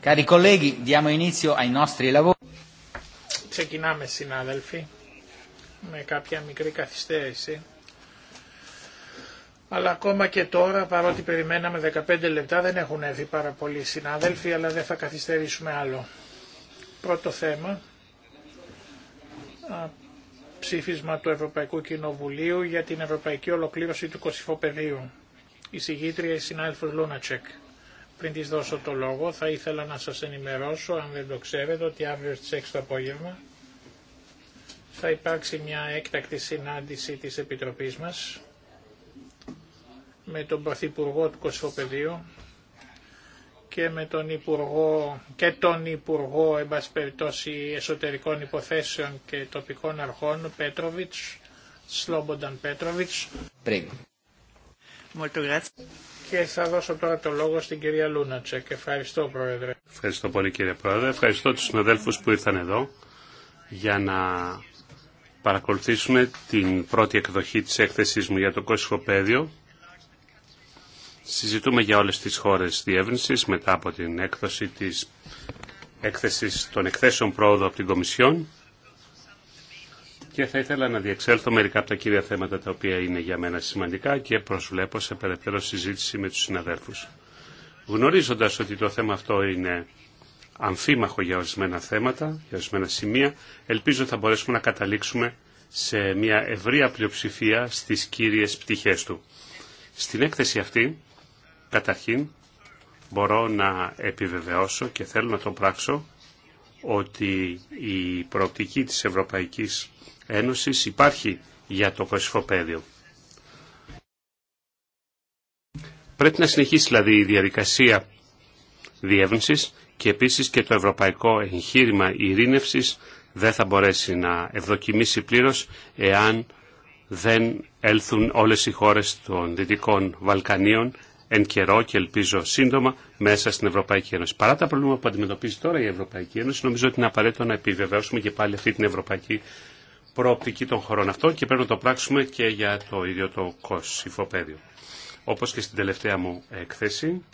Cari colleghi, diamo inizio ai nostri lavori. Ξεκινάμε συνάδελφοι με κάποια μικρή καθυστέρηση. Αλλά ακόμα και τώρα, παρότι περιμέναμε 15 λεπτά, δεν έχουν έρθει πάρα πολλοί συνάδελφοι, αλλά δεν θα καθυστερήσουμε άλλο. Πρώτο θέμα, ψήφισμα του Ευρωπαϊκού Κοινοβουλίου για την Ευρωπαϊκή Ολοκλήρωση του Κωσυφοπεδίου. Η η συνάδελφος Λούνατσεκ. Πριν της δώσω το λόγο θα ήθελα να σας ενημερώσω αν δεν το ξέρετε ότι αύριο στις 6 το απόγευμα θα υπάρξει μια έκτακτη συνάντηση της Επιτροπής μας με τον Πρωθυπουργό του Κοσφοπεδίου και με τον Υπουργό και τον Υπουργό εσωτερικών υποθέσεων και τοπικών αρχών Πέτροβιτς, Σλόμπονταν Πέτροβιτς. Και θα δώσω τώρα το λόγο στην κυρία Λούνατσεκ. Ευχαριστώ, Πρόεδρε. Ευχαριστώ πολύ, κύριε Πρόεδρε. Ευχαριστώ τους συναδέλφου που ήρθαν εδώ για να παρακολουθήσουμε την πρώτη εκδοχή της έκθεσής μου για το Πέδιο. Συζητούμε για όλες τις χώρες διεύρυνσης μετά από την έκδοση της έκθεσης των εκθέσεων πρόοδου από την Κομισιόν και θα ήθελα να διεξέλθω μερικά από τα κύρια θέματα τα οποία είναι για μένα σημαντικά και προσβλέπω σε περαιτέρω συζήτηση με τους συναδέλφους. Γνωρίζοντας ότι το θέμα αυτό είναι αμφίμαχο για ορισμένα θέματα, για ορισμένα σημεία, ελπίζω θα μπορέσουμε να καταλήξουμε σε μια ευρία πλειοψηφία στις κύριες πτυχές του. Στην έκθεση αυτή, καταρχήν, μπορώ να επιβεβαιώσω και θέλω να το πράξω ότι η προοπτική της Ευρωπαϊκής Ένωσης υπάρχει για το κοσφοπέδιο. Πρέπει να συνεχίσει δηλαδή η διαδικασία διεύρυνσης και επίσης και το ευρωπαϊκό εγχείρημα ειρήνευσης δεν θα μπορέσει να ευδοκιμήσει πλήρως εάν δεν έλθουν όλες οι χώρες των Δυτικών Βαλκανίων εν καιρό και ελπίζω σύντομα μέσα στην Ευρωπαϊκή Ένωση. Παρά τα προβλήματα που αντιμετωπίζει τώρα η Ευρωπαϊκή Ένωση, νομίζω ότι είναι απαραίτητο να επιβεβαιώσουμε και πάλι αυτή την ευρωπαϊκή προοπτική των χωρών αυτών και πρέπει να το πράξουμε και για το ίδιο το Κωσυφοπέδιο. Όπως και στην τελευταία μου έκθεση,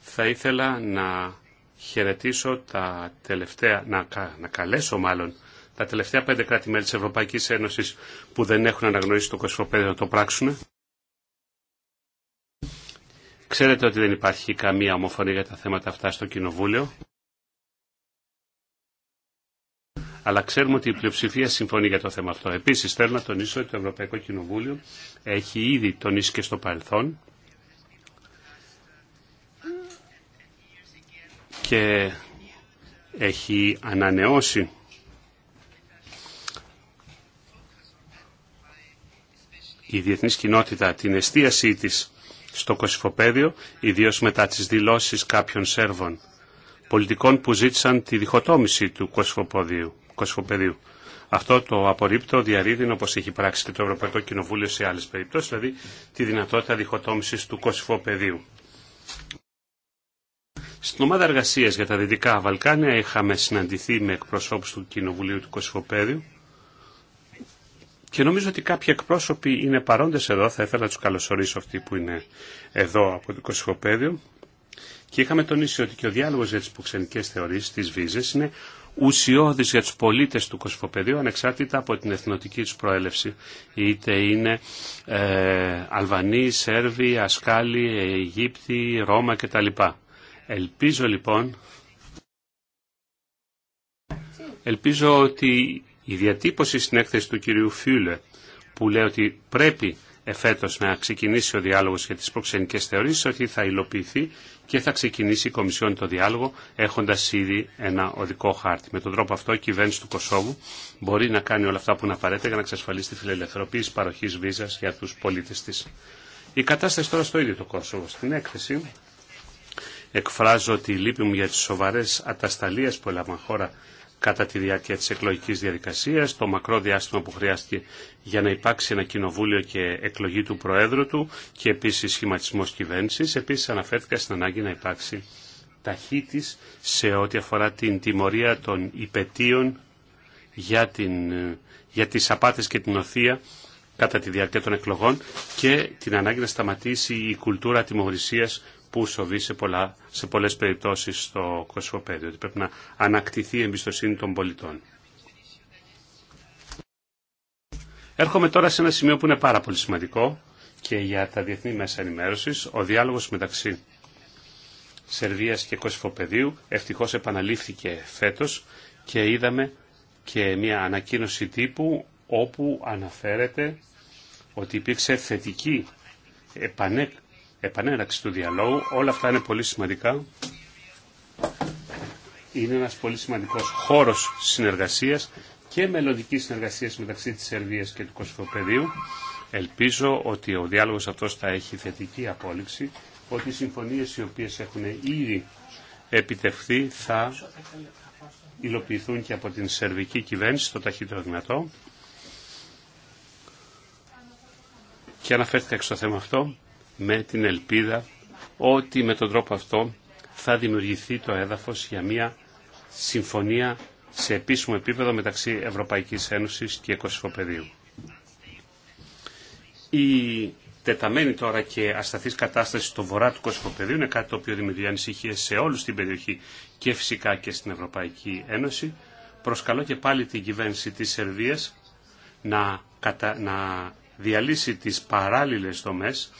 θα ήθελα να χαιρετήσω τα τελευταία, να, να καλέσω μάλλον τα τελευταία πέντε κράτη-μέλη της Ευρωπαϊκής Ένωσης που δεν έχουν αναγνωρίσει το Κωσυφοπέδιο να το πράξουν. Ξέρετε ότι δεν υπάρχει καμία ομοφωνία για τα θέματα αυτά στο Κοινοβούλιο. αλλά ξέρουμε ότι η πλειοψηφία συμφωνεί για το θέμα αυτό. Επίσης θέλω να τονίσω ότι το Ευρωπαϊκό Κοινοβούλιο έχει ήδη τονίσει και στο παρελθόν και έχει ανανεώσει η διεθνή κοινότητα την εστίασή της στο Κωσυφοπαίδιο, ιδίως μετά τις δηλώσεις κάποιων Σέρβων πολιτικών που ζήτησαν τη διχοτόμηση του Κωσυφοποδίου κοσφοπεδίου. Αυτό το απορρίπτω διαρρήδιν όπως έχει πράξει και το Ευρωπαϊκό Κοινοβούλιο σε άλλες περιπτώσεις, δηλαδή τη δυνατότητα διχοτόμησης του κοσφοπεδίου. Στην ομάδα εργασία για τα Δυτικά Βαλκάνια είχαμε συναντηθεί με εκπροσώπους του Κοινοβουλίου του Κωσυφοπέδιου και νομίζω ότι κάποιοι εκπρόσωποι είναι παρόντες εδώ, θα ήθελα να τους καλωσορίσω αυτοί που είναι εδώ από το Κωσυφοπέδιο και είχαμε τονίσει ότι και ο διάλογος για τις υποξενικές θεωρήσεις, τις βίζες, είναι ουσιώδης για τους πολίτες του Κοσμοπεδίου ανεξάρτητα από την εθνοτική τους προέλευση. Είτε είναι ε, Αλβανοί, Σέρβοι, Ασκάλοι, Αιγύπτιοι, Ρώμα κτλ. Ελπίζω λοιπόν ελπίζω ότι η διατύπωση στην έκθεση του κυρίου Φιούλε που λέει ότι πρέπει εφέτος να ξεκινήσει ο διάλογος για τις προξενικές θεωρήσεις, ότι θα υλοποιηθεί και θα ξεκινήσει η Κομισιόν το διάλογο έχοντας ήδη ένα οδικό χάρτη. Με τον τρόπο αυτό η κυβέρνηση του Κωσόβου μπορεί να κάνει όλα αυτά που είναι απαραίτητα για να εξασφαλίσει τη φιλελευθερωποίηση παροχής βίζας για τους πολίτες της. Η κατάσταση τώρα στο ίδιο το Κώσοβο. Στην έκθεση εκφράζω τη λύπη μου για τις σοβαρές ατασταλίες που έλαβαν χώρα κατά τη διάρκεια της εκλογικής διαδικασίας, το μακρό διάστημα που χρειάστηκε για να υπάρξει ένα κοινοβούλιο και εκλογή του Προέδρου του και επίσης σχηματισμός κυβέρνησης. Επίσης αναφέρθηκα στην ανάγκη να υπάρξει ταχύτης σε ό,τι αφορά την τιμωρία των υπετίων για, την, για τις απάτες και την οθεία κατά τη διάρκεια των εκλογών και την ανάγκη να σταματήσει η κουλτούρα τιμωρησίας που σοβεί σε, πολλά, σε πολλές περιπτώσεις στο κοσμοπέδιο, ότι πρέπει να ανακτηθεί η εμπιστοσύνη των πολιτών. Έρχομαι τώρα σε ένα σημείο που είναι πάρα πολύ σημαντικό και για τα διεθνή μέσα ενημέρωσης, ο διάλογος μεταξύ Σερβίας και κοσφοπεδίου. ευτυχώς επαναλήφθηκε φέτος και είδαμε και μια ανακοίνωση τύπου όπου αναφέρεται ότι υπήρξε θετική επανέκτηση επανέναρξη του διαλόγου. Όλα αυτά είναι πολύ σημαντικά. Είναι ένας πολύ σημαντικός χώρος συνεργασίας και μελλοντική συνεργασία μεταξύ της Σερβίας και του Κωσυφοπεδίου. Ελπίζω ότι ο διάλογος αυτός θα έχει θετική απόλυξη, ότι οι συμφωνίες οι οποίες έχουν ήδη επιτευχθεί θα υλοποιηθούν και από την σερβική κυβέρνηση το ταχύτερο δυνατό. Και αναφέρθηκα στο θέμα αυτό με την ελπίδα ότι με τον τρόπο αυτό θα δημιουργηθεί το έδαφος για μια συμφωνία σε επίσημο επίπεδο μεταξύ Ευρωπαϊκής Ένωσης και Κωσυφοπεδίου. Η τεταμένη τώρα και ασταθής κατάσταση στο βορρά του Κωσυφοπεδίου είναι κάτι το οποίο δημιουργεί ανησυχίε σε όλους την περιοχή και φυσικά και στην Ευρωπαϊκή Ένωση. Προσκαλώ και πάλι την κυβέρνηση της Σερβίας να, διαλύσει τις παράλληλες δομές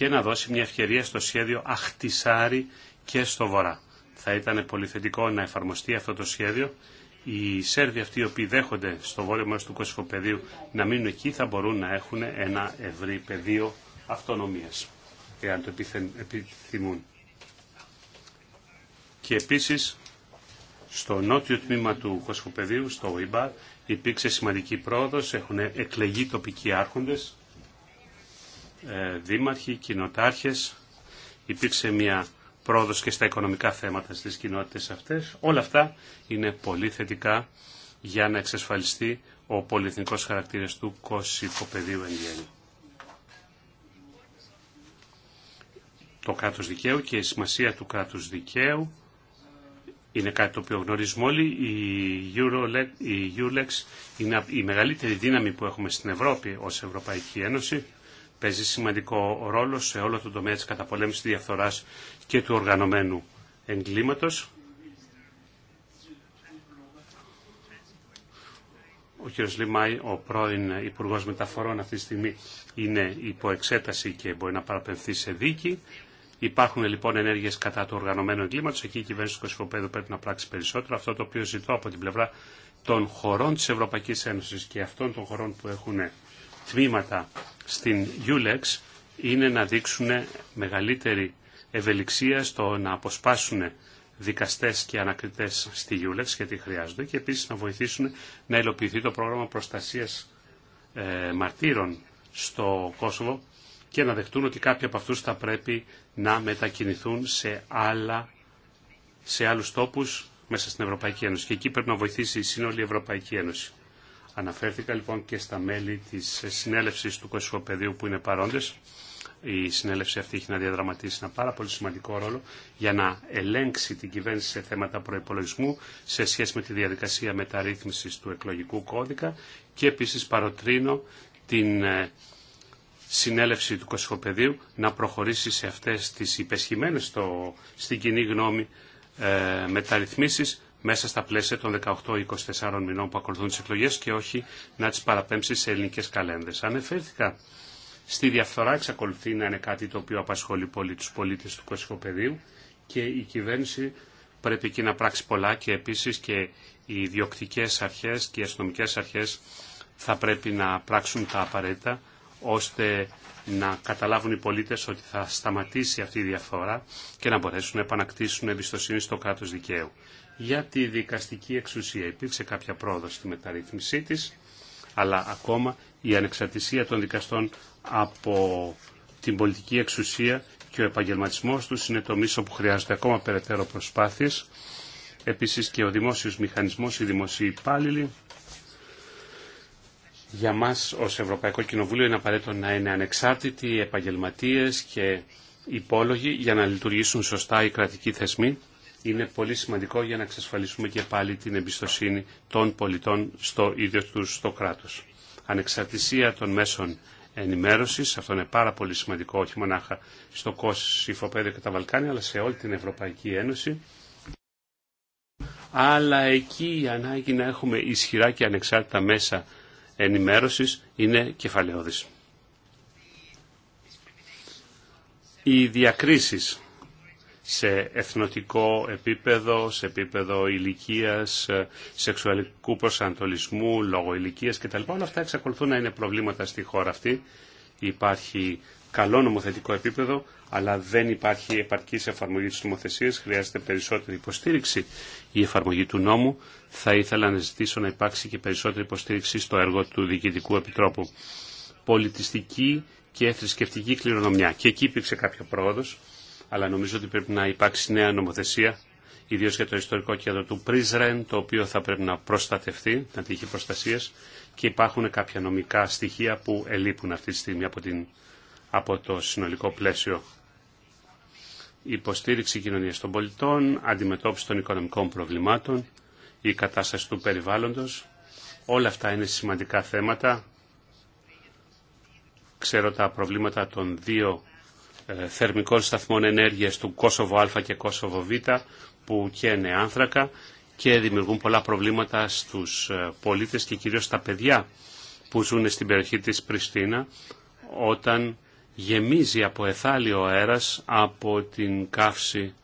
και να δώσει μια ευκαιρία στο σχέδιο Αχτισάρι και στο Βορρά. Θα ήταν πολύ θετικό να εφαρμοστεί αυτό το σχέδιο. Οι Σέρβοι αυτοί οι οποίοι δέχονται στο βόρειο μέρος του Κωσυφοπεδίου να μείνουν εκεί θα μπορούν να έχουν ένα ευρύ πεδίο αυτονομίας, εάν το επιθυμούν. Και επίσης στο νότιο τμήμα του Κωσυφοπεδίου, στο ΙΜΠΑ, υπήρξε σημαντική πρόοδος, έχουν εκλεγεί τοπικοί άρχοντες ε, δήμαρχοι, κοινοτάρχες, υπήρξε μια πρόοδος και στα οικονομικά θέματα στις κοινότητες αυτές. Όλα αυτά είναι πολύ θετικά για να εξασφαλιστεί ο πολυεθνικός χαρακτήρας του κοσυφοπεδίου εν γέννη. Το κράτος δικαίου και η σημασία του κράτους δικαίου είναι κάτι το οποίο γνωρίζουμε όλοι. Η Eurolex, η Eurolex είναι η μεγαλύτερη δύναμη που έχουμε στην Ευρώπη ως Ευρωπαϊκή Ένωση παίζει σημαντικό ρόλο σε όλο το τομέα της καταπολέμησης διαφθοράς και του οργανωμένου εγκλήματος. Ο κ. Λιμάη, ο πρώην Υπουργό Μεταφορών αυτή τη στιγμή είναι υπό εξέταση και μπορεί να παραπευθεί σε δίκη. Υπάρχουν λοιπόν ενέργειε κατά του οργανωμένου εγκλήματος. Εκεί η κυβέρνηση του Κωσικοπέδου πρέπει να πράξει περισσότερο. Αυτό το οποίο ζητώ από την πλευρά των χωρών τη Ευρωπαϊκή Ένωση και αυτών των χωρών που έχουν τμήματα στην ULEX είναι να δείξουν μεγαλύτερη ευελιξία στο να αποσπάσουν δικαστές και ανακριτές στη ULEX γιατί χρειάζονται και επίσης να βοηθήσουν να υλοποιηθεί το πρόγραμμα προστασίας ε, μαρτύρων στο Κόσοβο και να δεχτούν ότι κάποιοι από αυτούς θα πρέπει να μετακινηθούν σε, άλλα, σε άλλους τόπους μέσα στην Ευρωπαϊκή Ένωση. Και εκεί πρέπει να βοηθήσει η σύνολη Ευρωπαϊκή Ένωση. Αναφέρθηκα λοιπόν και στα μέλη της συνέλευσης του Κωσικοπαιδίου που είναι παρόντες. Η συνέλευση αυτή έχει να διαδραματίσει ένα πάρα πολύ σημαντικό ρόλο για να ελέγξει την κυβέρνηση σε θέματα προπολογισμού σε σχέση με τη διαδικασία μεταρρύθμισης του εκλογικού κώδικα και επίσης παροτρύνω την ε, συνέλευση του Κωσικοπαιδίου να προχωρήσει σε αυτές τις υπεσχημένες στην κοινή γνώμη μεταρρυθμίσει. μεταρρυθμίσεις μέσα στα πλαίσια των 18-24 μηνών που ακολουθούν τι εκλογέ και όχι να τι παραπέμψει σε ελληνικέ καλένδε. Ανεφέρθηκα στη διαφθορά, εξακολουθεί να είναι κάτι το οποίο απασχολεί πολύ του πολίτε του πεδίου και η κυβέρνηση πρέπει εκεί να πράξει πολλά και επίσης και οι ιδιοκτικέ αρχές και οι αστυνομικέ αρχές θα πρέπει να πράξουν τα απαραίτητα ώστε να καταλάβουν οι πολίτες ότι θα σταματήσει αυτή η διαφθορά και να μπορέσουν να επανακτήσουν εμπιστοσύνη στο κράτο δικαίου για τη δικαστική εξουσία. Υπήρξε κάποια πρόοδο στη μεταρρύθμισή της, αλλά ακόμα η ανεξαρτησία των δικαστών από την πολιτική εξουσία και ο επαγγελματισμός τους είναι το μίσο που χρειάζεται ακόμα περαιτέρω προσπάθειες. Επίσης και ο δημόσιος μηχανισμός, οι δημοσίοι υπάλληλοι, για μας ως Ευρωπαϊκό Κοινοβούλιο είναι απαραίτητο να είναι ανεξάρτητοι επαγγελματίες και υπόλογοι για να λειτουργήσουν σωστά οι κρατικοί θεσμοί είναι πολύ σημαντικό για να εξασφαλίσουμε και πάλι την εμπιστοσύνη των πολιτών στο ίδιο του στο κράτος. Ανεξαρτησία των μέσων ενημέρωσης, αυτό είναι πάρα πολύ σημαντικό όχι μονάχα στο Κωσυφοπέδιο και τα Βαλκάνια, αλλά σε όλη την Ευρωπαϊκή Ένωση. Αλλά εκεί η ανάγκη να έχουμε ισχυρά και ανεξάρτητα μέσα ενημέρωσης είναι κεφαλαιώδης. Οι διακρίσεις σε εθνοτικό επίπεδο, σε επίπεδο ηλικίας, ε, σεξουαλικού προσανατολισμού, λόγω ηλικίας κτλ. Όλα αυτά εξακολουθούν να είναι προβλήματα στη χώρα αυτή. Υπάρχει καλό νομοθετικό επίπεδο, αλλά δεν υπάρχει επαρκή εφαρμογή της νομοθεσίας. Χρειάζεται περισσότερη υποστήριξη η εφαρμογή του νόμου. Θα ήθελα να ζητήσω να υπάρξει και περισσότερη υποστήριξη στο έργο του Διοικητικού Επιτρόπου. Πολιτιστική και θρησκευτική κληρονομιά. Και εκεί υπήρξε κάποιο πρόοδο αλλά νομίζω ότι πρέπει να υπάρξει νέα νομοθεσία, ιδίως για το ιστορικό κέντρο του Πρίζρεν, το οποίο θα πρέπει να προστατευτεί, να τύχει προστασίες και υπάρχουν κάποια νομικά στοιχεία που ελείπουν αυτή τη στιγμή από, την, από το συνολικό πλαίσιο. Υποστήριξη κοινωνίας των πολιτών, αντιμετώπιση των οικονομικών προβλημάτων, η κατάσταση του περιβάλλοντος, όλα αυτά είναι σημαντικά θέματα. Ξέρω τα προβλήματα των δύο ε, θερμικών σταθμών ενέργειας του Κόσοβο Α και Κόσοβο Β που και άνθρακα και δημιουργούν πολλά προβλήματα στους ε, πολίτες και κυρίως στα παιδιά που ζουν στην περιοχή της Πριστίνα όταν γεμίζει από εθάλιο αέρας από την καύση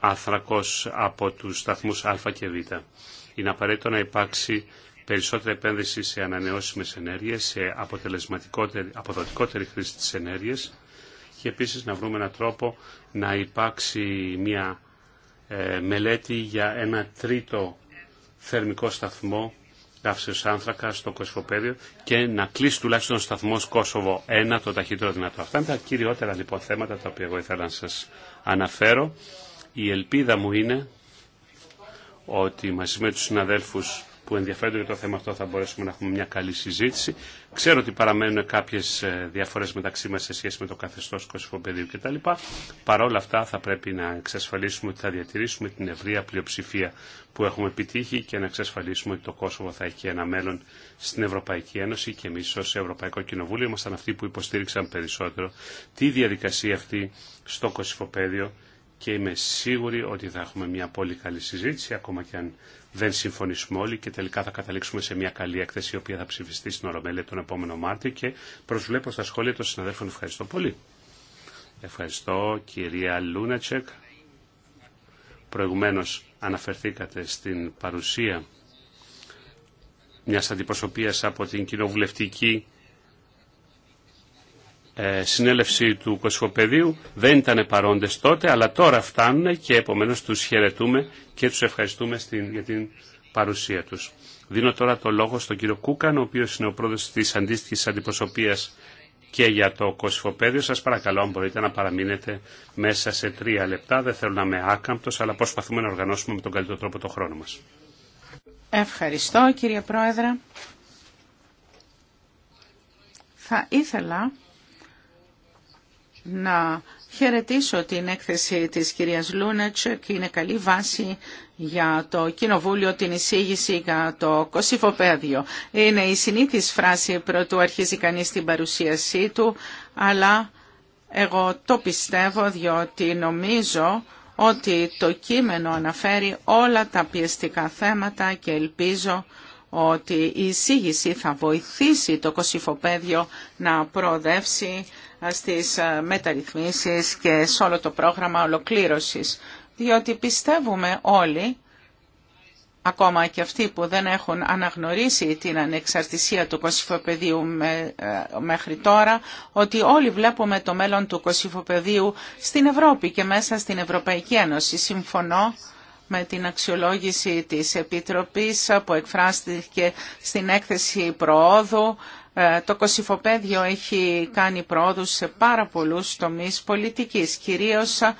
άθρακος από τους σταθμούς Α και Β. Είναι απαραίτητο να υπάρξει περισσότερη επένδυση σε ανανεώσιμες ενέργειες, σε αποδοτικότερη χρήση της ενέργειας και επίσης να βρούμε έναν τρόπο να υπάρξει μια ε, μελέτη για ένα τρίτο θερμικό σταθμό καύσεως άνθρακα στο Κοσμοπέδιο και να κλείσει τουλάχιστον ο σταθμός Κόσοβο 1 το ταχύτερο δυνατό. Αυτά είναι τα κυριότερα λοιπόν θέματα τα οποία εγώ ήθελα να σας αναφέρω. Η ελπίδα μου είναι ότι μαζί με τους συναδέλφους που ενδιαφέρονται για το θέμα αυτό θα μπορέσουμε να έχουμε μια καλή συζήτηση. Ξέρω ότι παραμένουν κάποιε διαφορέ μεταξύ μα σε σχέση με το καθεστώ Κωσυφοπέδιου κτλ. Παρ' όλα αυτά θα πρέπει να εξασφαλίσουμε ότι θα διατηρήσουμε την ευρεία πλειοψηφία που έχουμε επιτύχει και να εξασφαλίσουμε ότι το Κόσοβο θα έχει ένα μέλλον στην Ευρωπαϊκή Ένωση και εμεί ω Ευρωπαϊκό Κοινοβούλιο ήμασταν αυτοί που υποστήριξαν περισσότερο τη διαδικασία αυτή στο κοσυφοπαίδιο και είμαι σίγουρη ότι θα έχουμε μια πολύ καλή συζήτηση ακόμα και αν δεν συμφωνήσουμε όλοι και τελικά θα καταλήξουμε σε μια καλή έκθεση η οποία θα ψηφιστεί στην Ορομέλεια τον επόμενο Μάρτιο και προσβλέπω στα σχόλια των συναδέλφων. Ευχαριστώ πολύ. Ευχαριστώ κυρία Λούνατσεκ. Προηγουμένως αναφερθήκατε στην παρουσία μιας αντιπροσωπείας από την κοινοβουλευτική ε, συνέλευση του Κοσμοπεδίου δεν ήταν παρόντες τότε, αλλά τώρα φτάνουν και επομένως τους χαιρετούμε και τους ευχαριστούμε στην, για την παρουσία τους. Δίνω τώρα το λόγο στον κύριο Κούκαν, ο οποίος είναι ο πρόεδρος της αντίστοιχης αντιπροσωπείας και για το κοσφοπέδιο. Σας παρακαλώ αν μπορείτε να παραμείνετε μέσα σε τρία λεπτά. Δεν θέλω να είμαι άκαμπτος, αλλά προσπαθούμε να οργανώσουμε με τον καλύτερο τρόπο το χρόνο μας. Ευχαριστώ κύριε Πρόεδρε. Θα ήθελα να χαιρετήσω την έκθεση της κυρίας Λούνατς και είναι καλή βάση για το Κοινοβούλιο την εισήγηση για το κοσυφοπαίδιο. Είναι η συνήθις φράση πρωτού αρχίζει κανείς την παρουσίασή του, αλλά εγώ το πιστεύω διότι νομίζω ότι το κείμενο αναφέρει όλα τα πιεστικά θέματα και ελπίζω ότι η εισήγηση θα βοηθήσει το κοσυφοπαίδιο να προοδεύσει στις ε, μεταρρυθμίσεις και σε όλο το πρόγραμμα ολοκλήρωσης. Διότι πιστεύουμε όλοι, ακόμα και αυτοί που δεν έχουν αναγνωρίσει την ανεξαρτησία του κοσυφοπεδίου ε, μέχρι τώρα, ότι όλοι βλέπουμε το μέλλον του κοσυφοπεδίου στην Ευρώπη και μέσα στην Ευρωπαϊκή Ένωση. Συμφωνώ με την αξιολόγηση της Επιτροπής που εκφράστηκε στην έκθεση προόδου ε, το Κωσυφοπαίδιο έχει κάνει πρόοδους σε πάρα πολλούς τομείς πολιτικής, κυρίως ε,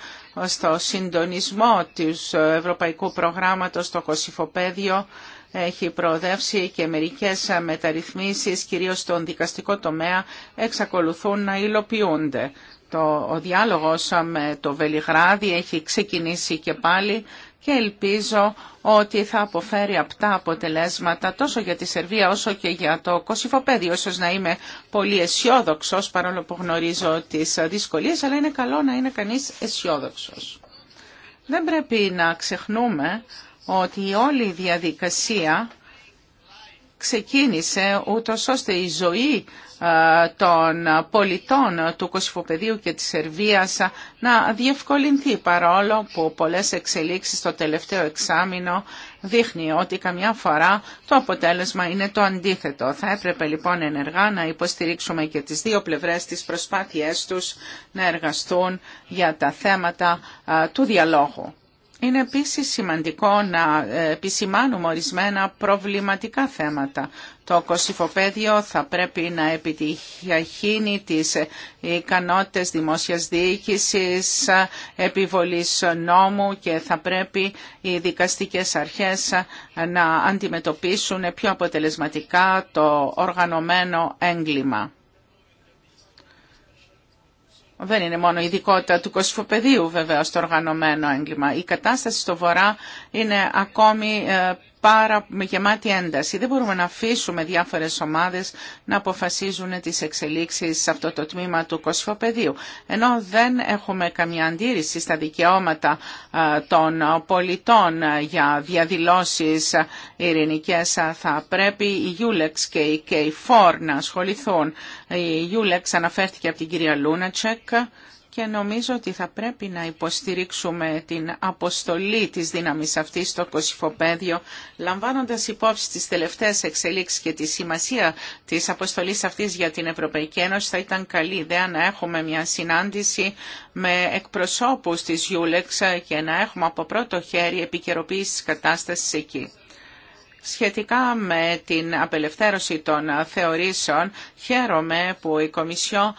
στο συντονισμό του ε, Ευρωπαϊκού Προγράμματος το Κωσυφοπαίδιο έχει προοδεύσει και μερικές μεταρρυθμίσεις, κυρίως στον δικαστικό τομέα, εξακολουθούν να υλοποιούνται. Το, ο διάλογος με το Βελιγράδι έχει ξεκινήσει και πάλι και ελπίζω ότι θα αποφέρει απτά αποτελέσματα τόσο για τη Σερβία όσο και για το Κωσυφοπέδιο. Ίσως να είμαι πολύ αισιόδοξο παρόλο που γνωρίζω τις δυσκολίες, αλλά είναι καλό να είναι κανείς αισιόδοξο. Δεν πρέπει να ξεχνούμε ότι όλη η διαδικασία ξεκίνησε ούτως ώστε η ζωή των πολιτών του Κωσυφοπεδίου και της Σερβίας να διευκολυνθεί παρόλο που πολλές εξελίξεις στο τελευταίο εξάμεινο δείχνει ότι καμιά φορά το αποτέλεσμα είναι το αντίθετο. Θα έπρεπε λοιπόν ενεργά να υποστηρίξουμε και τις δύο πλευρές τις προσπάθειές τους να εργαστούν για τα θέματα του διαλόγου. Είναι επίσης σημαντικό να επισημάνουμε ορισμένα προβληματικά θέματα. Το κοσυφοπαίδιο θα πρέπει να επιτυχιαχύνει τις ικανότητες δημόσιας διοίκησης, επιβολής νόμου και θα πρέπει οι δικαστικές αρχές να αντιμετωπίσουν πιο αποτελεσματικά το οργανωμένο έγκλημα. Δεν είναι μόνο η ειδικότητα του κοσφοπεδίου βέβαια στο οργανωμένο έγκλημα. Η κατάσταση στο Βορρά είναι ακόμη ε, πάρα γεμάτη ένταση. Δεν μπορούμε να αφήσουμε διάφορες ομάδες να αποφασίζουν τις εξελίξεις σε αυτό το τμήμα του κοσφοπεδίου. Ενώ δεν έχουμε καμία αντίρρηση στα δικαιώματα των πολιτών για διαδηλώσεις ειρηνικές, θα πρέπει η Ιούλεξ και η ΚΕΙΦΟΡ να ασχοληθούν. Η Ιούλεξ αναφέρθηκε από την κυρία Λούνατσεκ και νομίζω ότι θα πρέπει να υποστηρίξουμε την αποστολή της δύναμης αυτής στο Κωσυφοπαίδιο, λαμβάνοντας υπόψη τις τελευταίες εξελίξεις και τη σημασία της αποστολής αυτής για την Ευρωπαϊκή Ένωση, θα ήταν καλή ιδέα να έχουμε μια συνάντηση με εκπροσώπους της Ιούλεξα και να έχουμε από πρώτο χέρι επικαιροποίηση της κατάστασης εκεί. Σχετικά με την απελευθέρωση των θεωρήσεων, χαίρομαι που η Κομισιό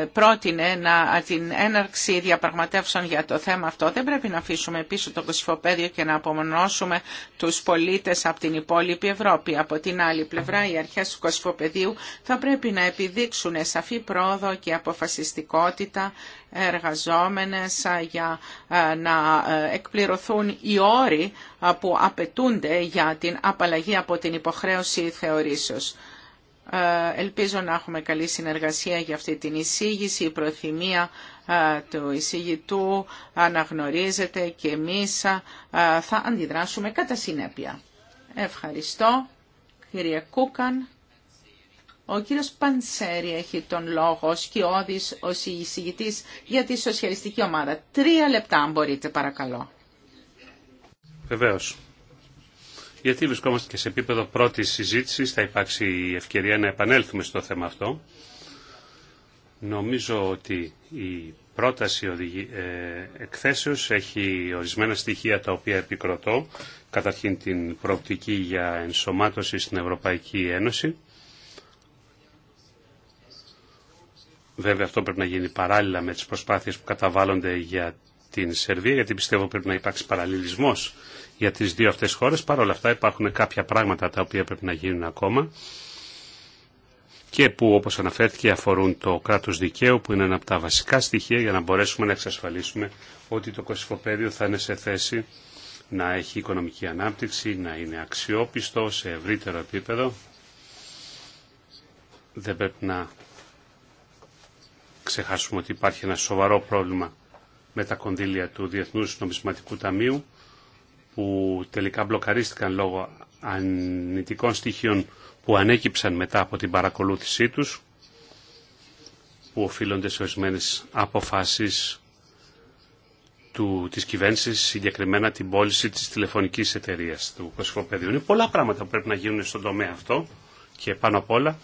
ε, πρότεινε να, την έναρξη διαπραγματεύσεων για το θέμα αυτό. Δεν πρέπει να αφήσουμε πίσω το κοσυφοπαίδιο και να απομονώσουμε τους πολίτες από την υπόλοιπη Ευρώπη. Από την άλλη πλευρά, οι αρχές του κοσυφοπαιδίου θα πρέπει να επιδείξουν σαφή πρόοδο και αποφασιστικότητα εργαζόμενες για να εκπληρωθούν οι όροι που απαιτούνται για την απαλλαγή από την υποχρέωση θεωρήσεως. Ελπίζω να έχουμε καλή συνεργασία για αυτή την εισήγηση. Η προθυμία του εισηγητού αναγνωρίζεται και εμείς θα αντιδράσουμε κατά συνέπεια. Ευχαριστώ. κύριε Κούκαν. Ο κύριος Πανσέρη έχει τον λόγο, σκιώδης, ως εισηγητής για τη σοσιαλιστική ομάδα. Τρία λεπτά, αν μπορείτε, παρακαλώ. Βεβαίως. Γιατί βρισκόμαστε και σε επίπεδο πρώτης συζήτησης, θα υπάρξει η ευκαιρία να επανέλθουμε στο θέμα αυτό. Νομίζω ότι η πρόταση οδηγη... Ε, εκθέσεως έχει ορισμένα στοιχεία τα οποία επικροτώ. Καταρχήν την προοπτική για ενσωμάτωση στην Ευρωπαϊκή Ένωση Βέβαια αυτό πρέπει να γίνει παράλληλα με τις προσπάθειες που καταβάλλονται για την Σερβία, γιατί πιστεύω πρέπει να υπάρξει παραλληλισμός για τις δύο αυτές χώρες. Παρ' όλα αυτά υπάρχουν κάποια πράγματα τα οποία πρέπει να γίνουν ακόμα και που όπως αναφέρθηκε αφορούν το κράτος δικαίου που είναι ένα από τα βασικά στοιχεία για να μπορέσουμε να εξασφαλίσουμε ότι το κοσυφοπέδιο θα είναι σε θέση να έχει οικονομική ανάπτυξη, να είναι αξιόπιστο σε ευρύτερο επίπεδο. Δεν πρέπει να ξεχάσουμε ότι υπάρχει ένα σοβαρό πρόβλημα με τα κονδύλια του Διεθνούς Νομισματικού Ταμείου που τελικά μπλοκαρίστηκαν λόγω ανητικών στοιχείων που ανέκυψαν μετά από την παρακολούθησή τους που οφείλονται σε ορισμένε αποφάσεις του, της κυβέρνησης, συγκεκριμένα την πώληση της τηλεφωνικής εταιρείας του Κωσικοπαιδίου. Είναι πολλά πράγματα που πρέπει να γίνουν στον τομέα αυτό και πάνω απ' όλα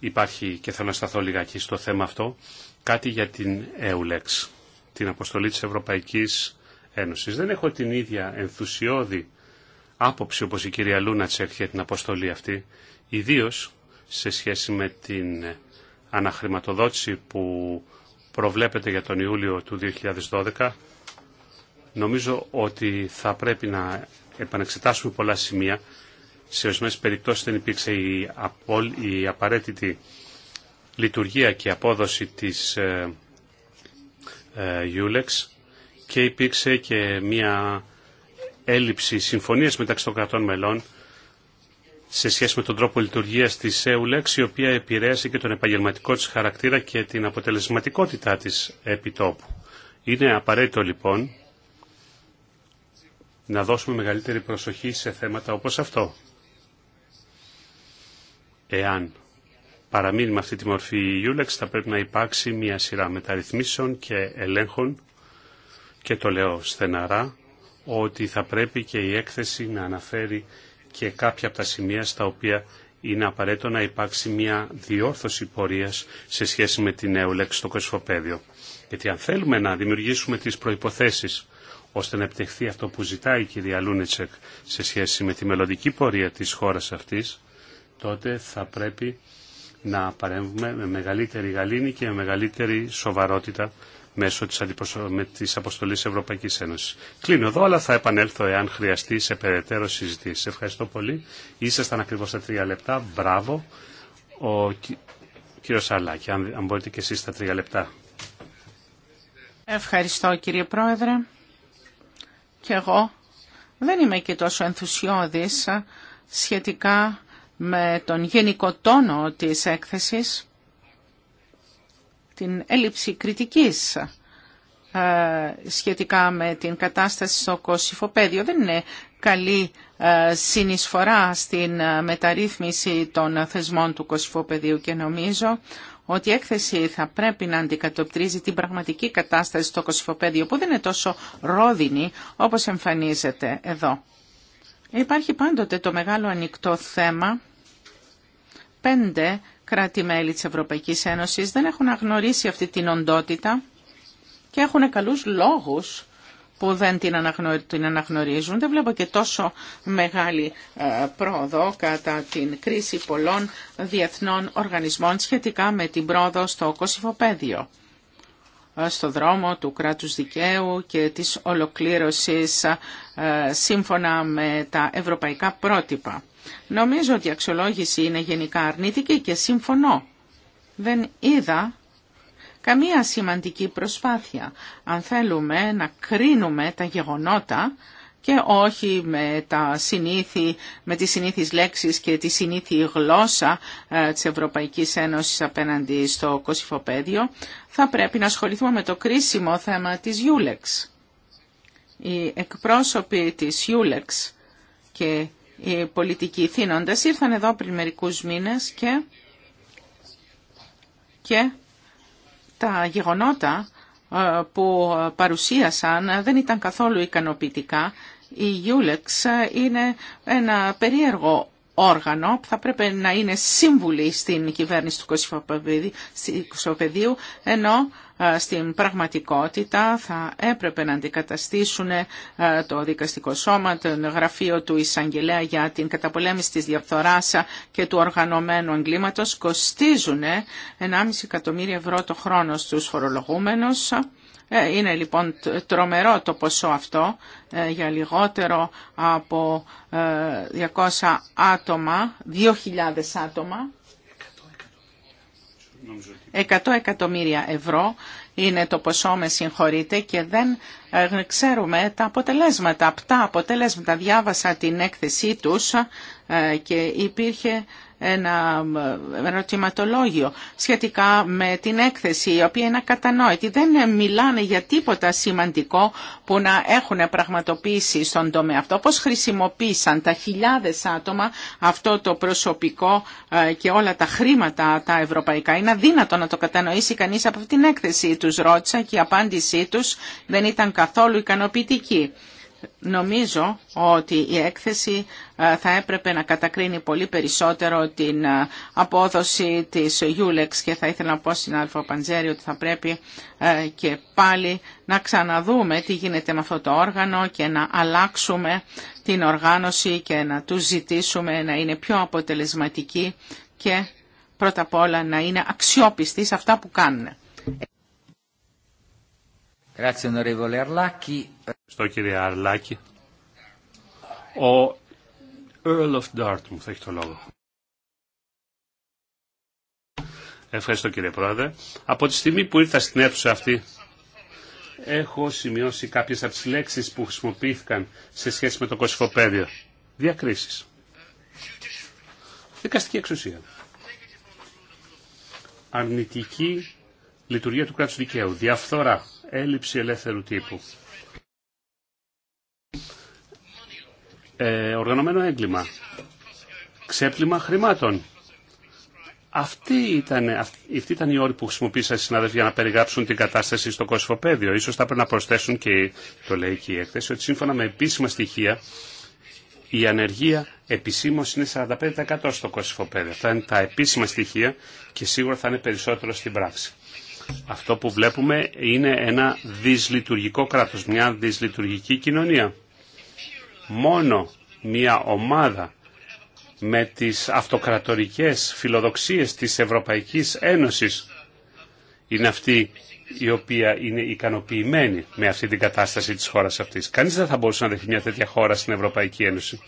υπάρχει, και θέλω να σταθώ λιγάκι στο θέμα αυτό, κάτι για την EULEX, την αποστολή της Ευρωπαϊκής Ένωσης. Δεν έχω την ίδια ενθουσιώδη άποψη όπως η κυρία Λούνατσερ για την αποστολή αυτή, ιδίω σε σχέση με την αναχρηματοδότηση που προβλέπεται για τον Ιούλιο του 2012. Νομίζω ότι θα πρέπει να επανεξετάσουμε πολλά σημεία σε ορισμένε περιπτώσει δεν υπήρξε η, απολ, η απαραίτητη λειτουργία και απόδοση της ε, ε και υπήρξε και μια έλλειψη συμφωνίας μεταξύ των κρατών μελών σε σχέση με τον τρόπο λειτουργίας της EULEX η οποία επηρέασε και τον επαγγελματικό της χαρακτήρα και την αποτελεσματικότητά της επιτόπου. Είναι απαραίτητο λοιπόν να δώσουμε μεγαλύτερη προσοχή σε θέματα όπως αυτό. Εάν παραμείνει με αυτή τη μορφή η Ιούλεξ, θα πρέπει να υπάρξει μια σειρά μεταρρυθμίσεων και ελέγχων και το λέω στεναρά ότι θα πρέπει και η έκθεση να αναφέρει και κάποια από τα σημεία στα οποία είναι απαραίτητο να υπάρξει μια διόρθωση πορείας σε σχέση με την EULAX στο κοσφοπέδιο. Γιατί αν θέλουμε να δημιουργήσουμε τις προϋποθέσεις ώστε να επιτευχθεί αυτό που ζητάει η κυρία Λούνετσεκ σε σχέση με τη μελλοντική πορεία της χώρας αυτής, τότε θα πρέπει να παρέμβουμε με μεγαλύτερη γαλήνη και με μεγαλύτερη σοβαρότητα μέσω της, με της αποστολής Ευρωπαϊκής Ένωσης. Κλείνω εδώ, αλλά θα επανέλθω εάν χρειαστεί σε περαιτέρω συζητήσεις. Ευχαριστώ πολύ. Ήσασταν ακριβώς τα τρία λεπτά. Μπράβο. Ο κύριος Σαλάκη, αν, μπορείτε και εσείς τα τρία λεπτά. Ευχαριστώ κύριε Πρόεδρε. Και εγώ δεν είμαι και τόσο ενθουσιώδης σχετικά με τον γενικό τόνο της έκθεσης, την έλλειψη κριτικής ε, σχετικά με την κατάσταση στο κοσυφοπαίδιο. Δεν είναι καλή ε, συνεισφορά στην ε, μεταρρύθμιση των θεσμών του κοσυφοπαιδίου και νομίζω ότι η έκθεση θα πρέπει να αντικατοπτρίζει την πραγματική κατάσταση στο κοσυφοπαίδιο που δεν είναι τόσο ρόδινη όπως εμφανίζεται εδώ. Υπάρχει πάντοτε το μεγάλο ανοιχτό θέμα πέντε κράτη-μέλη της Ευρωπαϊκής Ένωσης δεν έχουν αγνωρίσει αυτή την οντότητα και έχουν καλούς λόγους που δεν την αναγνωρίζουν. Δεν βλέπω και τόσο μεγάλη ε, πρόοδο κατά την κρίση πολλών διεθνών οργανισμών σχετικά με την πρόοδο στο κοσυφοπαίδιο στο δρόμο του κράτους δικαίου και της ολοκλήρωσης ε, σύμφωνα με τα ευρωπαϊκά πρότυπα. Νομίζω ότι η αξιολόγηση είναι γενικά αρνητική και συμφωνώ. Δεν είδα καμία σημαντική προσπάθεια. Αν θέλουμε να κρίνουμε τα γεγονότα, και όχι με, τα συνήθη, με τις συνήθεις λέξεις και τη συνήθη γλώσσα ε, της Ευρωπαϊκής Ένωσης απέναντι στο κοσυφοπέδιο, θα πρέπει να ασχοληθούμε με το κρίσιμο θέμα της Ιούλεξ. Οι εκπρόσωποι της Ιούλεξ και οι πολιτικοί θύνοντες ήρθαν εδώ πριν μερικούς μήνες και, και τα γεγονότα ε, που παρουσίασαν δεν ήταν καθόλου ικανοποιητικά. Η Ulex είναι ένα περίεργο όργανο που θα πρέπει να είναι σύμβουλη στην κυβέρνηση του Κωσυφοπεδίου, ενώ ε, στην πραγματικότητα θα έπρεπε να αντικαταστήσουν ε, το δικαστικό σώμα, το γραφείο του ισαγγελέα για την καταπολέμηση της διαφθοράς και του οργανωμένου εγκλήματος κοστίζουν 1,5 ε, εκατομμύρια ευρώ το χρόνο στους φορολογούμενους. Είναι λοιπόν τρομερό το ποσό αυτό για λιγότερο από 200 άτομα, 2.000 άτομα. 100 εκατομμύρια ευρώ είναι το ποσό με συγχωρείτε και δεν ε, ξέρουμε τα αποτελέσματα. Αυτά αποτελέσματα διάβασα την έκθεσή τους ε, και υπήρχε ένα ερωτηματολόγιο σχετικά με την έκθεση, η οποία είναι κατανόητη. Δεν μιλάνε για τίποτα σημαντικό που να έχουν πραγματοποιήσει στον τομέα αυτό. Πώς χρησιμοποίησαν τα χιλιάδες άτομα αυτό το προσωπικό ε, και όλα τα χρήματα τα ευρωπαϊκά. Είναι αδύνατο να το κατανοήσει κανείς από την έκθεση του ρώτησα και η απάντησή τους δεν ήταν καθόλου ικανοποιητική. Νομίζω ότι η έκθεση ε, θα έπρεπε να κατακρίνει πολύ περισσότερο την ε, απόδοση της Ιούλεξ και θα ήθελα να πω στην Αλφα Παντζέρη ότι θα πρέπει ε, και πάλι να ξαναδούμε τι γίνεται με αυτό το όργανο και να αλλάξουμε την οργάνωση και να του ζητήσουμε να είναι πιο αποτελεσματική και πρώτα απ' όλα να είναι αξιόπιστοι σε αυτά που κάνουν. Ευχαριστώ κύριε Αρλάκη. Ο Earl of Dartmouth έχει το λόγο. Ευχαριστώ κύριε Πρόεδρε. Από τη στιγμή που ήρθα στην αίθουσα αυτή έχω σημειώσει κάποιες από τις λέξεις που χρησιμοποιήθηκαν σε σχέση με το κοσυφοπαίδιο. Διακρίσεις. Δικαστική εξουσία. Αρνητική λειτουργία του κράτους δικαίου. Διαφθορά έλλειψη ελεύθερου τύπου. Ε, οργανωμένο έγκλημα. Ξέπλυμα χρημάτων. Αυτή ήταν, αυτή ήταν η όρη που χρησιμοποίησαν οι συνάδελφοι για να περιγράψουν την κατάσταση στο Κωσφοπέδιο. Ίσως θα πρέπει να προσθέσουν και το λέει και η έκθεση ότι σύμφωνα με επίσημα στοιχεία η ανεργία επισήμω είναι 45% στο Κωσφοπέδιο. Αυτά είναι τα επίσημα στοιχεία και σίγουρα θα είναι περισσότερο στην πράξη. Αυτό που βλέπουμε είναι ένα δυσλειτουργικό κράτος, μια δυσλειτουργική κοινωνία. Μόνο μια ομάδα με τις αυτοκρατορικές φιλοδοξίες της Ευρωπαϊκής Ένωσης είναι αυτή η οποία είναι ικανοποιημένη με αυτή την κατάσταση της χώρας αυτής. Κανείς δεν θα μπορούσε να δεχτεί μια τέτοια χώρα στην Ευρωπαϊκή Ένωση.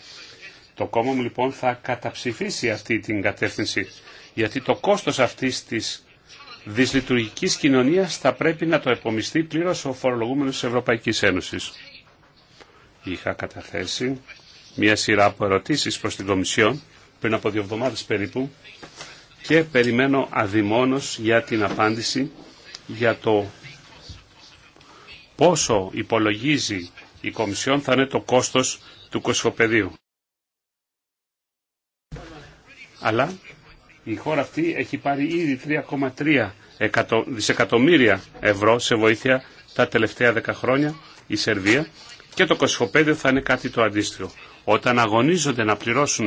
Το κόμμα μου λοιπόν θα καταψηφίσει αυτή την κατεύθυνση, γιατί το κόστος αυτής της δυσλειτουργικής κοινωνία θα πρέπει να το επομιστεί πλήρω ο φορολογούμενος τη Ευρωπαϊκής Ένωσης. Είχα καταθέσει μια σειρά από ερωτήσει προς την Κομισιόν πριν από δύο εβδομάδε περίπου και περιμένω αδειμόνω για την απάντηση για το πόσο υπολογίζει η Κομισιόν θα είναι το κόστος του κοσφοπεδίου. Αλλά η χώρα αυτή έχει πάρει ήδη 3,3 δισεκατομμύρια ευρώ σε βοήθεια τα τελευταία 10 χρόνια η Σερβία και το 25 θα είναι κάτι το αντίστοιχο. Όταν αγωνίζονται να πληρώσουν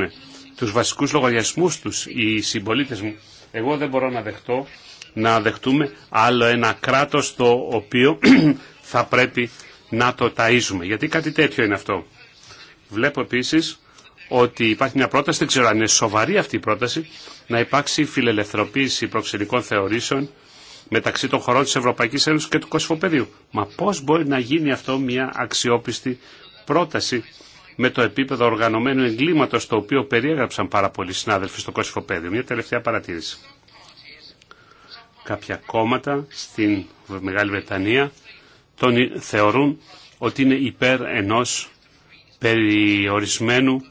τους βασικούς λογαριασμούς τους οι συμπολίτες μου, εγώ δεν μπορώ να δεχτώ να δεχτούμε άλλο ένα κράτος το οποίο θα πρέπει να το ταΐζουμε. Γιατί κάτι τέτοιο είναι αυτό. Βλέπω επίσης ότι υπάρχει μια πρόταση, δεν ξέρω αν είναι σοβαρή αυτή η πρόταση, να υπάρξει φιλελευθερωποίηση προξενικών θεωρήσεων μεταξύ των χωρών της Ευρωπαϊκής Ένωσης και του Κωσφοπεδίου. Μα πώς μπορεί να γίνει αυτό μια αξιόπιστη πρόταση με το επίπεδο οργανωμένου εγκλήματος το οποίο περιέγραψαν πάρα πολλοί συνάδελφοι στο Κωσφοπέδιο. Μια τελευταία παρατήρηση. Κάποια κόμματα στην Μεγάλη Βρετανία τον θεωρούν ότι είναι υπέρ ενός περιορισμένου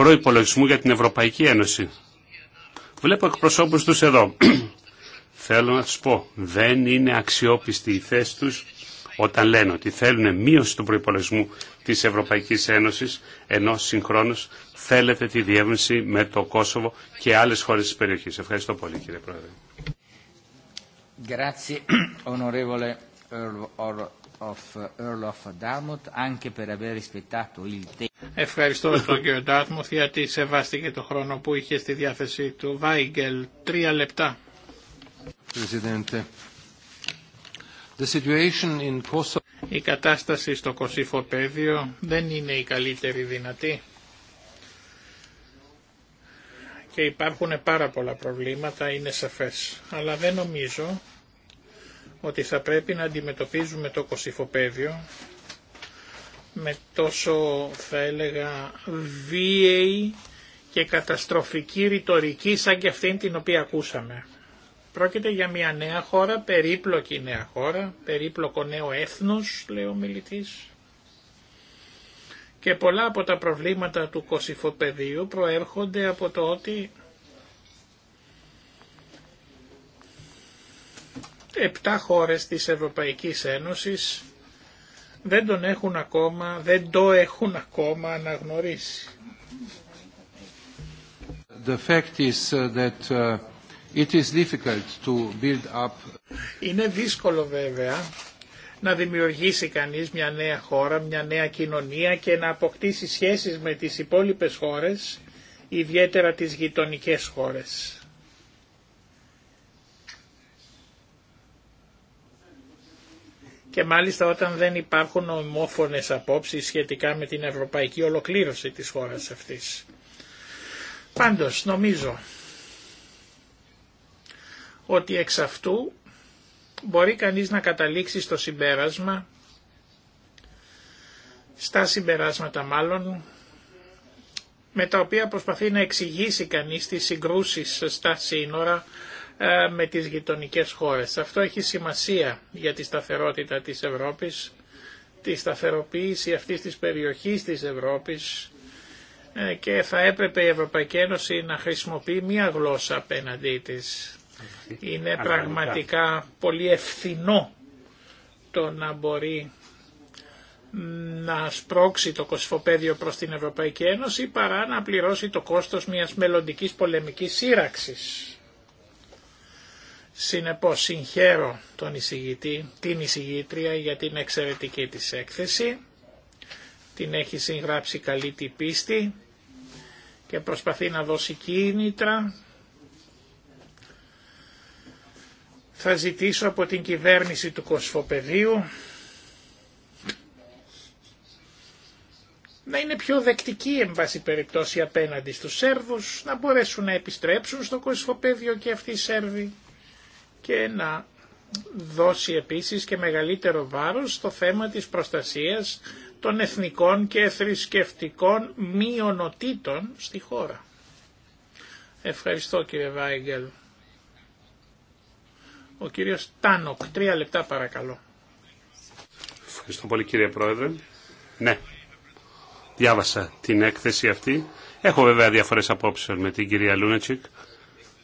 προϋπολογισμού για την Ευρωπαϊκή Ένωση. Βλέπω εκπροσώπους τους εδώ. Θέλω να τους πω, δεν είναι αξιόπιστη η θέση τους όταν λένε ότι θέλουν μείωση του προϋπολογισμού της Ευρωπαϊκής Ένωσης, ενώ συγχρόνως θέλετε τη διεύρυνση με το Κόσοβο και άλλες χώρες της περιοχής. Ευχαριστώ πολύ κύριε Πρόεδρε. Ευχαριστώ τον κύριο Ντάρτμουθ γιατί σεβάστηκε το χρόνο που είχε στη διάθεσή του. Βάιγκελ, τρία λεπτά. Η κατάσταση στο Κωσίφο πεδίο δεν είναι η καλύτερη δυνατή και υπάρχουν πάρα πολλά προβλήματα, είναι σαφές. Αλλά δεν νομίζω ότι θα πρέπει να αντιμετωπίζουμε το Κωσυφοπέδιο με τόσο θα έλεγα βίαιη και καταστροφική ρητορική σαν και αυτήν την οποία ακούσαμε. Πρόκειται για μια νέα χώρα, περίπλοκη νέα χώρα, περίπλοκο νέο έθνος, λέει ο μιλητής. Και πολλά από τα προβλήματα του κοσυφοπεδίου προέρχονται από το ότι Επτά χώρες της Ευρωπαϊκής Ένωσης δεν τον έχουν ακόμα, δεν το έχουν ακόμα αναγνωρίσει. The fact is uh, that uh, it is difficult to build up. Είναι δύσκολο βέβαια να δημιουργήσει κανείς μια νέα χώρα, μια νέα κοινωνία και να αποκτήσει σχέσεις με τις υπόλοιπες χώρες, ιδιαίτερα τις γειτονικές χώρες. και μάλιστα όταν δεν υπάρχουν ομόφωνες απόψεις σχετικά με την ευρωπαϊκή ολοκλήρωση της χώρας αυτής. Πάντως νομίζω ότι εξ αυτού μπορεί κανείς να καταλήξει στο συμπέρασμα, στα συμπεράσματα μάλλον, με τα οποία προσπαθεί να εξηγήσει κανείς τις συγκρούσεις στα σύνορα ε, με τις γειτονικές χώρες. Αυτό έχει σημασία για τη σταθερότητα της Ευρώπης, τη σταθεροποίηση αυτής της περιοχής της Ευρώπης ε, και θα έπρεπε η Ευρωπαϊκή Ένωση να χρησιμοποιεί μία γλώσσα απέναντί της. Είναι πραγματικά πολύ ευθυνό το να μπορεί να σπρώξει το κοσφοπέδιο προς την Ευρωπαϊκή Ένωση παρά να πληρώσει το κόστος μιας μελλοντικής πολεμικής σύραξης. Συνεπώς συγχαίρω τον εισηγητή, την εισηγήτρια για την εξαιρετική της έκθεση. Την έχει συγγράψει καλή την πίστη και προσπαθεί να δώσει κίνητρα. Θα ζητήσω από την κυβέρνηση του Κοσφοπεδίου να είναι πιο δεκτική εν περιπτώσει απέναντι στους Σέρβους, να μπορέσουν να επιστρέψουν στο Κοσφοπέδιο και αυτοί οι Σέρβοι και να δώσει επίσης και μεγαλύτερο βάρος στο θέμα της προστασίας των εθνικών και θρησκευτικών μειονοτήτων στη χώρα. Ευχαριστώ κύριε Βάιγκελ. Ο κύριος Τάνοκ, τρία λεπτά παρακαλώ. Ευχαριστώ πολύ κύριε Πρόεδρε. Ναι, διάβασα την έκθεση αυτή. Έχω βέβαια διαφορές απόψεων με την κυρία Λούνετσικ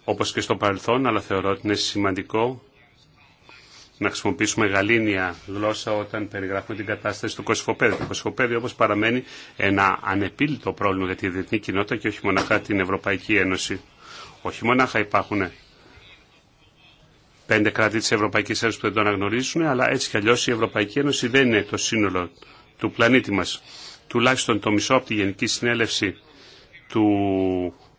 όπως και στο παρελθόν, αλλά θεωρώ ότι είναι σημαντικό να χρησιμοποιήσουμε γαλήνια γλώσσα όταν περιγράφουμε την κατάσταση του Κωσυφοπέδιου. Το Κωσυφοπέδιο όπως παραμένει ένα ανεπίλητο πρόβλημα για τη διεθνή κοινότητα και όχι μοναχά την Ευρωπαϊκή Ένωση. Όχι μονάχα υπάρχουν πέντε κράτη της Ευρωπαϊκής Ένωσης που δεν το αναγνωρίζουν, αλλά έτσι κι αλλιώς η Ευρωπαϊκή Ένωση δεν είναι το σύνολο του πλανήτη μας. Τουλάχιστον το μισό από τη Γενική Συνέλευση του,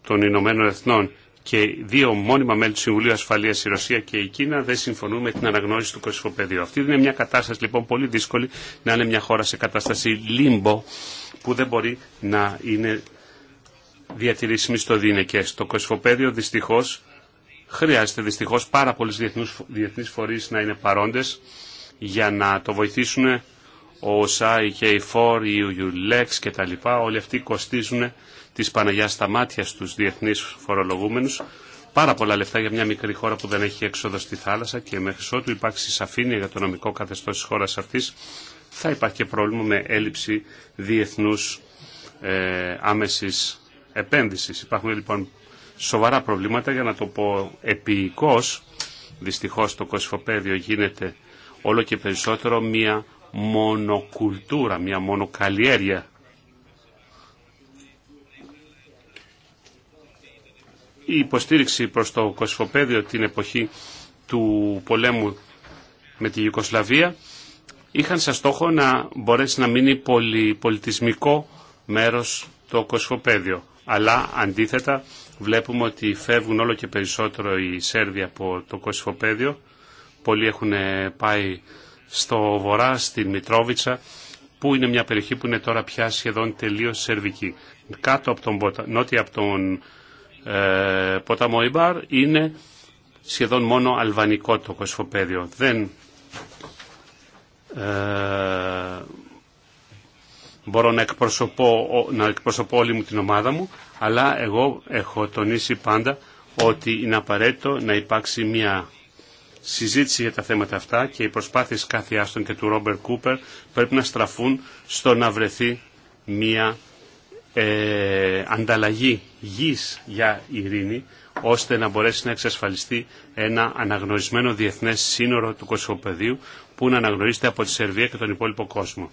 των Ηνωμένων Εθνών και δύο μόνιμα μέλη του Συμβουλίου Ασφαλεία, η Ρωσία και η Κίνα, δεν συμφωνούν με την αναγνώριση του κοσμοπεδίου. Αυτή είναι μια κατάσταση λοιπόν πολύ δύσκολη να είναι μια χώρα σε κατάσταση λίμπο που δεν μπορεί να είναι διατηρήσιμη στο δίνεκε. Το κοσμοπέδιο δυστυχώ χρειάζεται δυστυχώς πάρα πολλού διεθνεί φορεί να είναι παρόντε για να το βοηθήσουν ο ΣΑΙ και η ΦΟΡ, η ULEX και όλοι αυτοί κοστίζουν της Παναγιάς στα μάτια στους διεθνείς φορολογούμενους. Πάρα πολλά λεφτά για μια μικρή χώρα που δεν έχει έξοδο στη θάλασσα και μέχρι ότου υπάρξει σαφήνεια για το νομικό καθεστώς της χώρας αυτής θα υπάρχει και πρόβλημα με έλλειψη διεθνούς ε, άμεσης επένδυσης. Υπάρχουν λοιπόν σοβαρά προβλήματα για να το πω επίοικος. Δυστυχώς το κοσφοπέδιο γίνεται όλο και περισσότερο μια μονοκουλτούρα, μια μονοκαλλιέργεια η υποστήριξη προς το Κοσφοπέδιο την εποχή του πολέμου με τη Ιουκοσλαβία είχαν σαν στόχο να μπορέσει να μείνει πολυπολιτισμικό μέρος το Κοσφοπέδιο. Αλλά αντίθετα βλέπουμε ότι φεύγουν όλο και περισσότερο οι Σέρβοι από το Κοσφοπέδιο. Πολλοί έχουν πάει στο βορρά, στην Μητρόβιτσα, που είναι μια περιοχή που είναι τώρα πια σχεδόν τελείως σερβική. Κάτω από τον, νότια από τον ε, ποταμό Ιμπάρ είναι σχεδόν μόνο αλβανικό το κοσφοπέδιο. Δεν ε, μπορώ να εκπροσωπώ, να όλη μου την ομάδα μου, αλλά εγώ έχω τονίσει πάντα ότι είναι απαραίτητο να υπάρξει μια συζήτηση για τα θέματα αυτά και οι προσπάθειες κάθε Άστον και του Ρόμπερ Κούπερ πρέπει να στραφούν στο να βρεθεί μια ε, ανταλλαγή γης για ειρήνη, ώστε να μπορέσει να εξασφαλιστεί ένα αναγνωρισμένο διεθνές σύνορο του κοσμοπεδίου που να αναγνωρίζεται από τη Σερβία και τον υπόλοιπο κόσμο.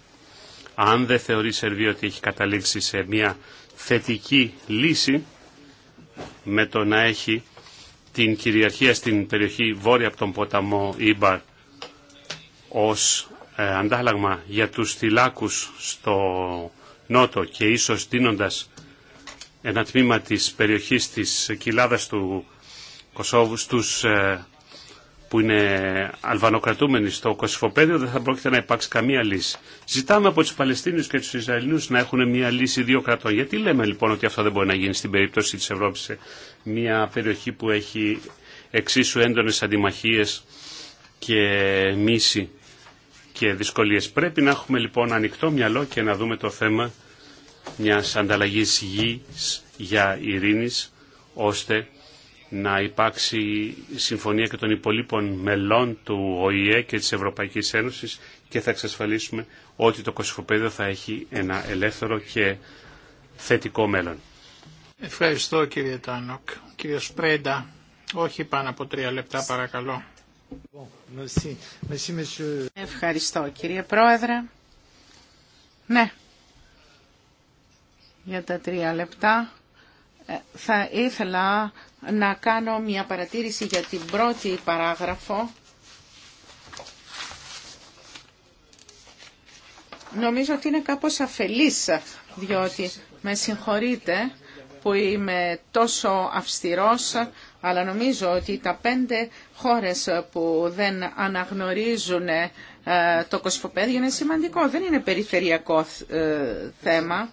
Αν δεν θεωρεί η Σερβία ότι έχει καταλήξει σε μια θετική λύση με το να έχει την κυριαρχία στην περιοχή βόρεια από τον ποταμό Ήμπαρ ως ε, αντάλλαγμα για τους θυλάκους στο νότο και ίσως δίνοντας ένα τμήμα της περιοχής της κοιλάδας του Κωσόβου στους ε, που είναι αλβανοκρατούμενοι στο Κωσυφοπέδιο δεν θα πρόκειται να υπάρξει καμία λύση. Ζητάμε από τους Παλαιστίνιους και τους Ισραηλινούς να έχουν μια λύση δύο κρατών. Γιατί λέμε λοιπόν ότι αυτό δεν μπορεί να γίνει στην περίπτωση της Ευρώπης σε μια περιοχή που έχει εξίσου έντονες αντιμαχίες και μίση και δυσκολίες. Πρέπει να έχουμε λοιπόν ανοιχτό μυαλό και να δούμε το θέμα μιας ανταλλαγής γης για ειρήνης, ώστε να υπάρξει συμφωνία και των υπολείπων μελών του ΟΗΕ και της Ευρωπαϊκής Ένωσης και θα εξασφαλίσουμε ότι το Κωσυφοπέδιο θα έχει ένα ελεύθερο και θετικό μέλλον. Ευχαριστώ κύριε Τάνοκ. Κύριε Σπρέντα, όχι πάνω από τρία λεπτά παρακαλώ. Ευχαριστώ κύριε Πρόεδρε. Ναι, για τα τρία λεπτά ε, θα ήθελα να κάνω μια παρατήρηση για την πρώτη παράγραφο. Νομίζω ότι είναι κάπως αφελής, διότι με συγχωρείτε που είμαι τόσο αυστηρός, αλλά νομίζω ότι τα πέντε χώρες που δεν αναγνωρίζουν ε, το κοσφοπέδιο είναι σημαντικό. Δεν είναι περιφερειακό ε, θέμα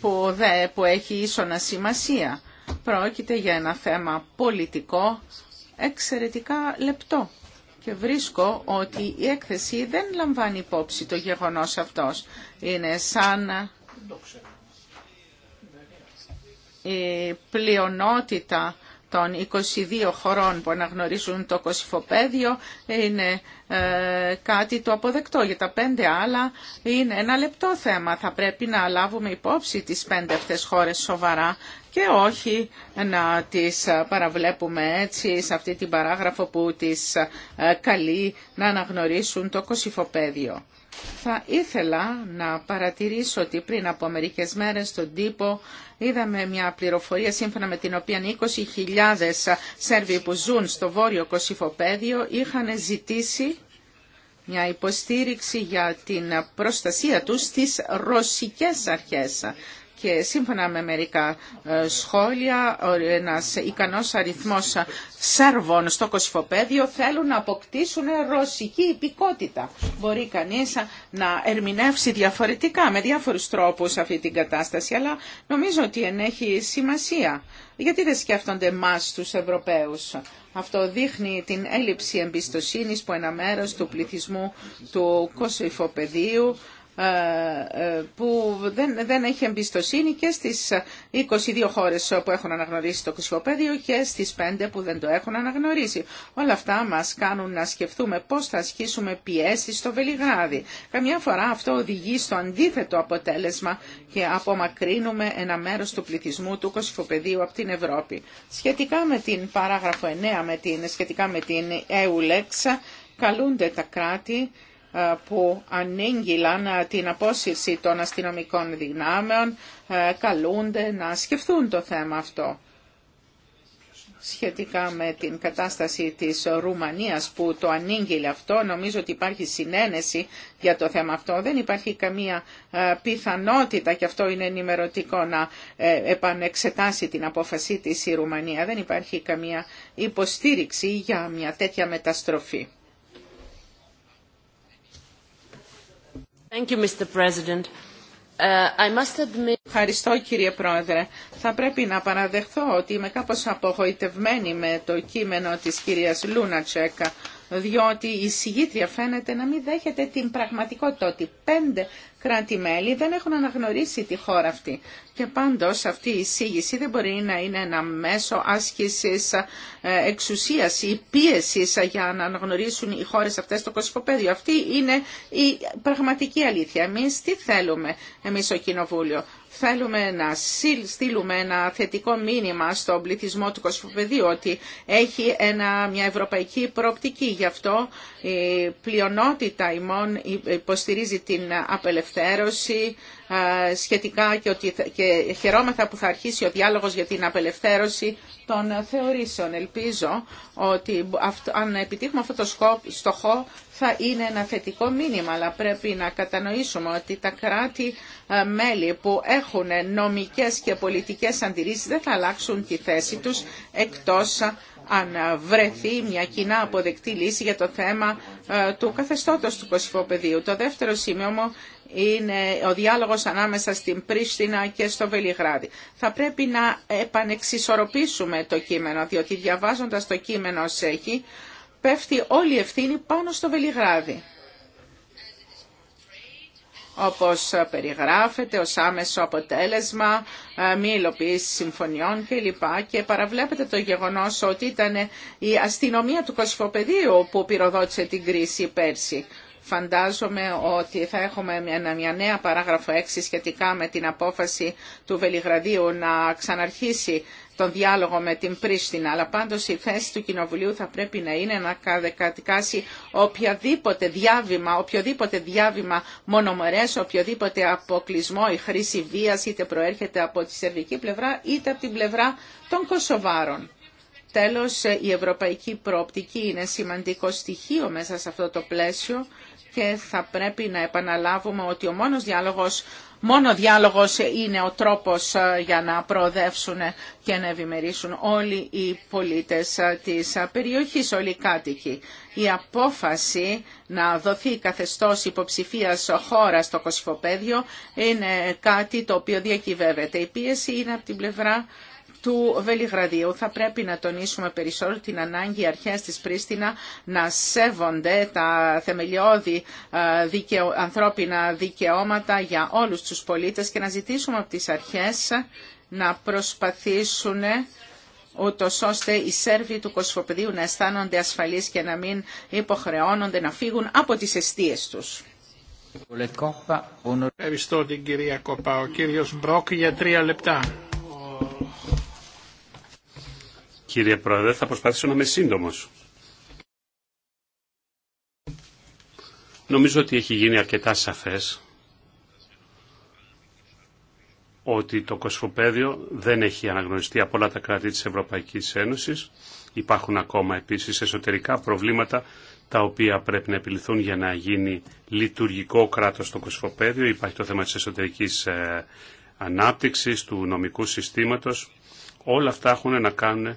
που, δε, που έχει ίσονα σημασία. Πρόκειται για ένα θέμα πολιτικό εξαιρετικά λεπτό. Και βρίσκω ότι η έκθεση δεν λαμβάνει υπόψη το γεγονός αυτός. Είναι σαν η πλειονότητα των 22 χωρών που αναγνωρίζουν το κοσυφοπέδιο είναι ε, κάτι το αποδεκτό. Για τα πέντε άλλα είναι ένα λεπτό θέμα. Θα πρέπει να λάβουμε υπόψη τις πέντε αυτές χώρες σοβαρά και όχι να τις ε, παραβλέπουμε έτσι σε αυτή την παράγραφο που τις ε, καλεί να αναγνωρίσουν το κοσυφοπέδιο. Θα ήθελα να παρατηρήσω ότι πριν από μερικές μέρες στον τύπο είδαμε μια πληροφορία σύμφωνα με την οποία 20.000 Σέρβοι που ζουν στο βόρειο Κωσυφοπαίδιο είχαν ζητήσει μια υποστήριξη για την προστασία τους στις ρωσικές αρχές και σύμφωνα με μερικά ε, σχόλια, ένας ικανός αριθμός Σέρβων στο Κωσυφοπέδιο θέλουν να αποκτήσουν ρωσική υπηκότητα. Μπορεί κανείς να ερμηνεύσει διαφορετικά, με διάφορους τρόπους αυτή την κατάσταση, αλλά νομίζω ότι ενέχει σημασία. Γιατί δεν σκέφτονται εμά τους Ευρωπαίους. Αυτό δείχνει την έλλειψη εμπιστοσύνης που ένα μέρος του πληθυσμού του Κωσυφοπεδίου ε, ε, που δεν, δεν έχει εμπιστοσύνη και στις 22 χώρες που έχουν αναγνωρίσει το κοσμοπέδιο και στις 5 που δεν το έχουν αναγνωρίσει. Όλα αυτά μας κάνουν να σκεφτούμε πώς θα ασκήσουμε πιέσεις στο Βελιγράδι. Καμιά φορά αυτό οδηγεί στο αντίθετο αποτέλεσμα και απομακρύνουμε ένα μέρος του πληθυσμού του κοσμοπεδίου από την Ευρώπη. Σχετικά με την παράγραφο 9, με την, σχετικά με την EULEX, καλούνται τα κράτη ε, που ανήγγυλαν ε, την απόσυρση των αστυνομικών δυνάμεων ε, καλούνται να σκεφτούν το θέμα αυτό. Σχετικά με την κατάσταση της Ρουμανίας που το ανήγγειλε αυτό, νομίζω ότι υπάρχει συνένεση για το θέμα αυτό. Δεν υπάρχει καμία πιθανότητα, και αυτό είναι ενημερωτικό, να επανεξετάσει την απόφασή της η Ρουμανία. Δεν υπάρχει καμία υποστήριξη για μια τέτοια μεταστροφή. Uh, Ευχαριστώ κύριε Πρόεδρε. Θα πρέπει να παραδεχθώ ότι είμαι κάπως απογοητευμένη με το κείμενο της κυρίας Λούνατσέκα διότι η συγγήτρια φαίνεται να μην δέχεται την πραγματικότητα ότι πέντε κράτη-μέλη δεν έχουν αναγνωρίσει τη χώρα αυτή. Και πάντως αυτή η εισήγηση δεν μπορεί να είναι ένα μέσο άσκησης ε, εξουσίας ή πίεσης για να αναγνωρίσουν οι χώρες αυτές το κοσμοπέδιο. Αυτή είναι η πραγματική αλήθεια. Εμείς τι θέλουμε εμείς ο Κοινοβούλιο. Θέλουμε να στείλουμε ένα θετικό μήνυμα στον πληθυσμό του Κοσμοπεδίου ότι έχει μια ευρωπαϊκή προοπτική. Γι' αυτό η πλειονότητα ημών υποστηρίζει την απελευθέρωση, σχετικά και, ότι, χαιρόμεθα που θα αρχίσει ο διάλογος για την απελευθέρωση των θεωρήσεων. Ελπίζω ότι αν επιτύχουμε αυτό το στόχο θα είναι ένα θετικό μήνυμα, αλλά πρέπει να κατανοήσουμε ότι τα κράτη-μέλη που έχουν νομικές και πολιτικές αντιρρήσεις δεν θα αλλάξουν τη θέση τους εκτός αν βρεθεί μια κοινά αποδεκτή λύση για το θέμα του καθεστώτος του Κωσυφοπεδίου. Το δεύτερο σημείο μου είναι ο διάλογος ανάμεσα στην Πρίστινα και στο Βελιγράδι. Θα πρέπει να επανεξισορροπήσουμε το κείμενο, διότι διαβάζοντας το κείμενο ως έχει, πέφτει όλη η ευθύνη πάνω στο Βελιγράδι. Όπως περιγράφεται ως άμεσο αποτέλεσμα, ε, μη υλοποίηση συμφωνιών κλπ. Και παραβλέπετε το γεγονός ότι ήταν η αστυνομία του Κοσφοπεδίου που πυροδότησε την κρίση πέρσι. Φαντάζομαι ότι θα έχουμε μια νέα παράγραφο 6 σχετικά με την απόφαση του Βελιγραδίου να ξαναρχίσει τον διάλογο με την Πρίστινα. Αλλά πάντως η θέση του Κοινοβουλίου θα πρέπει να είναι να καδεκατικάσει οποιοδήποτε διάβημα, οποιοδήποτε διάβημα μονομερές, οποιοδήποτε αποκλεισμό ή χρήση βίας είτε προέρχεται από τη σερβική πλευρά είτε από την πλευρά των Κωσοβάρων. Τέλος, η ευρωπαϊκή προοπτική είναι σημαντικό στοιχείο μέσα σε αυτό το πλαίσιο και θα πρέπει να επαναλάβουμε ότι ο μόνος διάλογος Μόνο διάλογος είναι ο τρόπος ε, για να προοδεύσουν και να ευημερήσουν όλοι οι πολίτες ε, της περιοχής, όλοι οι κάτοικοι. Η απόφαση να δοθεί καθεστώς υποψηφίας χώρα στο Κωσυφοπαίδιο είναι κάτι το οποίο διακυβεύεται. Η πίεση είναι από την πλευρά του Βελιγραδίου. Θα πρέπει να τονίσουμε περισσότερο την ανάγκη οι αρχές της Πρίστινα να σέβονται τα θεμελιώδη ε, δικαιο... ανθρώπινα δικαιώματα για όλους τους πολίτες και να ζητήσουμε από τις αρχές να προσπαθήσουν ούτω ώστε οι Σέρβοι του Κοσφοπεδίου να αισθάνονται ασφαλείς και να μην υποχρεώνονται να φύγουν από τις αιστείες τους. Ευχαριστώ την κυρία Κοπά. Ο κύριος Μπρόκ για τρία λεπτά. Κύριε Πρόεδρε, θα προσπαθήσω να είμαι σύντομος. Νομίζω ότι έχει γίνει αρκετά σαφές ότι το κοσφοπέδιο δεν έχει αναγνωριστεί από όλα τα κράτη της Ευρωπαϊκής Ένωσης. Υπάρχουν ακόμα επίσης εσωτερικά προβλήματα τα οποία πρέπει να επιληθούν για να γίνει λειτουργικό κράτος το κοσφοπέδιο. Υπάρχει το θέμα της εσωτερικής ε, ανάπτυξης, του νομικού συστήματος. Όλα αυτά έχουν να κάνουν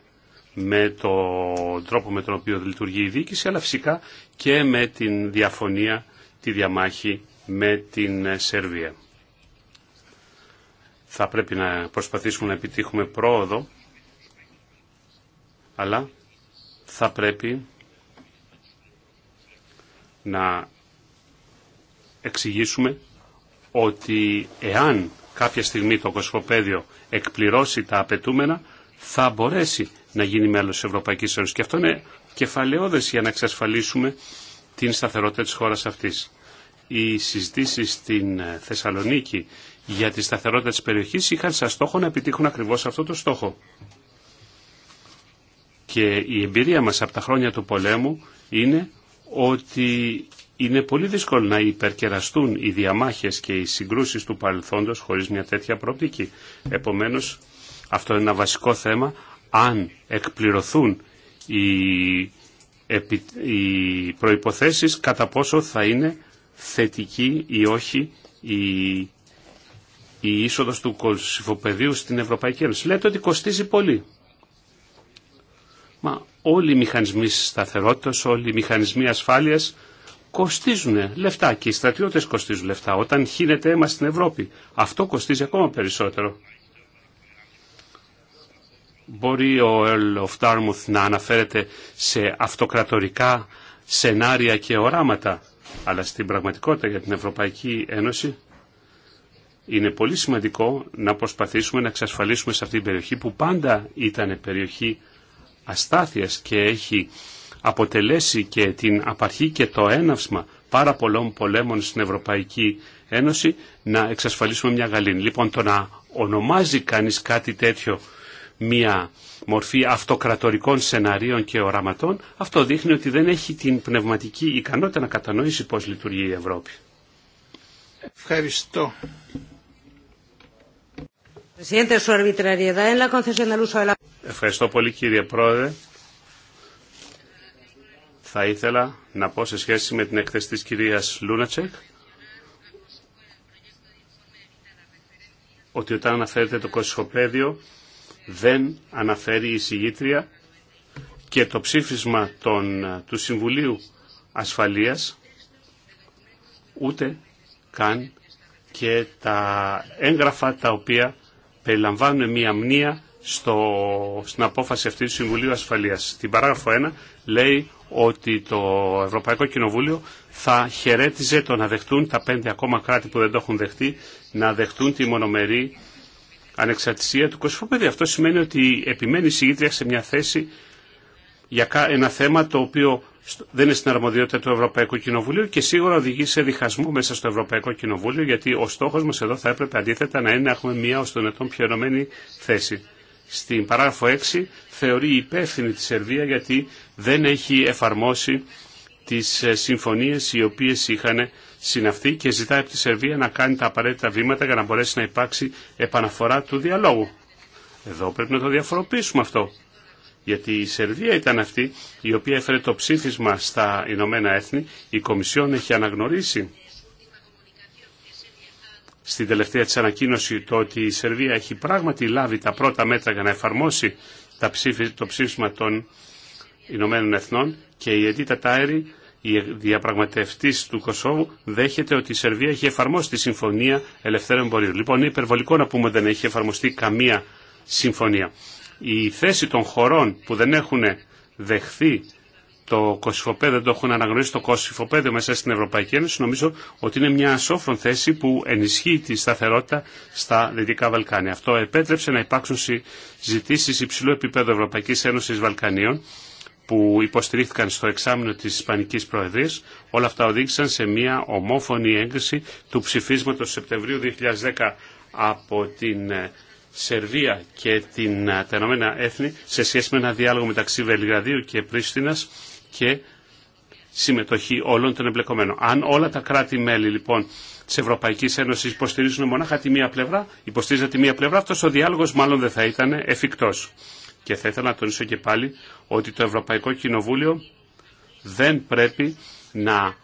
με τον τρόπο με τον οποίο λειτουργεί η διοίκηση, αλλά φυσικά και με την διαφωνία, τη διαμάχη με την ε, Σερβία. Θα πρέπει να προσπαθήσουμε να επιτύχουμε πρόοδο, αλλά θα πρέπει να εξηγήσουμε ότι εάν κάποια στιγμή το κοσμοπέδιο εκπληρώσει τα απαιτούμενα, θα μπορέσει να γίνει μέλος της Ευρωπαϊκής Ένωσης. Και αυτό είναι κεφαλαιόδες για να εξασφαλίσουμε την σταθερότητα της χώρας αυτής. Οι συζητήσεις στην ε, Θεσσαλονίκη για τη σταθερότητα της περιοχής είχαν σαν στόχο να επιτύχουν ακριβώς αυτό το στόχο. Και η εμπειρία μας από τα χρόνια του πολέμου είναι ότι είναι πολύ δύσκολο να υπερκεραστούν οι διαμάχες και οι συγκρούσεις του παρελθόντος χωρίς μια τέτοια προοπτική. Επομένως, αυτό είναι ένα βασικό θέμα, αν εκπληρωθούν οι προϋποθέσεις κατά πόσο θα είναι θετική ή όχι η, η είσοδος του κοσυφοπεδίου στην Ευρωπαϊκή Ένωση. Λέτε ότι κοστίζει πολύ. Μα όλοι οι μηχανισμοί σταθερότητας, όλοι οι μηχανισμοί ασφάλειας κοστίζουν λεφτά και οι στρατιώτες κοστίζουν λεφτά. Όταν χύνεται αίμα στην Ευρώπη, αυτό κοστίζει ακόμα περισσότερο. Μπορεί ο Dartmouth να αναφέρεται σε αυτοκρατορικά σενάρια και οράματα, αλλά στην πραγματικότητα για την Ευρωπαϊκή Ένωση είναι πολύ σημαντικό να προσπαθήσουμε να εξασφαλίσουμε σε αυτή την περιοχή που πάντα ήταν περιοχή αστάθειας και έχει αποτελέσει και την απαρχή και το έναυσμα πάρα πολλών πολέμων στην Ευρωπαϊκή Ένωση να εξασφαλίσουμε μια γαλήνη. Λοιπόν, το να ονομάζει κανείς κάτι τέτοιο μια μορφή αυτοκρατορικών σενάριων και οραματών, αυτό δείχνει ότι δεν έχει την πνευματική ικανότητα να κατανοήσει πώς λειτουργεί η Ευρώπη. Ευχαριστώ. Ευχαριστώ πολύ κύριε Πρόεδρε. Θα ήθελα να πω σε σχέση με την εκθέση της κυρίας Λούνατσεκ ότι όταν αναφέρεται το κοσυχοπαίδιο δεν αναφέρει η συγγήτρια και το ψήφισμα των, του Συμβουλίου Ασφαλείας ούτε καν και τα έγγραφα τα οποία περιλαμβάνουν μια μνήα στο, στην απόφαση αυτή του Συμβουλίου Ασφαλείας. Στην παράγραφο 1 λέει ότι το Ευρωπαϊκό Κοινοβούλιο θα χαιρέτιζε το να δεχτούν τα πέντε ακόμα κράτη που δεν το έχουν δεχτεί να δεχτούν τη μονομερή ανεξαρτησία του Παιδί, Αυτό σημαίνει ότι επιμένει η συγκίτρια σε μια θέση για ένα θέμα το οποίο δεν είναι στην αρμοδιότητα του Ευρωπαϊκού Κοινοβουλίου και σίγουρα οδηγεί σε διχασμό μέσα στο Ευρωπαϊκό Κοινοβούλιο γιατί ο στόχος μας εδώ θα έπρεπε αντίθετα να είναι να έχουμε μια ως τον ετών πιο ενωμένη θέση. Στην παράγραφο 6 θεωρεί υπεύθυνη τη Σερβία γιατί δεν έχει εφαρμόσει τις ε, συμφωνίες οι οποίες είχαν συναυθεί και ζητάει από τη Σερβία να κάνει τα απαραίτητα βήματα για να μπορέσει να υπάρξει επαναφορά του διαλόγου. Εδώ πρέπει να το διαφοροποιήσουμε αυτό. Γιατί η Σερβία ήταν αυτή η οποία έφερε το ψήφισμα στα Ηνωμένα Έθνη. Η Κομισιόν έχει αναγνωρίσει στην τελευταία της ανακοίνωση το ότι η Σερβία έχει πράγματι λάβει τα πρώτα μέτρα για να εφαρμόσει το ψήφισμα των Ηνωμένων Εθνών και η Εντίτα Τάιρη η διαπραγματευτή του Κωσόβου δέχεται ότι η Σερβία έχει εφαρμόσει τη Συμφωνία Ελευθερών Εμπορίου. Λοιπόν, είναι υπερβολικό να πούμε ότι δεν έχει εφαρμοστεί καμία συμφωνία. Η θέση των χωρών που δεν έχουν δεχθεί το κοσυφοπέδιο, το έχουν αναγνωρίσει το Κωσυφοπέδιο μέσα στην Ευρωπαϊκή Ένωση, νομίζω ότι είναι μια σόφρον θέση που ενισχύει τη σταθερότητα στα Δυτικά Βαλκάνια. Αυτό επέτρεψε να υπάρξουν συζητήσει υψηλού επίπεδου Ευρωπαϊκή Ένωση Βαλκανίων που υποστηρίχθηκαν στο εξάμεινο της Ισπανικής Προεδρίας, όλα αυτά οδήγησαν σε μια ομόφωνη έγκριση του ψηφίσματος Σεπτεμβρίου 2010 από την ε, Σερβία και την, ε, τα Έθνη σε σχέση με ένα διάλογο μεταξύ Βελιγραδίου και Πρίστινας και συμμετοχή όλων των εμπλεκομένων. Αν όλα τα κράτη-μέλη λοιπόν τη Ευρωπαϊκή Ένωση υποστηρίζουν μονάχα τη μία πλευρά, υποστηρίζουν τη μία πλευρά, αυτό ο διάλογο μάλλον δεν θα ήταν εφικτό. Και θα ήθελα να τονίσω και πάλι ότι το Ευρωπαϊκό Κοινοβούλιο δεν πρέπει να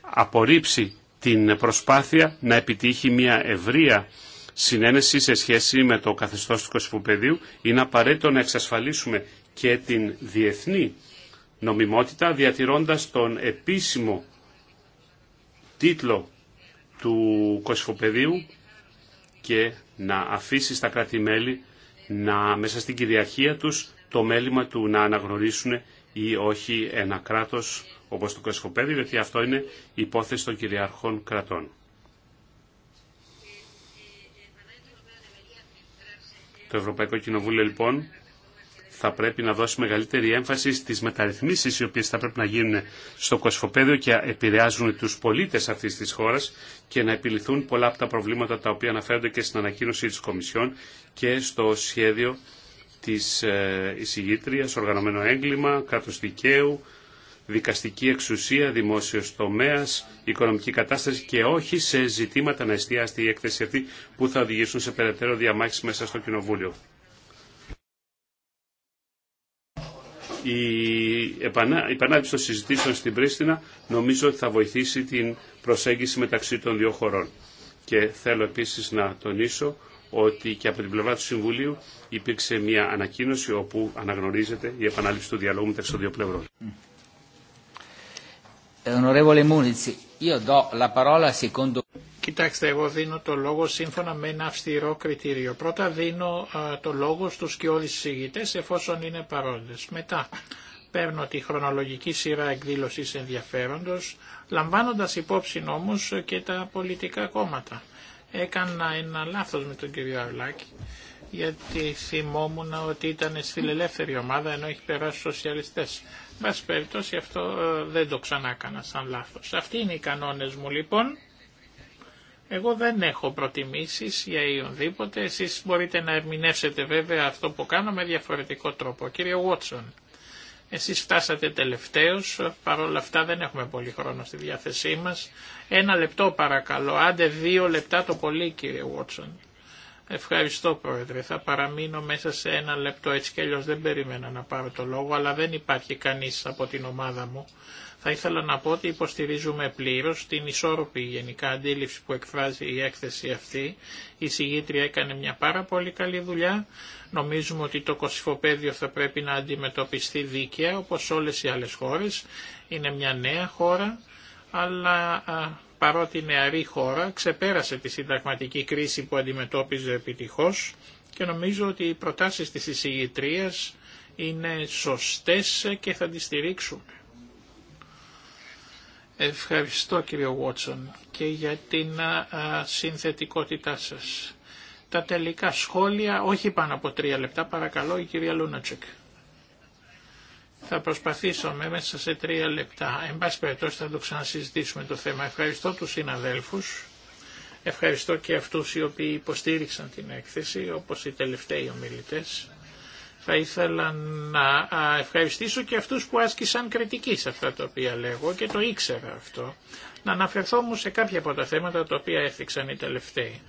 απορρίψει την προσπάθεια να επιτύχει μια ευρεία συνένεση σε σχέση με το καθεστώς του Κωσυφοπεδίου. Είναι απαραίτητο να εξασφαλίσουμε και την διεθνή νομιμότητα διατηρώντας τον επίσημο τίτλο του Κωσυφοπεδίου και να αφήσει στα κράτη-μέλη να, μέσα στην κυριαρχία τους το μέλημα του να αναγνωρίσουν ή όχι ένα κράτος όπως το Κοσμοπέδιο, γιατί αυτό είναι υπόθεση των κυριαρχών κρατών. Το Ευρωπαϊκό Κοινοβούλιο λοιπόν θα πρέπει να δώσει μεγαλύτερη έμφαση στις μεταρρυθμίσεις οι οποίες θα πρέπει να γίνουν στο κοσφοπέδιο και επηρεάζουν τους πολίτες αυτής της χώρας και να επιληθούν πολλά από τα προβλήματα τα οποία αναφέρονται και στην ανακοίνωση της Κομισιόν και στο σχέδιο της ε, εισηγήτριας, οργανωμένο έγκλημα, κράτος δικαίου, δικαστική εξουσία, δημόσιος τομέας, οικονομική κατάσταση και όχι σε ζητήματα να εστιάσει η έκθεση αυτή που θα οδηγήσουν σε περαιτέρω διαμάχηση μέσα στο Κοινοβούλιο. η επανάληψη των συζητήσεων στην Πρίστινα νομίζω ότι θα βοηθήσει την προσέγγιση μεταξύ των δύο χωρών. Και θέλω επίσης να τονίσω ότι και από την πλευρά του Συμβουλίου υπήρξε μια ανακοίνωση όπου αναγνωρίζεται η επανάληψη του διαλόγου μεταξύ των δύο πλευρών. Ε, Κοιτάξτε, εγώ δίνω το λόγο σύμφωνα με ένα αυστηρό κριτήριο. Πρώτα δίνω το λόγο στους και όλους εφόσον είναι παρόντες. Μετά παίρνω τη χρονολογική σειρά εκδήλωσης ενδιαφέροντος, λαμβάνοντας υπόψη όμως και τα πολιτικά κόμματα έκανα ένα λάθος με τον κύριο Αυλάκη γιατί θυμόμουν ότι ήταν στην ελεύθερη ομάδα ενώ έχει περάσει σοσιαλιστές. Βάση περιπτώσει αυτό ε, δεν το έκανα σαν λάθος. Αυτοί είναι οι κανόνες μου λοιπόν. Εγώ δεν έχω προτιμήσεις για ονδήποτε. Εσείς μπορείτε να ερμηνεύσετε βέβαια αυτό που κάνω με διαφορετικό τρόπο. Κύριε Βότσον. Εσείς φτάσατε τελευταίος, παρόλα αυτά δεν έχουμε πολύ χρόνο στη διάθεσή μας. Ένα λεπτό παρακαλώ, άντε δύο λεπτά το πολύ κύριε Βότσον. Ευχαριστώ Πρόεδρε, θα παραμείνω μέσα σε ένα λεπτό, έτσι κι αλλιώς δεν περίμενα να πάρω το λόγο, αλλά δεν υπάρχει κανείς από την ομάδα μου θα ήθελα να πω ότι υποστηρίζουμε πλήρως την ισόρροπη γενικά αντίληψη που εκφράζει η έκθεση αυτή. Η συγγήτρια έκανε μια πάρα πολύ καλή δουλειά. Νομίζουμε ότι το κοσυφοπαίδιο θα πρέπει να αντιμετωπιστεί δίκαια όπως όλες οι άλλες χώρες. Είναι μια νέα χώρα, αλλά παρότι νεαρή χώρα ξεπέρασε τη συνταγματική κρίση που αντιμετώπιζε επιτυχώς και νομίζω ότι οι προτάσεις της εισηγητρίας είναι σωστές και θα τις στηρίξουμε. Ευχαριστώ κύριο Βότσον και για την συνθετικότητά σας. Τα τελικά σχόλια, όχι πάνω από τρία λεπτά, παρακαλώ η κυρία Λούνατσεκ. Θα προσπαθήσω μέσα σε τρία λεπτά. Εν πάση περιπτώσει θα το ξανασυζητήσουμε το θέμα. Ευχαριστώ τους συναδέλφους. Ευχαριστώ και αυτούς οι οποίοι υποστήριξαν την έκθεση, όπως οι τελευταίοι ομιλητές. Θα ήθελα να ευχαριστήσω και αυτούς που άσκησαν κριτική σε αυτά τα οποία λέγω και το ήξερα αυτό. Να αναφερθώ μου σε κάποια από τα θέματα τα οποία έφτιαξαν οι τελευταίοι.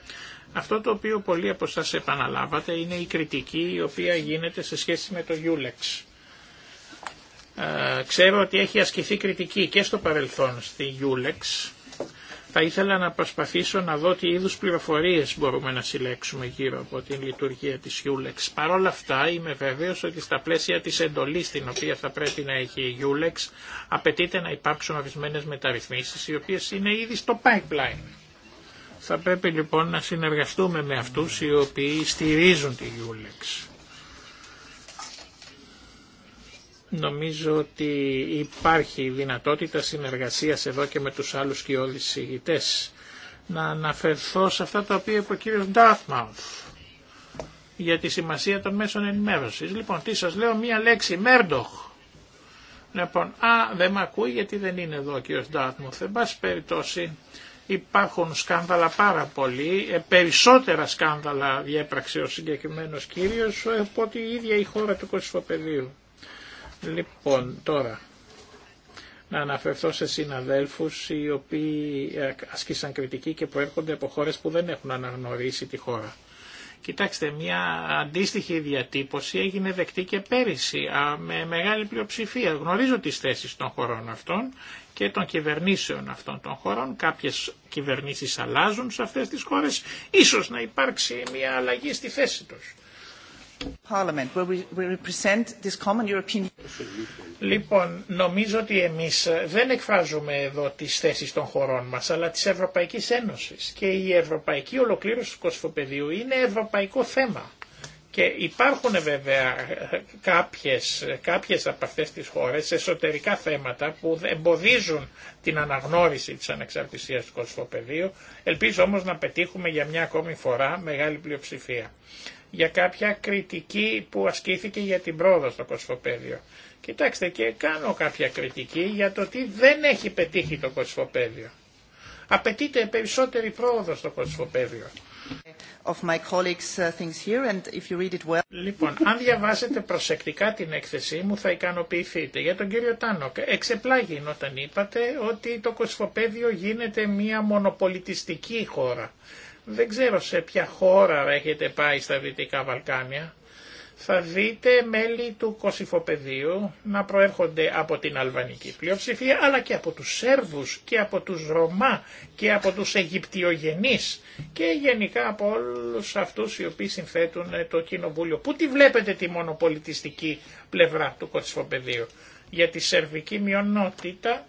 Αυτό το οποίο πολλοί από σας επαναλάβατε είναι η κριτική η οποία γίνεται σε σχέση με το Ulex. Ε, ξέρω ότι έχει ασκηθεί κριτική και στο παρελθόν στη Ulex θα ήθελα να προσπαθήσω να δω τι είδους πληροφορίες μπορούμε να συλλέξουμε γύρω από την λειτουργία της γιουλέξ. Παρ' όλα αυτά είμαι βέβαιος ότι στα πλαίσια της εντολής την οποία θα πρέπει να έχει η γιουλέξ απαιτείται να υπάρξουν ορισμένε μεταρρυθμίσεις οι οποίες είναι ήδη στο pipeline. Θα πρέπει λοιπόν να συνεργαστούμε με αυτούς οι οποίοι στηρίζουν τη Ulex. Νομίζω ότι υπάρχει δυνατότητα συνεργασίας εδώ και με τους άλλους και όλους συγητές. Να αναφερθώ σε αυτά τα οποία είπε ο κύριος Ντάθμαουθ για τη σημασία των μέσων ενημέρωσης. Λοιπόν, τι σας λέω, μία λέξη, Μέρντοχ. Λοιπόν, α, δεν με ακούει γιατί δεν είναι εδώ ο κύριος Ντάθμαουθ. Εν πάση περιπτώσει υπάρχουν σκάνδαλα πάρα πολύ, ε, περισσότερα σκάνδαλα διέπραξε ο συγκεκριμένος κύριος ε, από ότι η ίδια η χώρα του Κωσυφοπεδίου. Λοιπόν, τώρα, να αναφερθώ σε συναδέλφους οι οποίοι άσκησαν ε, κριτική και προέρχονται από χώρες που δεν έχουν αναγνωρίσει τη χώρα. Κοιτάξτε, μια αντίστοιχη διατύπωση έγινε δεκτή και πέρυσι με μεγάλη πλειοψηφία. Γνωρίζω τις θέσεις των χωρών αυτών και των κυβερνήσεων αυτών των χωρών. Κάποιες κυβερνήσεις αλλάζουν σε αυτές τις χώρες. Ίσως να υπάρξει μια αλλαγή στη θέση τους. Λοιπόν, νομίζω ότι εμείς ε, δεν εκφράζουμε εδώ τις θέσεις των χωρών μας, αλλά της Ευρωπαϊκής Ένωσης. Και η ευρωπαϊκή ολοκλήρωση του κοσφοπεδίου είναι ευρωπαϊκό θέμα. Και υπάρχουν βέβαια ε, κάποιες, ε, κάποιες από αυτές τις χώρες εσωτερικά θέματα που εμποδίζουν την αναγνώριση της ανεξαρτησίας του κοσφοπεδίου. Ελπίζω όμως να πετύχουμε για μια ακόμη φορά μεγάλη πλειοψηφία για κάποια κριτική που ασκήθηκε για την πρόοδο στο Κοσφοπέδιο. Κοιτάξτε και κάνω κάποια κριτική για το ότι δεν έχει πετύχει το Κοσφοπέδιο. Απαιτείται περισσότερη πρόοδο στο Κοσφοπέδιο. Of my uh, here and if you read it well... Λοιπόν, αν διαβάσετε προσεκτικά την έκθεσή μου θα ικανοποιηθείτε. Για τον κύριο Τάνοκ, εξεπλάγει όταν είπατε ότι το Κοσφοπέδιο γίνεται μια μονοπολιτιστική χώρα. Δεν ξέρω σε ποια χώρα έχετε πάει στα Δυτικά Βαλκάνια. Θα δείτε μέλη του Κωσυφοπεδίου να προέρχονται από την αλβανική πλειοψηφία αλλά και από τους Σέρβους και από τους Ρωμά και από τους Αιγυπτιογενείς και γενικά από όλους αυτούς οι οποίοι συνθέτουν ε, το κοινοβούλιο. Πού τη βλέπετε τη μονοπολιτιστική πλευρά του Κωσυφοπεδίου για τη σερβική μειονότητα